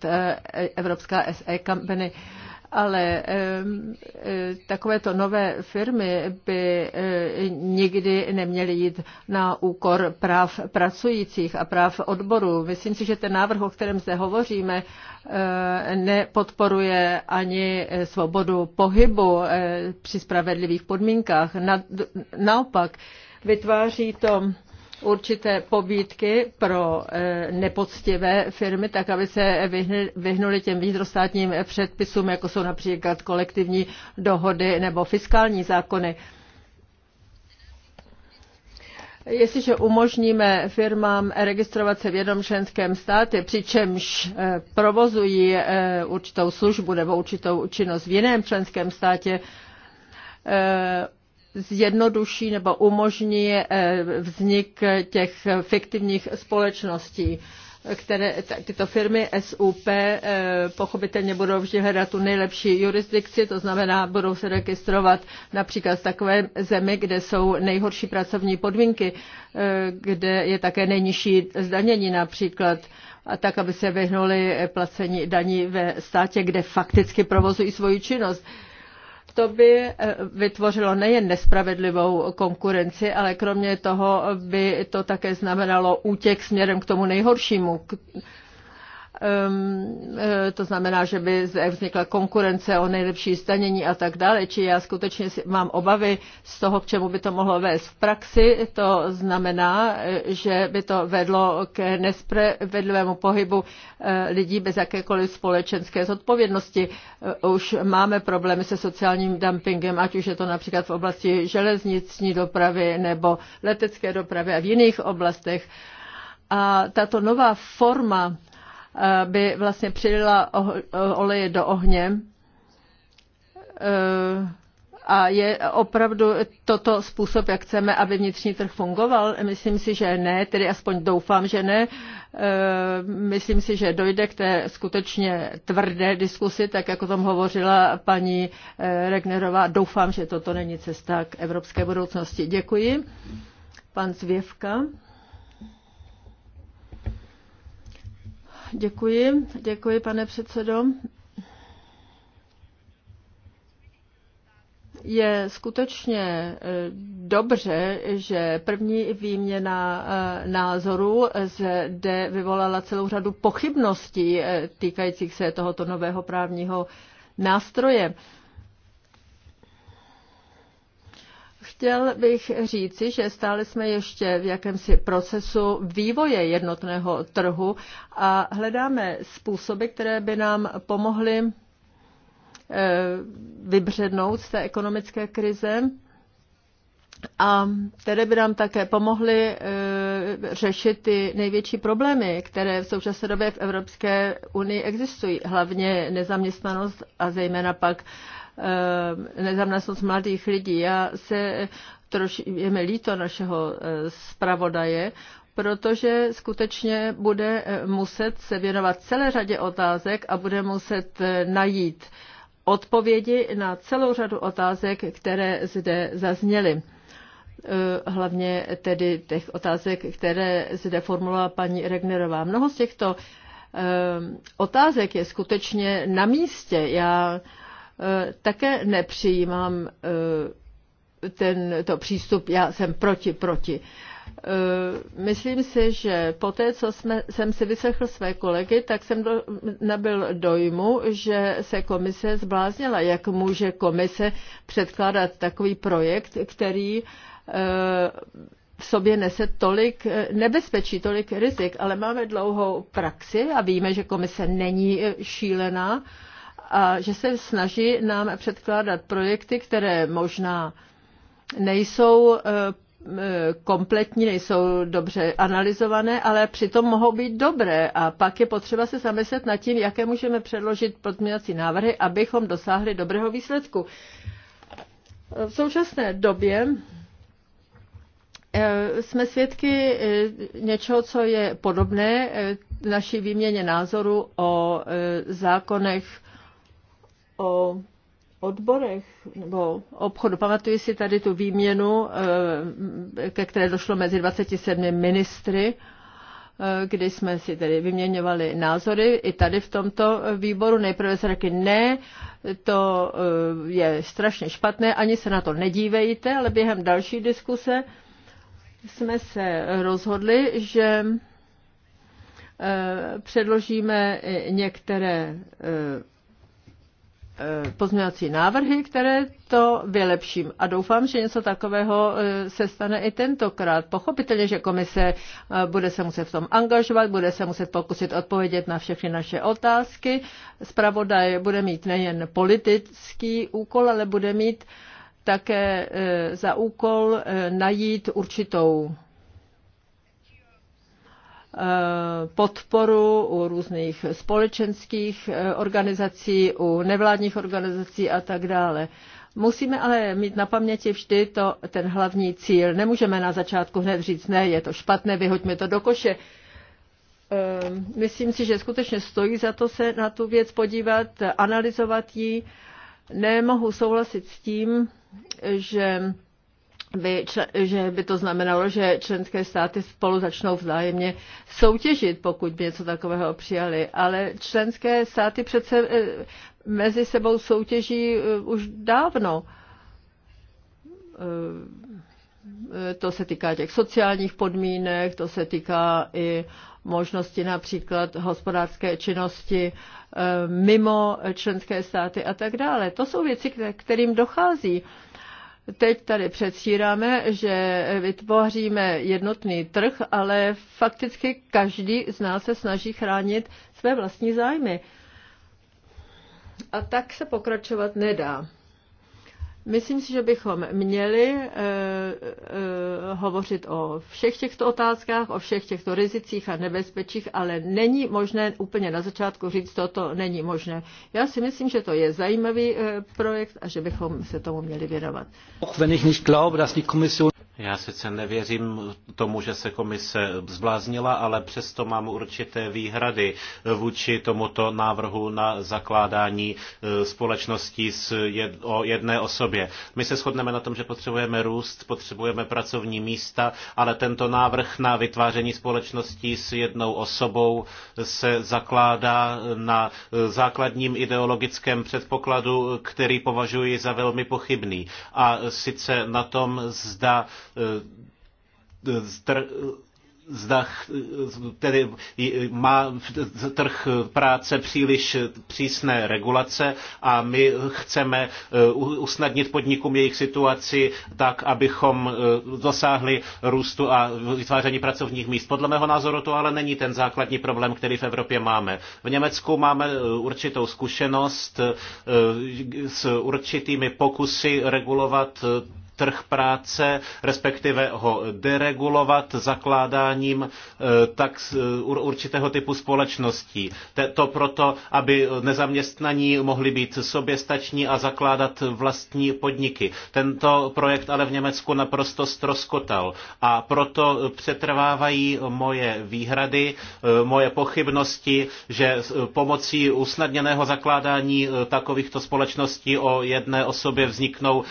Evropská SE Company ale e, takovéto nové firmy by e, nikdy neměly jít na úkor práv pracujících a práv odborů. Myslím si, že ten návrh, o kterém zde hovoříme, e, nepodporuje ani svobodu pohybu při spravedlivých podmínkách. Naopak, vytváří to určité pobídky pro eh, nepoctivé firmy, tak aby se vyhnuli těm vnitrostátním předpisům, jako jsou například kolektivní dohody nebo fiskální zákony. Jestliže umožníme firmám registrovat se v jednom členském státě, přičemž eh, provozují eh, určitou službu nebo určitou činnost v jiném členském státě, zjednoduší nebo umožní eh, vznik těch fiktivních společností které tyto firmy SUP eh, pochopitelně budou vždy hledat tu nejlepší jurisdikci, to znamená, budou se registrovat například v takové zemi, kde jsou nejhorší pracovní podmínky, eh, kde je také nejnižší zdanění například a tak, aby se vyhnuli placení daní ve státě, kde fakticky provozují svoji činnost. To by eh, vytvořilo nejen nespravedlivou konkurenci, ale kromě toho by to také znamenalo útěk směrem k tomu nejhoršímu, Ehm, eh, to znamená, že by zde vznikla konkurence o nejlepší stanění a tak dále, či já skutečně mám obavy z toho, k čemu by to mohlo vést v praxi, to znamená, eh, že by to vedlo k nespravedlivému pohybu eh, lidí bez jakékoliv společenské zodpovědnosti. Už máme problémy se sociálním dumpingem, ať už je to například v oblasti železniční dopravy nebo letecké dopravy a v jiných oblastech. A tato nová forma by vlastně přilila oleje do ohně eh, a je opravdu toto způsob, jak chceme, aby vnitřní trh fungoval? Myslím si, že ne, tedy aspoň doufám, že ne. Eh, myslím si, že dojde k té skutečně tvrdé diskusi, tak jako tom hovořila paní eh, Regnerová. Doufám, že toto není cesta k evropské budoucnosti. Děkuji. Pan Zvěvka. Děkuji, děkuji, pane předsedo. je skutečně e, dobře, že první výměna e, názorů zde vyvolala celou řadu pochybností e, týkajících se tohoto nového právního nástroje. Chtěl bych říci, že stále jsme ještě v jakémsi procesu vývoje jednotného trhu a hledáme způsoby, které by nám pomohly eh, vybřednout z té ekonomické krize a které by nám také pomohly eh, řešit ty největší problémy, které v současné době v Evropské unii existují, hlavně nezaměstnanost a zejména pak Eh, nezaměstnanost mladých lidí. Já se troši, je mi líto našeho eh, zpravodaje, protože skutečně bude eh, muset se věnovat celé řadě otázek a bude muset najít odpovědi na celou řadu otázek, které zde zazněly. Hlavně tedy těch otázek, které zde formulovala paní Regnerová. Mnoho z těchto otázek je skutečně na místě. Já Eh, také nepřijímám eh, tento přístup, já jsem proti, proti. Eh, myslím si, že po té, co jsme, jsem si vyslechl své kolegy, tak jsem do, nabil dojmu, že se komise zbláznila. Jak může komise předkládat takový projekt, který v sobě nese tolik nebezpečí, tolik rizik, ale máme dlouhou praxi a víme, že komise není šílená a že se snaží nám předkládat projekty, které možná nejsou e, e, kompletní, nejsou dobře analyzované, ale přitom mohou být dobré. A pak je potřeba se zamyslet nad tím, jaké můžeme předložit podměnací návrhy, abychom dosáhli dobrého výsledku. V současné době e, jsme svědky něčeho, co je podobné naší výměně názoru o zákonech o odborech nebo obchodu. Pamatuji si tady tu výměnu, eh, ke které došlo mezi 27 ministry, eh, kdy jsme si tedy vyměňovali názory i tady v tomto výboru. Nejprve se řekli ne, to eh, je strašně špatné, ani se na to nedívejte, ale během další diskuse jsme se rozhodli, že předložíme některé E, pozměňovací návrhy, které to vylepším. A doufám, že něco takového e, se stane i tentokrát. Pochopitelně, že komise e, bude se muset v tom angažovat, bude se muset pokusit odpovědět na všechny naše otázky. Spravodaj bude mít nejen politický úkol, ale bude mít také za úkol najít určitou Eh, podporu u různých společenských eh, organizací, u nevládních organizací a tak dále. Musíme ale mít na paměti vždy to, ten hlavní cíl. Nemůžeme na začátku hned říct, ne, je to špatné, vyhoďme to do koše. Eh, myslím si, že skutečně stojí za to se na tu věc podívat, analyzovat ji. Nemohu souhlasit s tím, že by, že by to znamenalo, že členské státy spolu začnou vzájemně soutěžit, pokud by něco takového přijali. Ale členské státy přece eh, mezi sebou soutěží eh, už dávno. Eh, to se týká těch sociálních podmínek, to se týká i možnosti například hospodářské činnosti mimo členské státy a tak dále. To jsou věci, kterým dochází Teď tady předstíráme, že vytvoříme jednotný trh, ale fakticky každý z nás se snaží chránit své vlastní zájmy. A tak se pokračovat nedá. Myslím si, že bychom měli e, e, hovořit o všech těchto otázkách, o všech těchto rizicích a nebezpečích, ale není možné úplně na začátku říct, toto není možné. Já si myslím, že to je zajímavý e, projekt a že bychom se tomu měli věnovat. Já sice nevěřím tomu, že se komise zbláznila, ale přesto mám určité výhrady vůči tomuto návrhu na zakládání eh, společností jed, o jedné osobě. My se shodneme na tom, že potřebujeme růst, potřebujeme pracovní místa, ale tento návrh na vytváření společností s jednou osobou se zakládá na eh, základním ideologickém předpokladu, který považuji za velmi pochybný. A sice na tom, zda Eh, eh, zda eh, tedy má trh práce příliš přísné regulace a my chceme usnadnit podnikům jejich situaci tak, abychom dosáhli růstu a vytváření pracovních míst. Podle mého názoru to ale není ten základní problém, který v Evropě máme. V Německu máme určitou zkušenost s určitými pokusy regulovat trh práce, respektive ho deregulovat zakládáním eh, tak eh, určitého typu společností. To proto, aby nezaměstnaní mohli být soběstační a zakládat vlastní podniky. Tento projekt ale v Německu naprosto stroskotal a proto přetrvávají moje výhrady, eh, moje pochybnosti, že pomocí usnadněného zakládání takovýchto společností o jedné osobě vzniknou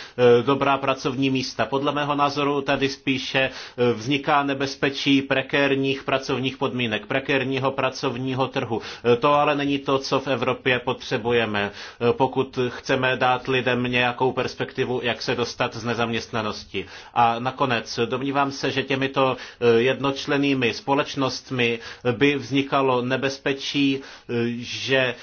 dobrá pracovní pracovní místa. Podle mého názoru tady spíše eh, vzniká nebezpečí prekérních pracovních podmínek, prekérního pracovního trhu. Eh, to ale není to, co v Evropě potřebujeme, eh, pokud chceme dát lidem nějakou perspektivu, jak se dostat z nezaměstnanosti. A nakonec domnívám se, že těmito jednočlenými společnostmi by vznikalo nebezpečí, že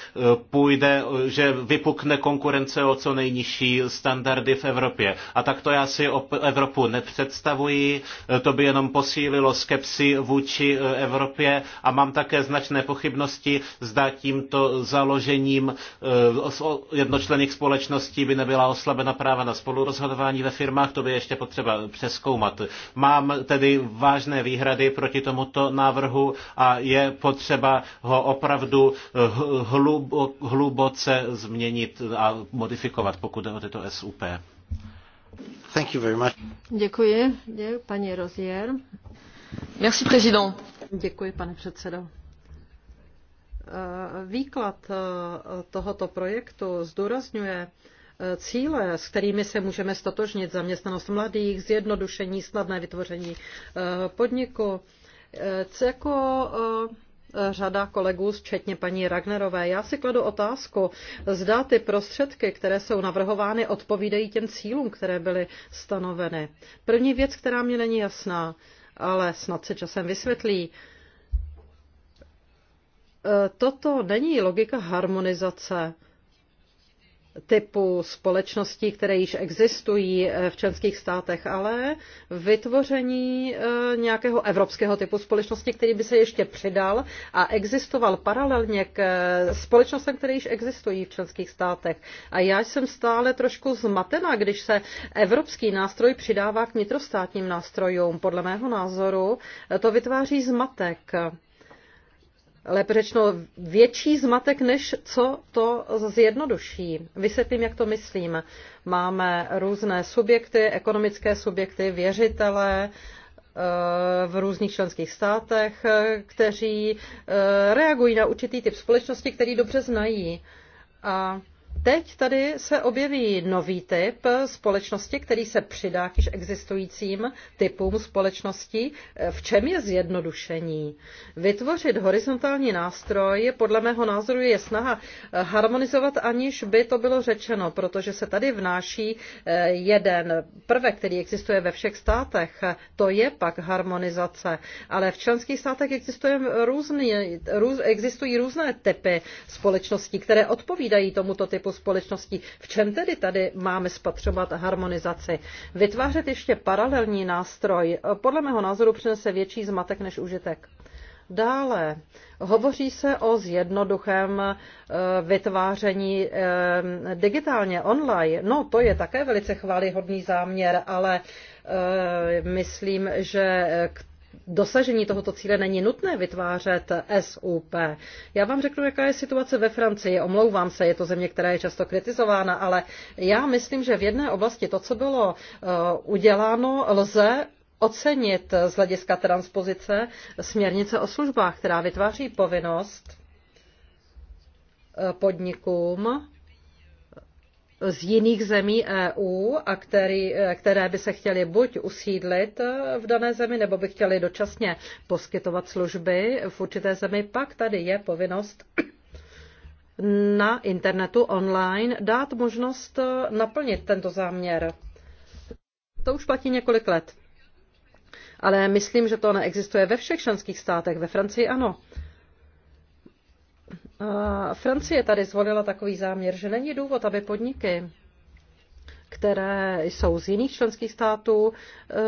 půjde, že vypukne konkurence o co nejnižší standardy v Evropě. A tak to já já si Evropu nepředstavuji. Eh, to by jenom posílilo skepsi vůči eh, Evropě a mám také značné pochybnosti, zda tímto založením eh, jednočlených společností by nebyla oslabena práva na spolurozhodování ve firmách, to by ještě potřeba přeskoumat. Mám tedy vážné výhrady proti tomuto návrhu a je potřeba ho opravdu hluboce změnit a modifikovat, pokud jde o tyto SUP. Děkuji, děkuji paní Rozier. Merci, président. Děkuji, pane předsedo. Eh, výklad eh, tohoto projektu zdůrazňuje, eh, cíle, s kterými se můžeme stotožnit, zaměstnanost mladých, zjednodušení, snadné vytvoření podniku, jako řada kolegů, včetně paní Ragnerové. Já si kladu otázku, zda ty prostředky, které jsou navrhovány, odpovídají těm cílům, které byly stanoveny. První věc, která mě není jasná, ale snad se časem vysvětlí, e, toto není logika harmonizace typu společností, které již existují eh, v členských státech, ale vytvoření eh, nějakého evropského typu společnosti, který by se ještě přidal a existoval paralelně k eh, společnostem, které již existují v členských státech. A já jsem stále trošku zmatená, když se evropský nástroj přidává k nitrostátním nástrojům. Podle mého názoru to vytváří zmatek lépe řečeno, větší zmatek, než co to zjednoduší. Vysvětlím, jak to myslím. Máme různé subjekty, ekonomické subjekty, věřitele, eh, v různých členských státech, eh, kteří eh, reagují na určitý typ společnosti, který dobře znají. A Teď tady se objeví nový typ společnosti, který se přidá k již existujícím typům společností. V čem je zjednodušení? Vytvořit horizontální nástroj, podle mého názoru je snaha harmonizovat, aniž by to bylo řečeno, protože se tady vnáší eh, jeden prvek, který existuje ve všech státech, to je pak harmonizace. Ale v členských státech existuje různý, růz, existují různé typy společností, které odpovídají tomuto typu typu společností. V čem tedy tady máme spatřovat harmonizaci? Vytvářet ještě paralelní nástroj eh, podle mého názoru přinese větší zmatek než užitek. Dále hovoří se o zjednoduchém eh, vytváření eh, digitálně online. No, to je také velice chválihodný záměr, ale myslím, že k dosažení tohoto cíle není nutné vytvářet SUP. Já vám řeknu, jaká je situace ve Francii. Omlouvám se, je to země, která je často kritizována, ale já myslím, že v jedné oblasti to, co bylo eh, uděláno, lze ocenit z hlediska transpozice směrnice o službách, která vytváří povinnost eh, podnikům z jiných zemí EU, a který, e, které by se chtěly buď usídlit e, v dané zemi, nebo by chtěly dočasně poskytovat služby v určité zemi, pak tady je povinnost na internetu online dát možnost e, naplnit tento záměr. To už platí několik let. Ale myslím, že to neexistuje ve všech členských státech. Ve Francii ano. Francie tady zvolila takový záměr, že není důvod, aby podniky, které jsou z jiných členských států, e,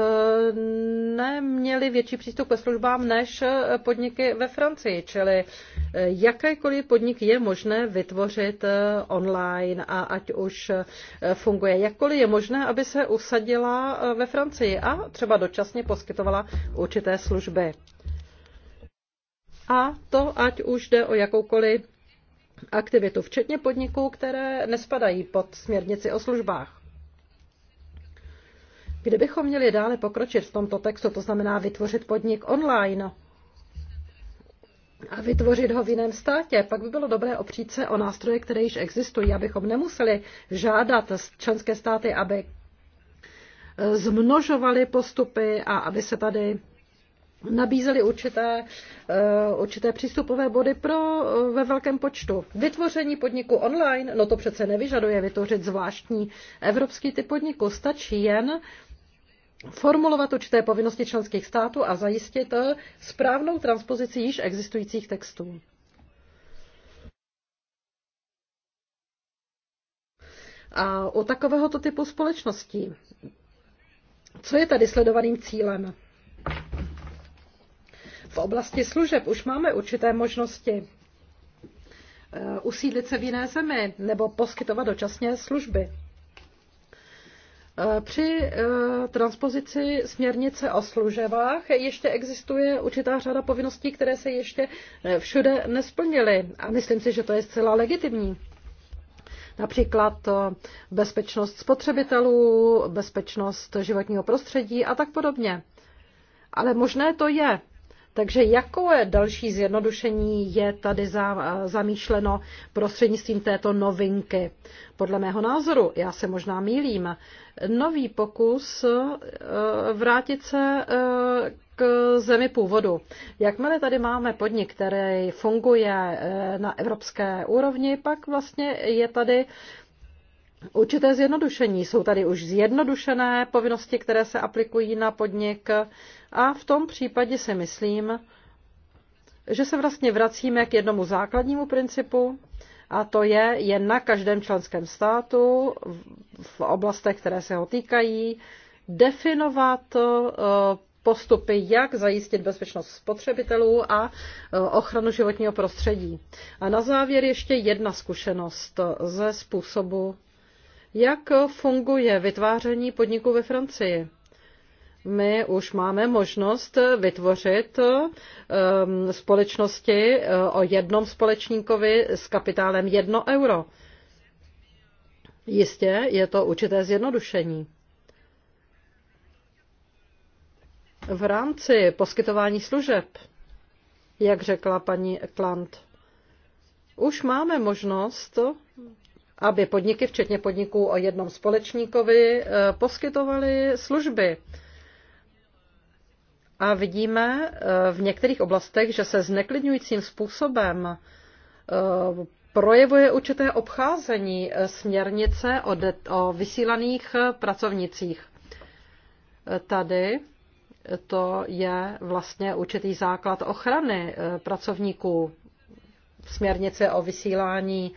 neměly větší přístup ke službám než podniky ve Francii. Čili e, jakýkoliv podnik je možné vytvořit e, online a ať už funguje jakkoliv, je možné, aby se usadila ve Francii a třeba dočasně poskytovala určité služby a to ať už jde o jakoukoliv aktivitu, včetně podniků, které nespadají pod směrnici o službách. Kdybychom měli dále pokročit v tomto textu, to znamená vytvořit podnik online a vytvořit ho v jiném státě, pak by bylo dobré opřít se o nástroje, které již existují, abychom nemuseli žádat členské státy, aby eh, zmnožovali postupy a aby se tady nabízeli určité, eh, určité přístupové body pro eh, ve velkém počtu. Vytvoření podniku online, no to přece nevyžaduje vytvořit zvláštní evropský typ podniku, stačí jen formulovat určité povinnosti členských států a zajistit eh, správnou transpozici již existujících textů. A u takovéhoto typu společností, co je tady sledovaným cílem? V oblasti služeb už máme určité možnosti eh, usídlit se v jiné zemi nebo poskytovat dočasně služby. Eh, při eh, transpozici směrnice o služebách ještě existuje určitá řada povinností, které se ještě všude nesplnily a myslím si, že to je zcela legitimní. Například bezpečnost spotřebitelů, bezpečnost životního prostředí a tak podobně. Ale možné to je. Takže jakové další zjednodušení je tady zamýšleno prostřednictvím této novinky? Podle mého názoru, já se možná mýlím, nový pokus eh, vrátit se eh, k zemi původu. Jakmile tady máme podnik, který funguje eh, na evropské úrovni, pak vlastně je tady určité zjednodušení. Jsou tady už zjednodušené povinnosti, které se aplikují na podnik a v tom případě si myslím, že se vlastně vracíme k jednomu základnímu principu, a to je je na každém členském státu v oblastech, které se ho týkají, definovat eh, postupy, jak zajistit bezpečnost spotřebitelů a eh, ochranu životního prostředí. A na závěr ještě jedna zkušenost ze způsobu jak funguje vytváření podniků ve Francii. My už máme možnost vytvořit um, společnosti eh, o jednom společníkovi s kapitálem 1 euro. Jistě je to určité zjednodušení. V rámci poskytování služeb, jak řekla paní Eklant, už máme možnost aby podniky, včetně podniků o jednom společníkovi, eh, poskytovaly služby. A vidíme eh, v některých oblastech, že se zneklidňujícím způsobem eh, projevuje určité obcházení směrnice o, de- o vysílaných pracovnicích. Tady to je vlastně určitý základ ochrany pracovníků směrnice o vysílání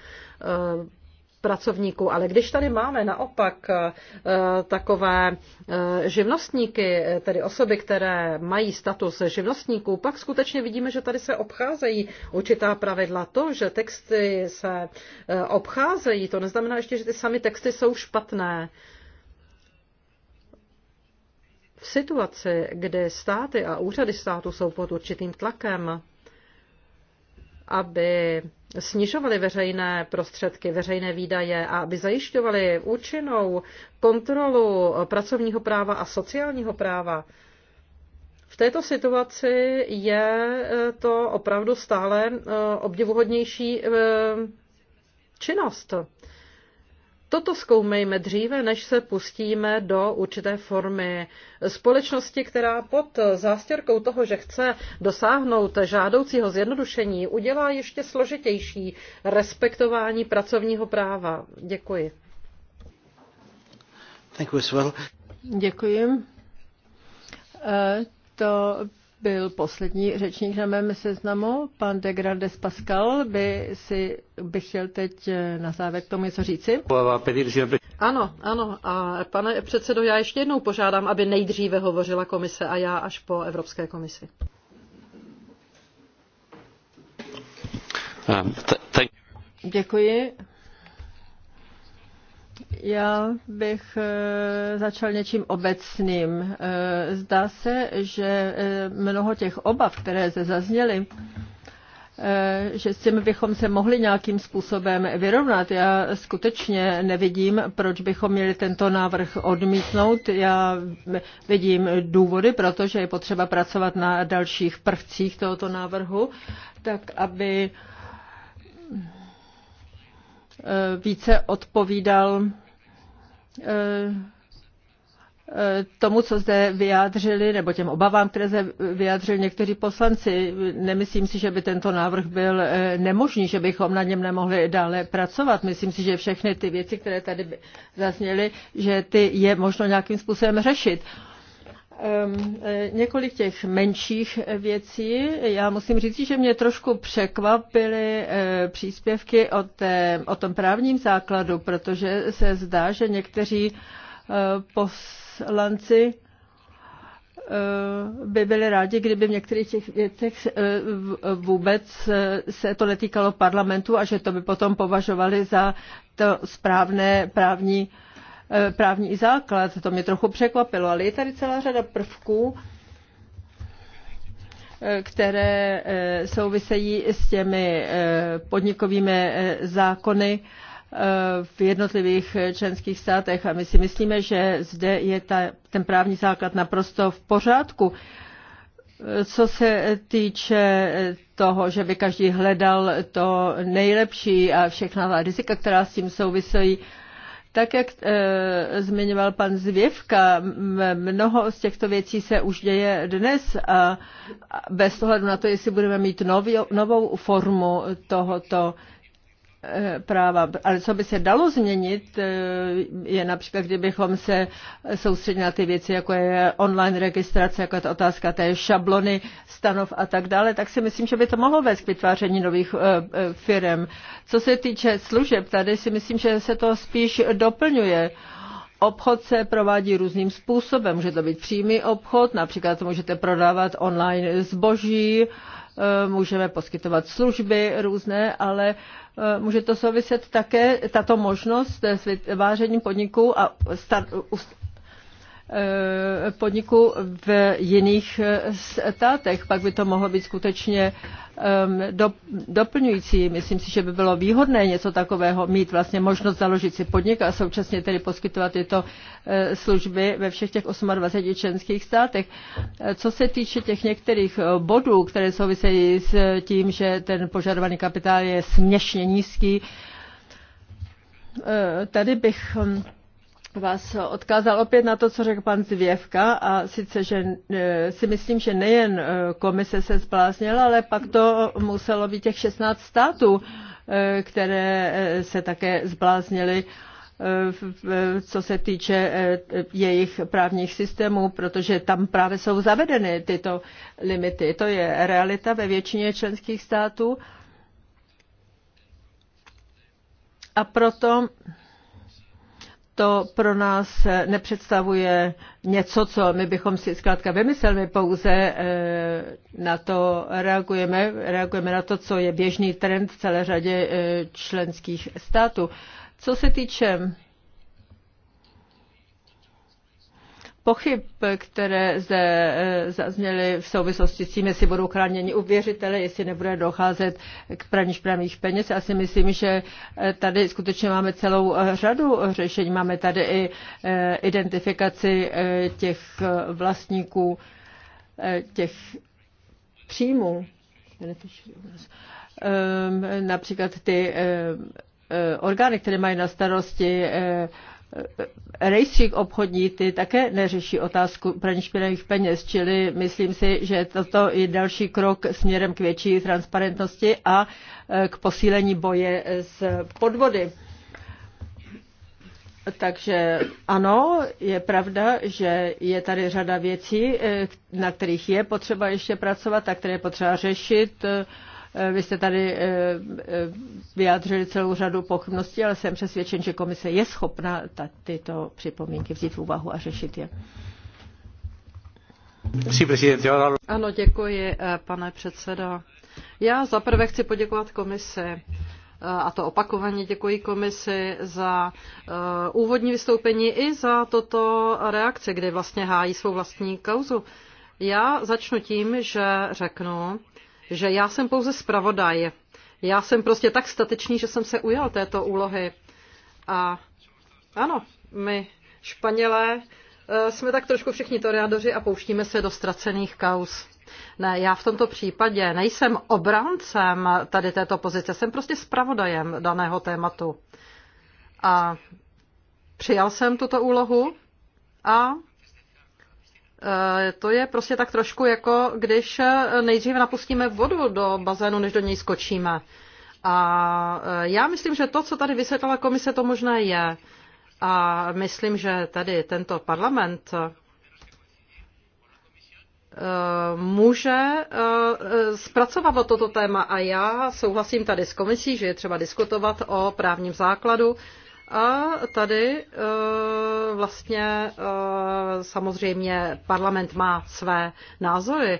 pracovníků. Ale když tady máme naopak eh, takové eh, živnostníky, eh, tedy osoby, které mají status živnostníků, pak skutečně vidíme, že tady se obcházejí určitá pravidla. To, že texty se obcházejí, to neznamená ještě, že ty sami texty jsou špatné. V situaci, kdy státy a úřady státu jsou pod určitým tlakem, aby snižovali veřejné prostředky, veřejné výdaje a aby zajišťovali účinnou kontrolu pracovního práva a sociálního práva. V této situaci je e, to opravdu stále e, obdivuhodnější e, činnost. Toto zkoumejme dříve, než se pustíme do určité formy společnosti, která pod zástěrkou toho, že chce dosáhnout žádoucího zjednodušení, udělá ještě složitější respektování pracovního práva. Děkuji. Děkuji. Eh, to byl poslední řečník na mém seznamu. Pan de Grandes Pascal by si by chtěl teď eh, na závěr k tomu něco říci. Ano, ano. A pane předsedo, já ještě jednou požádám, aby nejdříve hovořila komise a já až po Evropské komisi. Um, Děkuji. Já bych eh, začal něčím obecným. Eh, zdá se, že eh, mnoho těch obav, které se zazněly, že s tím bychom se mohli nějakým způsobem vyrovnat. Já skutečně nevidím, proč bychom měli tento návrh odmítnout. Já vidím důvody, protože je potřeba pracovat na dalších prvcích tohoto návrhu, tak aby více odpovídal Eh, eh, tomu, co zde vyjádřili, nebo těm obavám, které zde vyjádřili někteří poslanci. Nemyslím si, že by tento návrh byl eh, nemožný, že bychom na něm nemohli dále pracovat. Myslím si, že všechny ty věci, které tady zazněly, že ty je možno nějakým způsobem řešit. Uh, Eh, několik těch menších eh, věcí. Já musím říct, že mě trošku překvapily eh, příspěvky o, té, o tom právním základu, protože se zdá, že někteří poslanci by byli rádi, kdyby v některých těch věcech vůbec se to netýkalo parlamentu a že to by potom považovali za to správné právní E, právní základ. To mě trochu překvapilo, ale je tady celá řada prvků, e, které e, souvisejí s těmi podnikovými zákony v jednotlivých členských státech. A my si myslíme, že zde je ta, ten právní základ naprosto v pořádku. Co se týče toho, že by každý hledal to nejlepší a všechna ta rizika, která s tím souvisejí, tak jak e, zmiňoval pan Zvěvka, mnoho z těchto věcí se už děje dnes a bez ohledu na to, jestli budeme mít nový, novou formu tohoto e, Eh, práva. Ale co by se dalo změnit, eh, je například, kdybychom se soustředili na ty věci, jako je online registrace, jako je ta otázka té šablony, stanov a tak dále, tak si myslím, že by to mohlo vést k vytváření nových eh, firm. Co se týče služeb, tady si myslím, že se to spíš doplňuje. Obchod se provádí různým způsobem. Může to být přímý obchod, například můžete prodávat online zboží, Eh, můžeme poskytovat služby různé, ale eh, může to souviset také tato možnost s vytvářením podniků a Eh, podniku v jiných eh, státech. Pak by to mohlo být skutečně ehm, doplňující. Myslím si, že by bylo výhodné něco takového mít vlastně možnost založit si podnik a současně tedy poskytovat tyto eh, služby ve všech těch 28 členských státech. Co se týče těch některých bodů, které souvisejí s tím, že ten požadovaný kapitál je směšně nízký, tady bych hm, vás odkázal opět na to, co řekl pan Zvěvka, a sice, že e, si myslím, že nejen e, komise se zbláznila, ale pak to muselo být těch 16 států, e, které se také zbláznily co se týče jejich právních systémů, protože tam právě jsou zavedeny tyto limity. To je realita ve většině členských států. A proto to pro nás nepředstavuje něco, co my bychom si zkrátka vymysleli, my pouze eh, na to reagujeme, reagujeme na to, co je běžný trend v celé řadě eh, členských států. Co se týče pochyb, které zde eh, zazněly v souvislosti s tím, jestli budou chráněni uvěřitele, jestli nebude docházet k praní špinavých peněz. Já si myslím, že eh, tady skutečně máme celou eh, řadu řešení. Máme tady i identifikaci těch vlastníků, těch příjmů. Ehm, například ty orgány, které mají na starosti rejstřík obchodní ty také neřeší otázku praní špinavých peněz, čili myslím si, že toto je další krok směrem k větší transparentnosti a e, k posílení boje s podvody. Takže ano, je pravda, že je tady řada věcí, e, na kterých je potřeba ještě pracovat a které je potřeba řešit. Eh, vy jste tady eh, eh, vyjádřili celou řadu pochybností, ale jsem přesvědčen, že komise je schopna tyto připomínky vzít v úvahu a řešit je. Ano, děkuji, pane předsedo. Já zaprvé chci poděkovat komisi a to opakovaně děkuji komisi za úvodní vystoupení i za toto reakce, kdy vlastně hájí svou vlastní kauzu. Já začnu tím, že řeknu, že já jsem pouze zpravodaj. Já jsem prostě tak statečný, že jsem se ujal této úlohy. A ano, my Španělé eh, jsme tak trošku všichni toriadoři a pouštíme se do ztracených kaus. Ne, já v tomto případě nejsem obrancem tady této pozice, jsem prostě zpravodajem daného tématu. A přijal jsem tuto úlohu a Eh, to je prostě tak trošku jako, když eh, nejdříve napustíme vodu do bazénu, než do něj skočíme. A eh, já myslím, že to, co tady vysvětlila komise, to možné je. A myslím, že tady tento parlament může zpracovat toto téma a já souhlasím tady s komisí, že je třeba diskutovat o právním základu a tady e, vlastně e, samozřejmě parlament má své názory. E,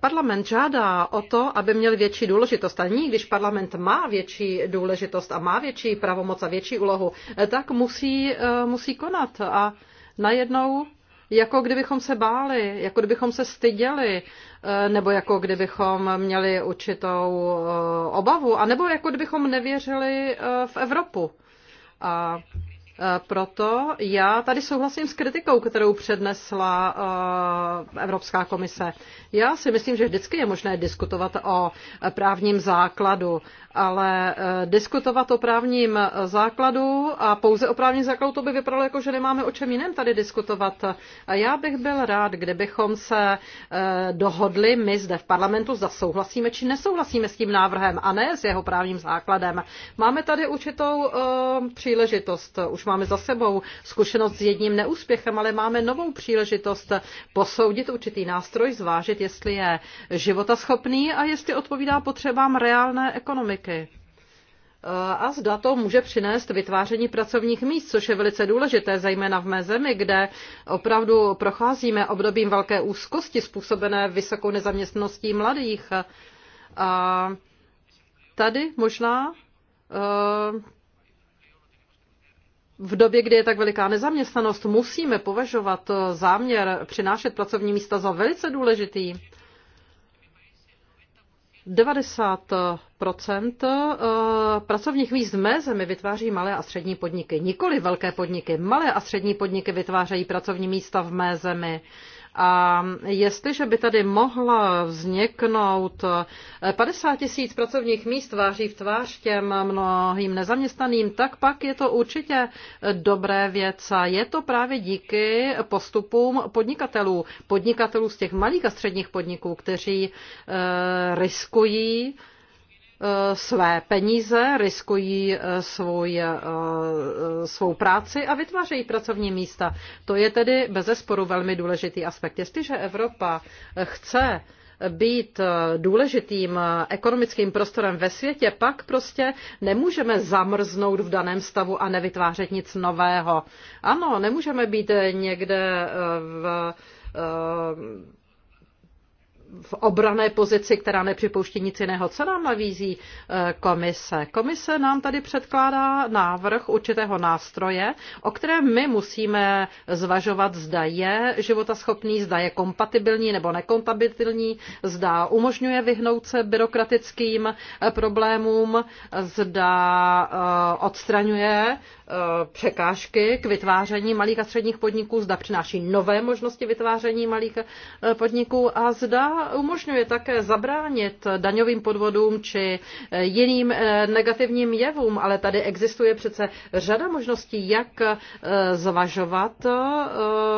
parlament žádá o to, aby měl větší důležitost. A ní, když parlament má větší důležitost a má větší pravomoc a větší úlohu, tak musí, musí konat. A najednou jako kdybychom se báli, jako kdybychom se styděli, eh, nebo jako kdybychom měli určitou eh, obavu, a nebo jako kdybychom nevěřili eh, v Evropu. A proto já tady souhlasím s kritikou, kterou přednesla Evropská komise. Já si myslím, že vždycky je možné diskutovat o právním základu, ale eh, diskutovat o právním eh, základu a pouze o právním základu, to by vypadalo jako, že nemáme o čem jiném tady diskutovat. A já bych byl rád, kdybychom se eh, dohodli my zde v parlamentu, zda souhlasíme či nesouhlasíme s tím návrhem a ne s jeho právním základem. Máme tady určitou příležitost, už máme za sebou zkušenost s jedním neúspěchem, ale máme novou příležitost posoudit určitý nástroj, zvážit, jestli je životaschopný a jestli odpovídá potřebám reálné ekonomiky politiky. E, a zda to může přinést vytváření pracovních míst, což je velice důležité, zejména v mé zemi, kde opravdu procházíme obdobím velké úzkosti způsobené vysokou nezaměstností mladých. E, a tady možná e, v době, kdy je tak veliká nezaměstnanost, musíme považovat záměr přinášet pracovní místa za velice důležitý. 90 eh, pracovních míst v mé zemi vytváří malé a střední podniky. Nikoli velké podniky. Malé a střední podniky vytvářejí pracovní místa v mé zemi. A jestliže by tady mohla vzniknout 50 eh, tisíc pracovních míst tváří v tvář těm mnohým nezaměstnaným, tak pak je to určitě dobré věc. A je to právě díky postupům podnikatelů, podnikatelů z těch malých a středních podniků, kteří eh, riskují Eh, své peníze, riskují eh, svůj, eh, svou práci a vytvářejí pracovní místa. To je tedy bezesporu velmi důležitý aspekt. Jestliže Evropa chce být důležitým ekonomickým prostorem ve světě, pak prostě nemůžeme zamrznout v daném stavu a nevytvářet nic nového. Ano, nemůžeme být někde v v obrané pozici, která nepřipouští nic jiného. Co nám navízí eh, komise? Komise nám tady předkládá návrh určitého nástroje, o kterém my musíme zvažovat, zda je životaschopný, zda je kompatibilní nebo nekompatibilní, zda umožňuje vyhnout se byrokratickým eh, problémům, zda eh, odstraňuje překážky k vytváření malých a středních podniků, zda přináší nové možnosti vytváření malých podniků a zda umožňuje také zabránit daňovým podvodům či eh, jiným eh, negativním jevům, ale tady existuje přece řada možností, jak eh, zvažovat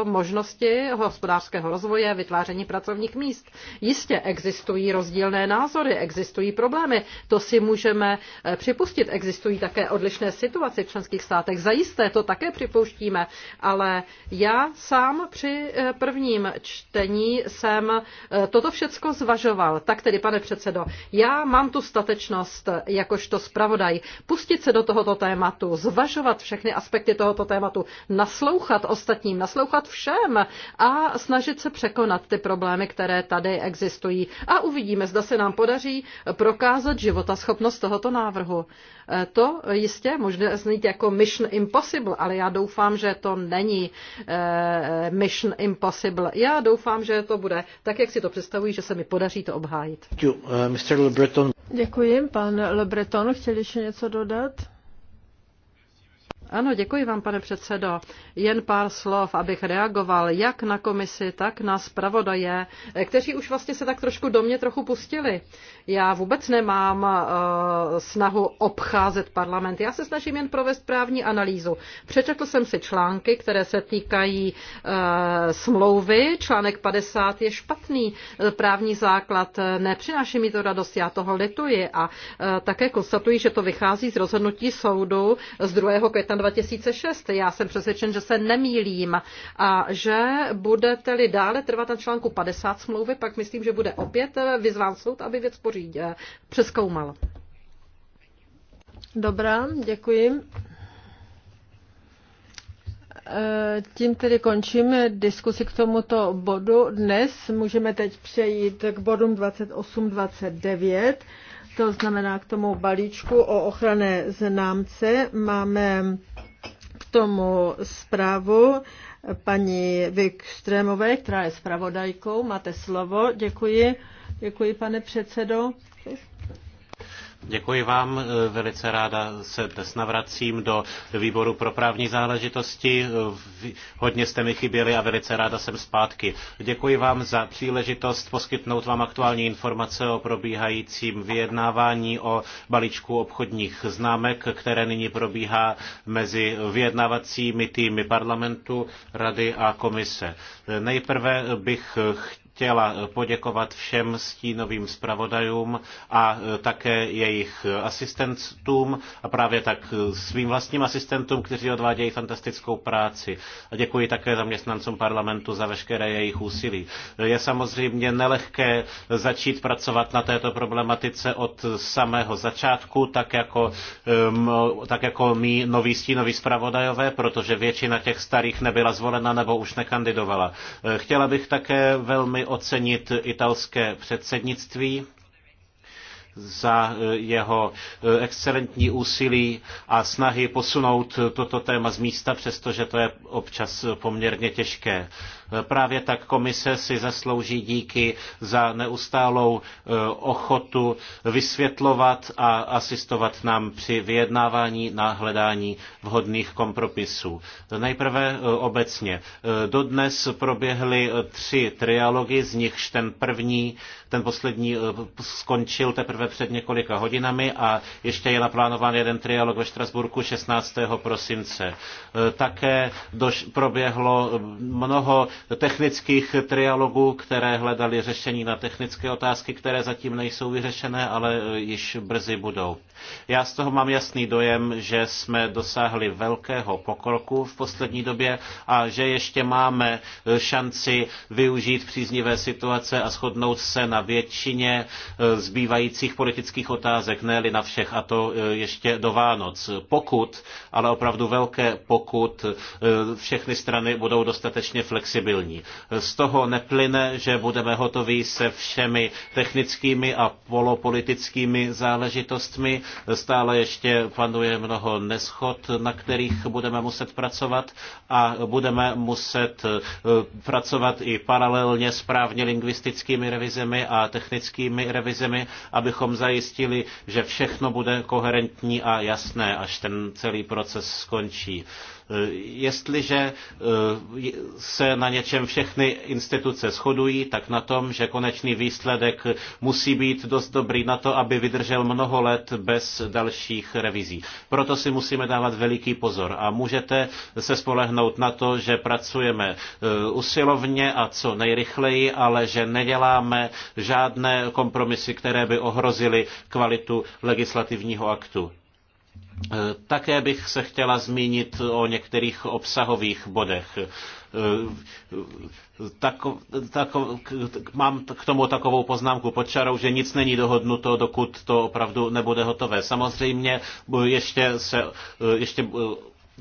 možnosti hospodářského rozvoje, vytváření pracovních míst. Jistě existují rozdílné názory, existují problémy, to si můžeme připustit. Existují také odlišné situace v členských státech, zajisté to také připouštíme, ale já sám při prvním čtení jsem toto všecko zvažoval. Tak tedy, pane předsedo, já mám tu statečnost, jakožto zpravodaj, pustit se do tohoto tématu, zvažovat všechny aspekty tohoto tématu, naslouchat ostatním, naslouchat všem a snažit se překonat ty problémy, které tady existují. A uvidíme, zda se nám podaří prokázat životaschopnost tohoto návrhu. E, to jistě možná znít jako Mission Impossible, ale já doufám, že to není e, Mission Impossible. Já doufám, že to bude tak, jak si to představuji představuji, že se mi podaří to obhájit. Uh, Děkuji, pan Le Breton, chtěl ještě něco dodat? Ano, děkuji vám, pane předsedo. Jen pár slov, abych reagoval jak na komisi, tak na zpravodaje, eh, kteří už vlastně se tak trošku do mě trochu pustili. Já vůbec nemám uh, snahu obcházet parlament. Já se snažím jen provést právní analýzu. Přečetl jsem si články, které se týkají uh, smlouvy. Článek 50 je špatný právní základ. Nepřináší mi to radost, já toho lituji. A uh, také konstatuji, že to vychází z rozhodnutí soudu z 2. května 2006. Já jsem přesvědčen, že se nemýlím a že budete-li dále trvat na článku 50 smlouvy, pak myslím, že bude opět vyzván soud, aby věc pořídě, přeskoumal. Dobrá, děkuji. Eh, tím tedy končím diskusi k tomuto bodu. Dnes můžeme teď přejít k bodům 28-29. To znamená k tomu balíčku o ochranné známce máme k tomu zprávu paní Vikstrémové, která je zpravodajkou. Máte slovo. Děkuji. Děkuji, pane předsedo. Děkuji vám, e, velice ráda se dnes navracím do výboru pro právní záležitosti. E, hodně jste mi chyběli a velice ráda jsem zpátky. Děkuji vám za příležitost poskytnout vám aktuální informace o probíhajícím vyjednávání o balíčku obchodních známek, které nyní probíhá mezi vyjednávacími týmy parlamentu, rady a komise. E, nejprve bych chtěl chtěla poděkovat všem stínovým zpravodajům a e, také jejich asistentům a právě tak e, svým vlastním asistentům, kteří odvádějí fantastickou práci. A děkuji také zaměstnancům parlamentu za veškeré jejich úsilí. Je samozřejmě nelehké začít pracovat na této problematice od samého začátku, tak jako, tak jako mý noví stínoví zpravodajové, protože většina těch starých nebyla zvolena nebo už nekandidovala. E, chtěla bych také velmi měli ocenit italské předsednictví za eh, jeho eh, excelentní úsilí a snahy posunout toto téma z místa, přestože to je občas poměrně těžké. Právě tak komise si zaslouží díky za neustálou e, ochotu vysvětlovat a asistovat nám při vyjednávání na hledání vhodných kompromisů. Nejprve e, obecně. E, dodnes proběhly tři trialogy, z nichž ten první, ten poslední skončil teprve před několika hodinami a ještě je naplánován jeden trialog ve Štrasburku 16. prosince. Také doš- proběhlo mnoho technických trialogů, které hledali řešení na technické otázky, které zatím nejsou vyřešené, ale e, již brzy budou. Já z toho mám jasný dojem, že jsme dosáhli velkého pokroku v poslední době a že ještě máme e, šanci využít příznivé situace a shodnout se na většině e, zbývajících politických otázek, ne-li na všech, a to ještě do Vánoc. Pokud, ale opravdu velké pokud, všechny strany budou dostatečně flexibilní flexibilní. Z toho neplyne, že budeme hotoví se všemi technickými a polopolitickými záležitostmi. Stále ještě panuje mnoho neschod, na kterých budeme muset pracovat a budeme muset eh, pracovat i paralelně s právně lingvistickými revizemi a technickými revizemi, abychom zajistili, že všechno bude koherentní a jasné, až ten celý proces skončí. Eh, jestliže eh, se na něčem všechny instituce shodují, tak na tom, že konečný výsledek musí být dost dobrý na to, aby vydržel mnoho let bez dalších revizí. Proto si musíme dávat veliký pozor a můžete se spolehnout na to, že pracujeme eh, usilovně a co nejrychleji, ale že neděláme žádné kompromisy, které by ohrozily kvalitu legislativního aktu. Eh, také bych se chtěla zmínit o některých obsahových bodech. Tak, eh, tak, mám k tomu takovou poznámku pod čarou, že nic není dohodnuto, dokud to opravdu nebude hotové. Samozřejmě ještě, se, eh, ještě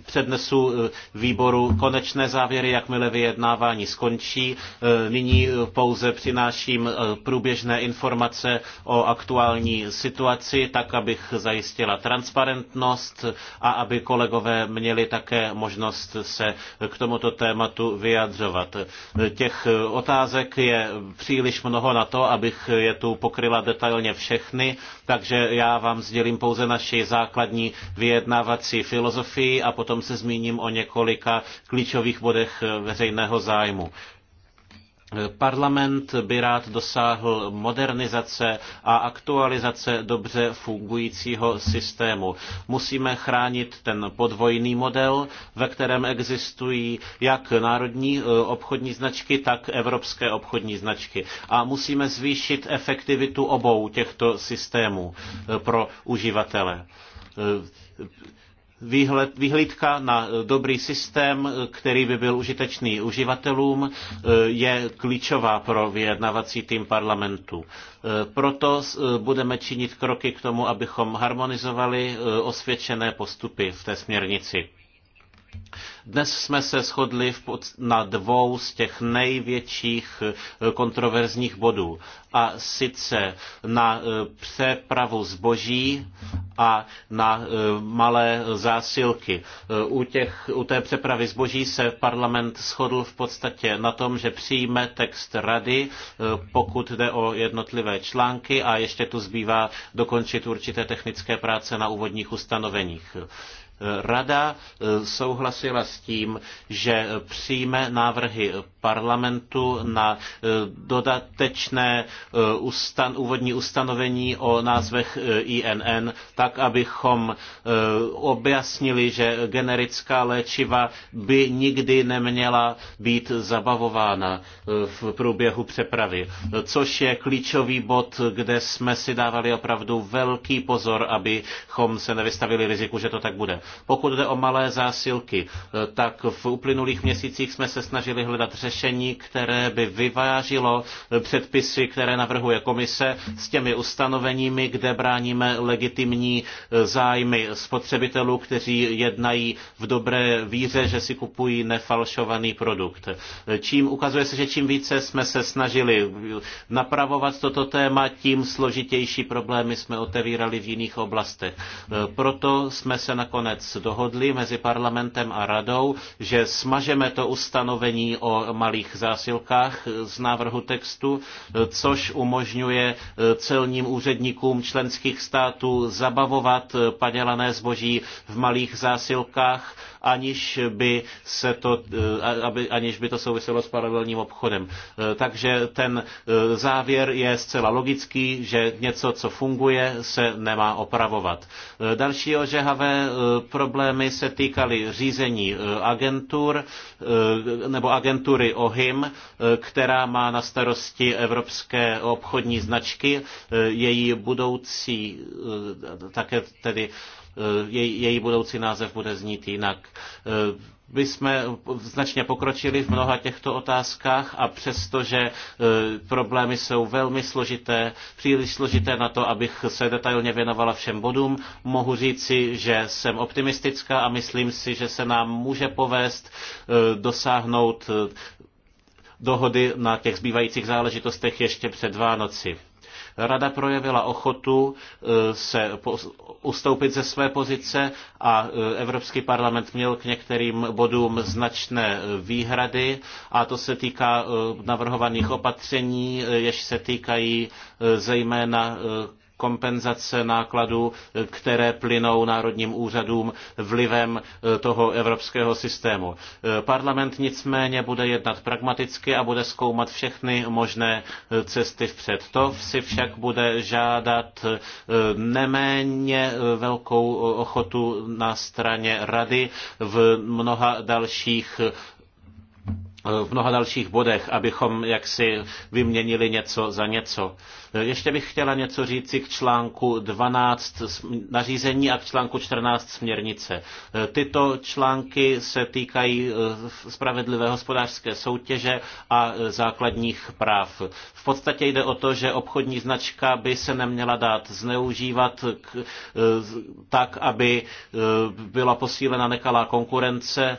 přednesu eh, výboru konečné závěry, jakmile vyjednávání skončí. Eh, nyní eh, pouze přináším průběžné informace o aktuální situaci, tak abych zajistila transparentnost a aby kolegové měli také možnost se k tomuto tématu vyjadřovat. Těch otázek je příliš mnoho na to, abych je tu pokryla detailně všechny, takže já vám sdělím pouze naši základní vyjednávací filozofii a potom se zmíním o několika klíčových bodech eh, veřejného zájmu. Parlament by rád dosáhl modernizace a aktualizace dobře fungujícího systému. Musíme chránit ten podvojný model, ve kterém existují jak národní eh, obchodní značky, tak evropské obchodní značky. A musíme zvýšit efektivitu obou těchto systémů eh, pro uživatele výhled, výhlídka na eh, dobrý systém, eh, který by byl užitečný uživatelům, eh, je klíčová pro vyjednavací tým parlamentu. Proto budeme činit kroky k tomu, abychom harmonizovali osvědčené postupy v té směrnici. Dnes jsme se shodli na dvou z těch největších eh, kontroverzních bodů, a sice na eh, přepravu zboží a na eh, malé zásilky. U, těch, u té přepravy zboží se parlament shodl v podstatě na tom, že přijme text rady, pokud jde o jednotlivé články a ještě tu zbývá dokončit určité technické práce na úvodních ustanoveních. Rada eh, souhlasila s tím, že přijme návrhy parlamentu na eh, dodatečné eh, ustan, úvodní ustanovení o názvech INN, tak abychom objasnili, že generická léčiva by nikdy neměla být zabavována v průběhu přepravy, což je klíčový bod, kde jsme si dávali opravdu velký pozor, abychom se nevystavili riziku, že to tak bude. Pokud jde o malé zásilky, eh, tak v uplynulých měsících jsme se snažili hledat řešení, které by vyvážilo eh, předpisy, které navrhuje komise s těmi ustanoveními, kde bráníme legitimní eh, zájmy spotřebitelů, kteří jednají v dobré víře, že si kupují nefalšovaný produkt. Čím ukazuje se, že čím více jsme se snažili napravovat toto téma, tím složitější problémy jsme otevírali v jiných oblastech. Proto jsme se nakonec nakonec dohodli mezi parlamentem a radou, že smažeme to ustanovení o malých zásilkách z návrhu textu, což umožňuje eh, celním úředníkům členských států zabavovat eh, padělané zboží v malých zásilkách aniž by, se to, eh, aby, aniž by to souviselo s paralelním obchodem. Eh, takže ten eh, závěr je zcela logický, že něco, co funguje, se nemá opravovat. Další ožehavé problémy se týkaly řízení agentur nebo agentury OHIM, která má na starosti evropské obchodní značky. Její budoucí také tedy Eh, jej, její budoucí název bude znít jinak. Eh, my jsme značně pokročili v mnoha těchto otázkách a přestože eh, problémy jsou velmi složité, příliš složité na to, abych se detailně věnovala všem bodům, mohu říci, že jsem optimistická a myslím si, že se nám může povést dosáhnout dohody na těch zbývajících záležitostech ještě před Vánoci. Rada projevila ochotu e, se ustoupit ze své pozice a e, Evropský parlament měl k některým bodům značné e, výhrady a to se týká navrhovaných opatření, jež se týkají zejména kompenzace nákladů, které plynou národním úřadům vlivem eh, toho evropského systému. Eh, Parlament nicméně bude jednat pragmaticky a bude zkoumat všechny možné eh, cesty vpřed. To si však bude žádat neméně velkou ochotu na straně rady v mnoha dalších v mnoha dalších bodech, abychom jaksi vyměnili něco za něco. Ještě bych chtěla něco říci k článku 12 nařízení a k článku 14 směrnice. Tyto články se týkají eh, spravedlivé hospodářské soutěže a eh, základních práv. V podstatě jde o to, že obchodní značka by se neměla dát zneužívat k, eh, tak, aby byla posílena nekalá konkurence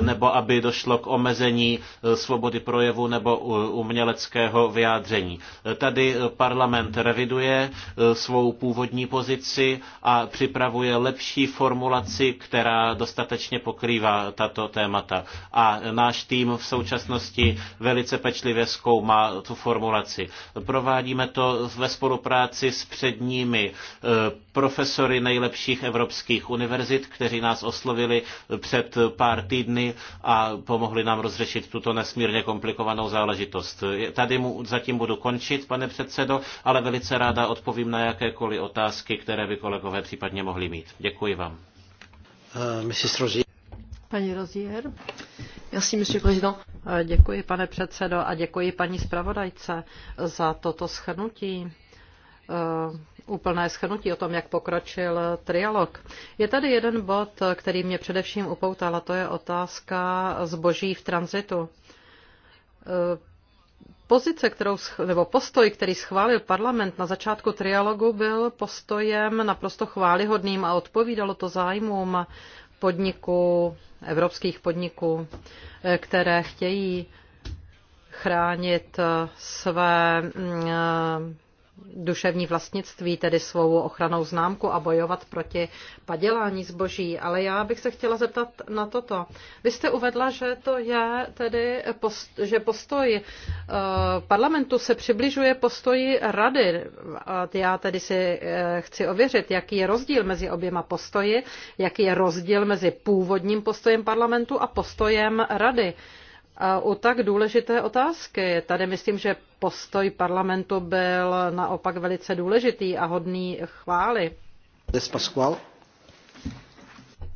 nebo aby došlo k omezení Eh, svobody projevu nebo uměleckého vyjádření. Eh, tady eh, parlament reviduje svou původní pozici a připravuje lepší formulaci, která dostatečně pokrývá tato témata. A náš tým v současnosti velice pečlivě zkoumá tu formulaci. Provádíme to ve spolupráci s předními profesory nejlepších evropských univerzit, kteří nás oslovili před pár týdny a pomohli nám rozřešit tuto nesmírně komplikovanou záležitost. Tady mu zatím budu končit, pane předsedo, ale velice ráda odpovím na jakékoliv otázky, které by kolegové případně mohli mít. Děkuji vám. Uh, Pani Rozier. Paní Rozier. Merci, eh, Děkuji, pane předsedo, a děkuji paní zpravodajce za toto schrnutí. Uh eh, úplné schrnutí o tom, jak pokročil trialog. Je tady jeden bod, který mě především upoutal, a to je otázka zboží v tranzitu. E, pozice, kterou, nebo postoj, který schválil parlament na začátku trialogu, byl postojem naprosto chválihodným a odpovídalo to zájmům podniků, evropských podniků, e, které chtějí chránit své mm, e, duševní vlastnictví, tedy svou ochranou známku a bojovat proti padělání zboží. Ale já bych se chtěla zeptat na toto. Vy jste uvedla, že to je tedy, post, že postoj eh, parlamentu se přibližuje postoji rady. A já tedy si eh, chci ověřit, jaký je rozdíl mezi oběma postoji, jaký je rozdíl mezi původním postojem parlamentu a postojem rady. A u tak důležité otázky, tady myslím, že postoj parlamentu byl naopak velice důležitý a hodný chvály. Des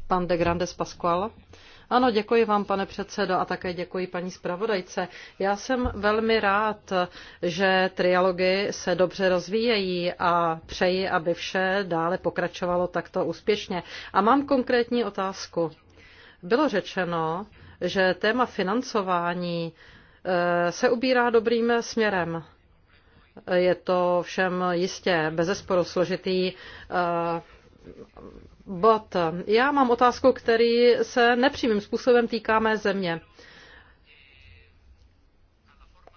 Pan de Grandes Pasqual. Ano, děkuji vám, pane předsedo, a také děkuji paní zpravodajce. Já jsem velmi rád, že trialogy se dobře rozvíjejí a přeji, aby vše dále pokračovalo takto úspěšně. A mám konkrétní otázku. Bylo řečeno, že téma financování eh, se ubírá dobrým směrem. Je to všem jistě bezesporu složitý eh, bod. Já mám otázku, který se nepřímým způsobem týká mé země.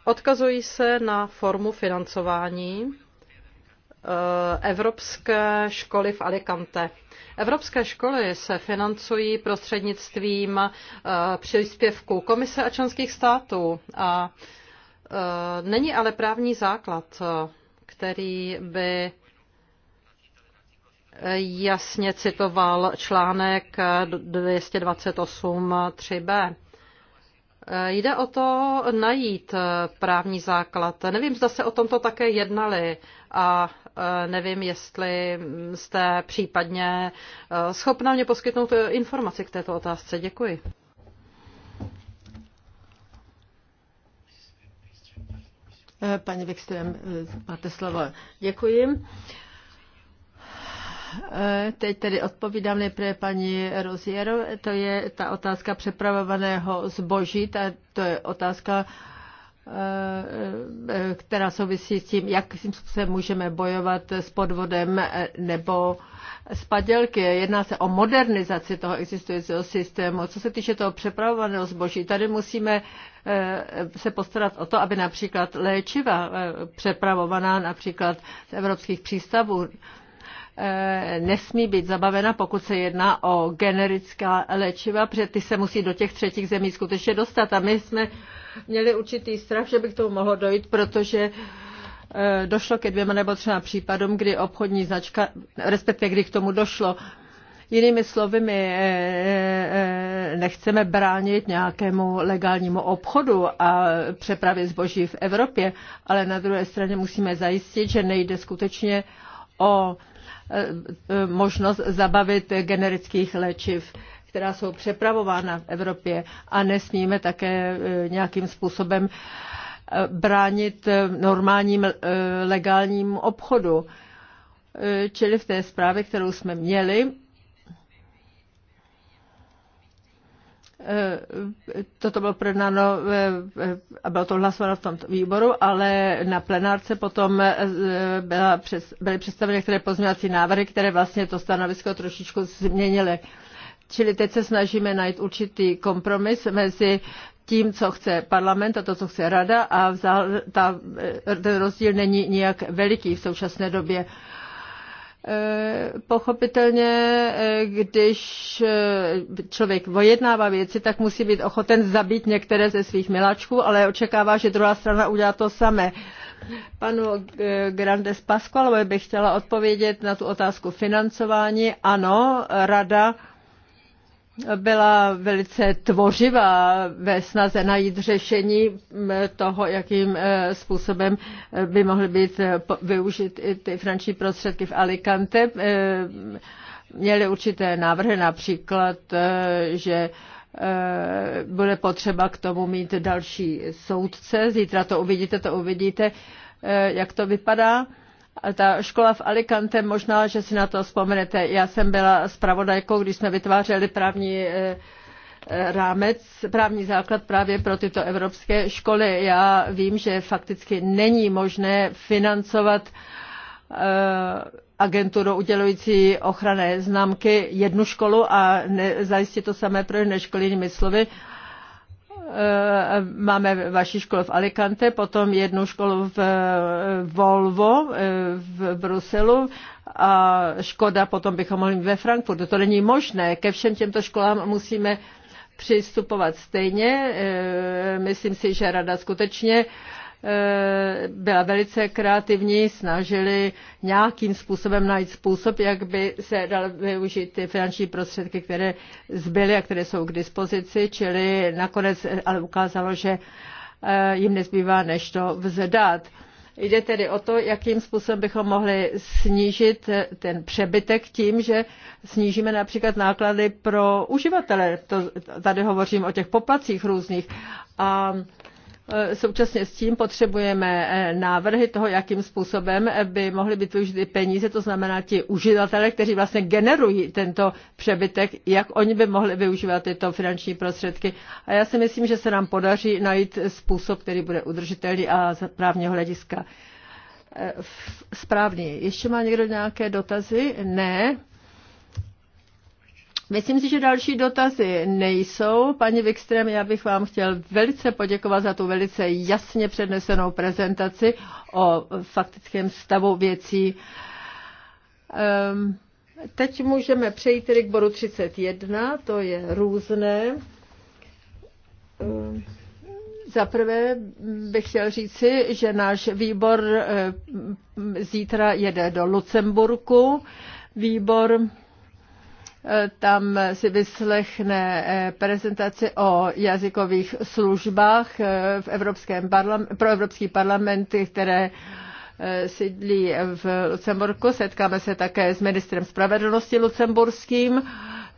Odkazují se na formu financování Eh, evropské školy v Alicante. Evropské školy se financují prostřednictvím eh, příspěvků Komise a členských států. A eh, není ale právní základ, který by jasně citoval článek 2283 3b. Jde o to najít právní základ. Nevím, zda se o tomto také jednali a Eh, nevím, jestli jste případně eh, schopna mě poskytnout eh, informaci k této otázce. Děkuji. Paní Wikström, máte slovo. Děkuji. Teď tedy odpovídám nejprve paní Rozierové. To je ta otázka přepravovaného zboží, ta, to je otázka, Eh, eh, která souvisí s tím, jakým způsobem můžeme bojovat s podvodem eh, nebo s padělky. Jedná se o modernizaci toho existujícího systému. Co se týče toho přepravovaného zboží, tady musíme se postarat o to, aby například léčiva přepravovaná například z evropských přístavů nesmí být zabavena, pokud se jedná o generická léčiva, protože ty se musí do těch třetích zemí skutečně dostat. A my jsme měli určitý strach, že by k tomu mohlo dojít, protože eh, došlo ke dvěma nebo třeba případům, kdy obchodní značka, respektive kdy k tomu došlo. Jinými slovy, my eh, eh, nechceme bránit nějakému legálnímu obchodu a přepravě zboží v Evropě, ale na druhé straně musíme zajistit, že nejde skutečně o možnost zabavit generických léčiv která jsou přepravována v Evropě a nesmíme také e, nějakým způsobem e, bránit e, normálním legálním obchodu. Čili v té zprávě, kterou jsme měli, toto bylo projednáno a bylo to hlasováno v tomto výboru, ale na plenárce potom byla byly představeny některé pozměňovací návrhy, které vlastně to stanovisko trošičku změnily. Čili teď se snažíme najít určitý kompromis mezi tím, co chce parlament a to, co chce rada a ta, ten rozdíl není nijak veliký v současné době. E, pochopitelně, e, když e, člověk vojednává věci, tak musí být ochoten zabít některé ze svých miláčků, ale očekává, že druhá strana udělá to samé. Panu Grandes Pasqualové bych chtěla odpovědět na tu otázku financování. Ano, rada byla velice tvořivá ve snaze najít řešení mm, toho, jakým eh, způsobem eh, by mohly být eh, využit i ty franční prostředky v Alicante. Měli určité návrhy, například, že bude potřeba k tomu mít další soudce. Zítra to uvidíte, to uvidíte, jak to vypadá ta škola v Alicante, možná, že si na to vzpomenete. Já jsem byla zpravodajkou, když jsme vytvářeli právní eh, eh, rámec, právní základ právě pro tyto evropské školy. Já vím, že fakticky není možné financovat eh, agenturu udělující ochranné známky jednu školu a ne, zajistit to samé pro jiné školy, jinými slovy. Uh, Eh, máme vaši školu v Alicante, potom jednu školu v eh, Volvo eh, v Bruselu a Škoda potom bychom mohli ve Frankfurtu. To není možné. Ke všem těmto školám musíme přistupovat stejně. Myslím si, že rada skutečně Eh, byla velice kreativní, snažili nějakým způsobem najít způsob, jak by se dal využít ty finanční prostředky, které zbyly a které jsou k dispozici, čili nakonec ale ukázalo, že eh, jim nezbývá než to vzdát. Jde tedy o to, jakým způsobem bychom mohli snížit eh, ten přebytek tím, že snížíme například náklady pro uživatele. To, tady hovořím o těch poplacích různých. A Eh, současně s tím potřebujeme eh, návrhy toho, jakým způsobem eh, by mohly být využity peníze, to znamená ti uživatelé, kteří vlastně generují tento přebytek, jak oni by mohli využívat tyto finanční prostředky. A já si myslím, že se nám podaří najít způsob, který bude udržitelný a z právního hlediska správný. Ještě má někdo nějaké dotazy? Ne. Myslím si, že další dotazy nejsou. Paní Wikström, já bych vám chtěl velice poděkovat za tu velice jasně přednesenou prezentaci o faktickém stavu věcí. Um, teď můžeme přejít tedy k bodu 31, to je různé. Um, za prvé bych chtěl říci, že náš výbor ehm, zítra jede do Lucemburku. Výbor tam si vyslechne eh, prezentaci o jazykových službách eh, v Evropském parlament, pro Evropský parlament, které eh, sídlí v Lucemburku. Setkáme se také s ministrem spravedlnosti lucemburským.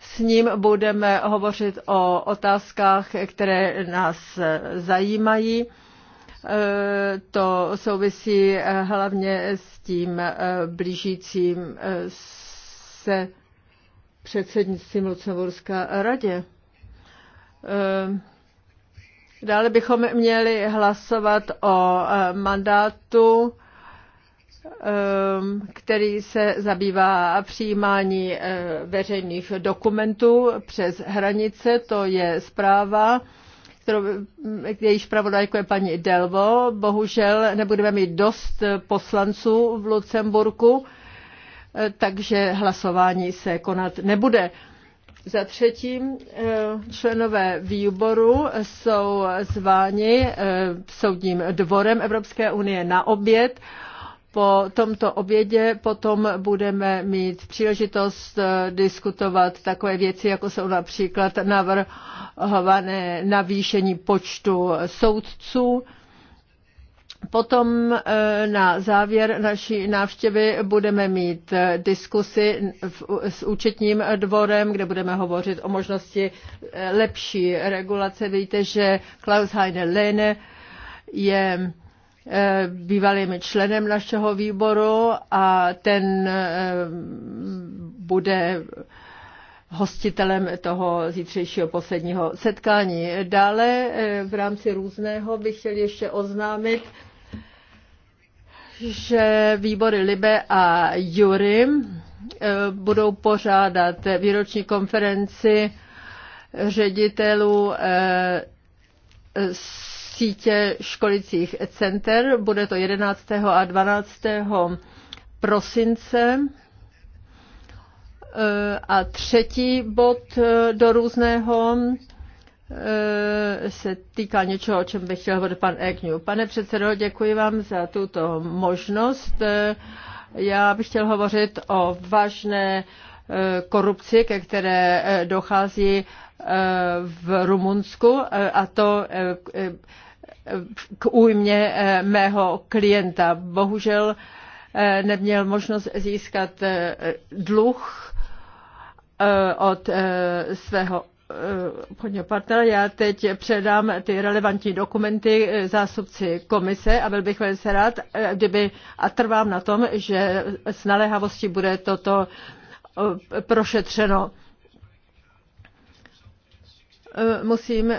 S ním budeme hovořit o otázkách, které nás zajímají. To souvisí hlavně s tím blížícím se předsednictvím Lucemburské radě. Ehm, dále bychom měli hlasovat o e, mandátu, ehm, který se zabývá přijímání e, veřejných dokumentů přes hranice. To je zpráva, kterou, jejíž pravodajko je paní Delvo. Bohužel nebudeme mít dost poslanců v Lucemburku Eh, takže hlasování se konat nebude. Za třetím, eh, členové výboru jsou zváni eh, soudním dvorem Evropské unie na oběd. Po tomto obědě potom budeme mít příležitost diskutovat takové věci, jako jsou například navrhované navýšení počtu soudců Potom eh, na závěr naší návštěvy budeme mít eh, diskusy s účetním dvorem, kde budeme hovořit o možnosti eh, lepší regulace. Víte, že Klaus Heine Lehne je bývalým členem našeho výboru a ten bude hostitelem toho zítřejšího posledního setkání. Dále v rámci různého bych chtěl ještě oznámit, že výbory Libe a Jury eh, budou pořádat výroční konferenci ředitelů eh, sítě školicích center. Bude to 11. a 12. prosince. Eh, a třetí bod do různého Eh, se týká něčeho, o čem bych chtěl hovořit pan Ekňu. Pane předsedo, děkuji vám za tuto možnost. Eh, já bych chtěl hovořit o vážné eh, korupci, ke které dochází v Rumunsku a to k újmě mého klienta. Bohužel neměl možnost získat dluh od svého Eh, obchodního partnera. Já teď předám ty relevantní dokumenty eh, zástupci komise a byl bych velice rád, eh, kdyby a trvám na tom, že s naléhavostí bude toto prošetřeno. Musím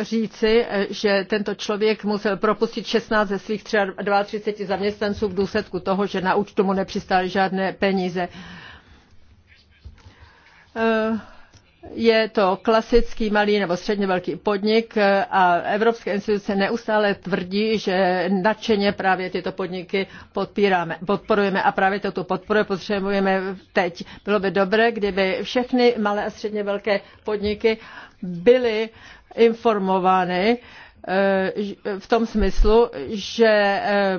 říci, že tento člověk musel propustit 16 ze svých 32 zaměstnanců v důsledku toho, že na účtu mu nepřistály žádné peníze. Je to klasický malý nebo středně velký podnik a evropské instituce neustále tvrdí, že nadšeně právě tyto podniky podpíráme, podporujeme a právě toto podporu potřebujeme teď. Bylo by dobré, kdyby všechny malé a středně velké podniky byly informovány eh, v tom smyslu, že eh,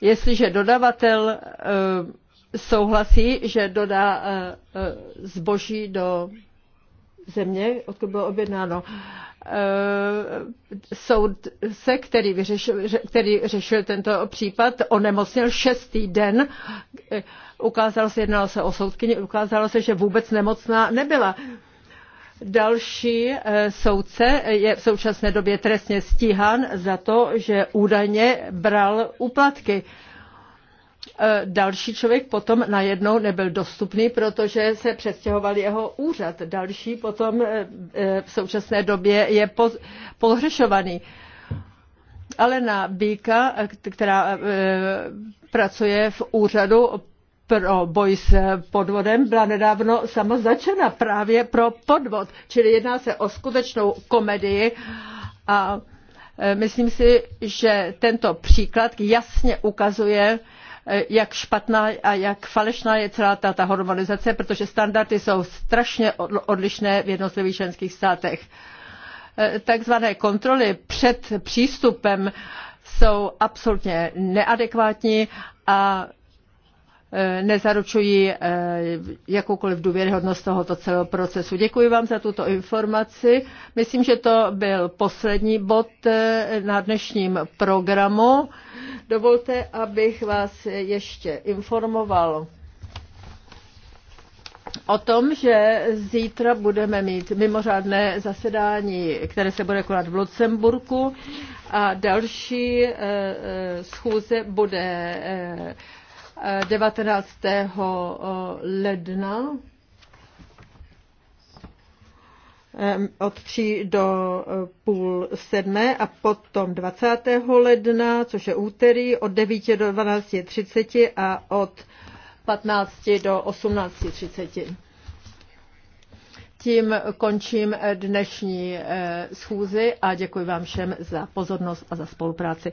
jestliže dodavatel eh, souhlasí, že dodá eh, eh, zboží do země, odkud bylo objednáno. Eh, se, který, vyřešil, který řešil tento případ, onemocnil šestý den. Ukázalo se, jednalo se o soudkyni, ukázalo se, že vůbec nemocná nebyla. Další soudce je v současné době trestně stíhán za to, že údajně bral úplatky. E, další člověk potom najednou nebyl dostupný, protože se přestěhoval jeho úřad. Další potom e, e, v současné době je pohřešovaný. Alena Bíka, která pracuje v úřadu pro boj s podvodem byla nedávno sama začena právě pro podvod, čili jedná se o skutečnou komedii a myslím si, že tento příklad jasně ukazuje, Eh, jak špatná a jak falešná je celá ta, ta harmonizace, protože standardy jsou strašně odlišné v jednotlivých členských státech. Eh, takzvané kontroly před přístupem jsou absolutně neadekvátní a Eh, nezaručují eh, jakoukoliv důvěryhodnost tohoto celého procesu. Děkuji vám za tuto informaci. Myslím, že to byl poslední bod eh, na dnešním programu. Dovolte, abych vás ještě informoval o tom, že zítra budeme mít mimořádné zasedání, které se bude konat v Lucemburku a další schůze bude 19. Eh, ledna od 3 do eh, půl sedmé a potom 20. ledna, což je úterý, od 9 do 12.30 a od 15 do 18.30. Tím končím eh, dnešní schůzi a děkuji vám všem za pozornost a za spolupráci.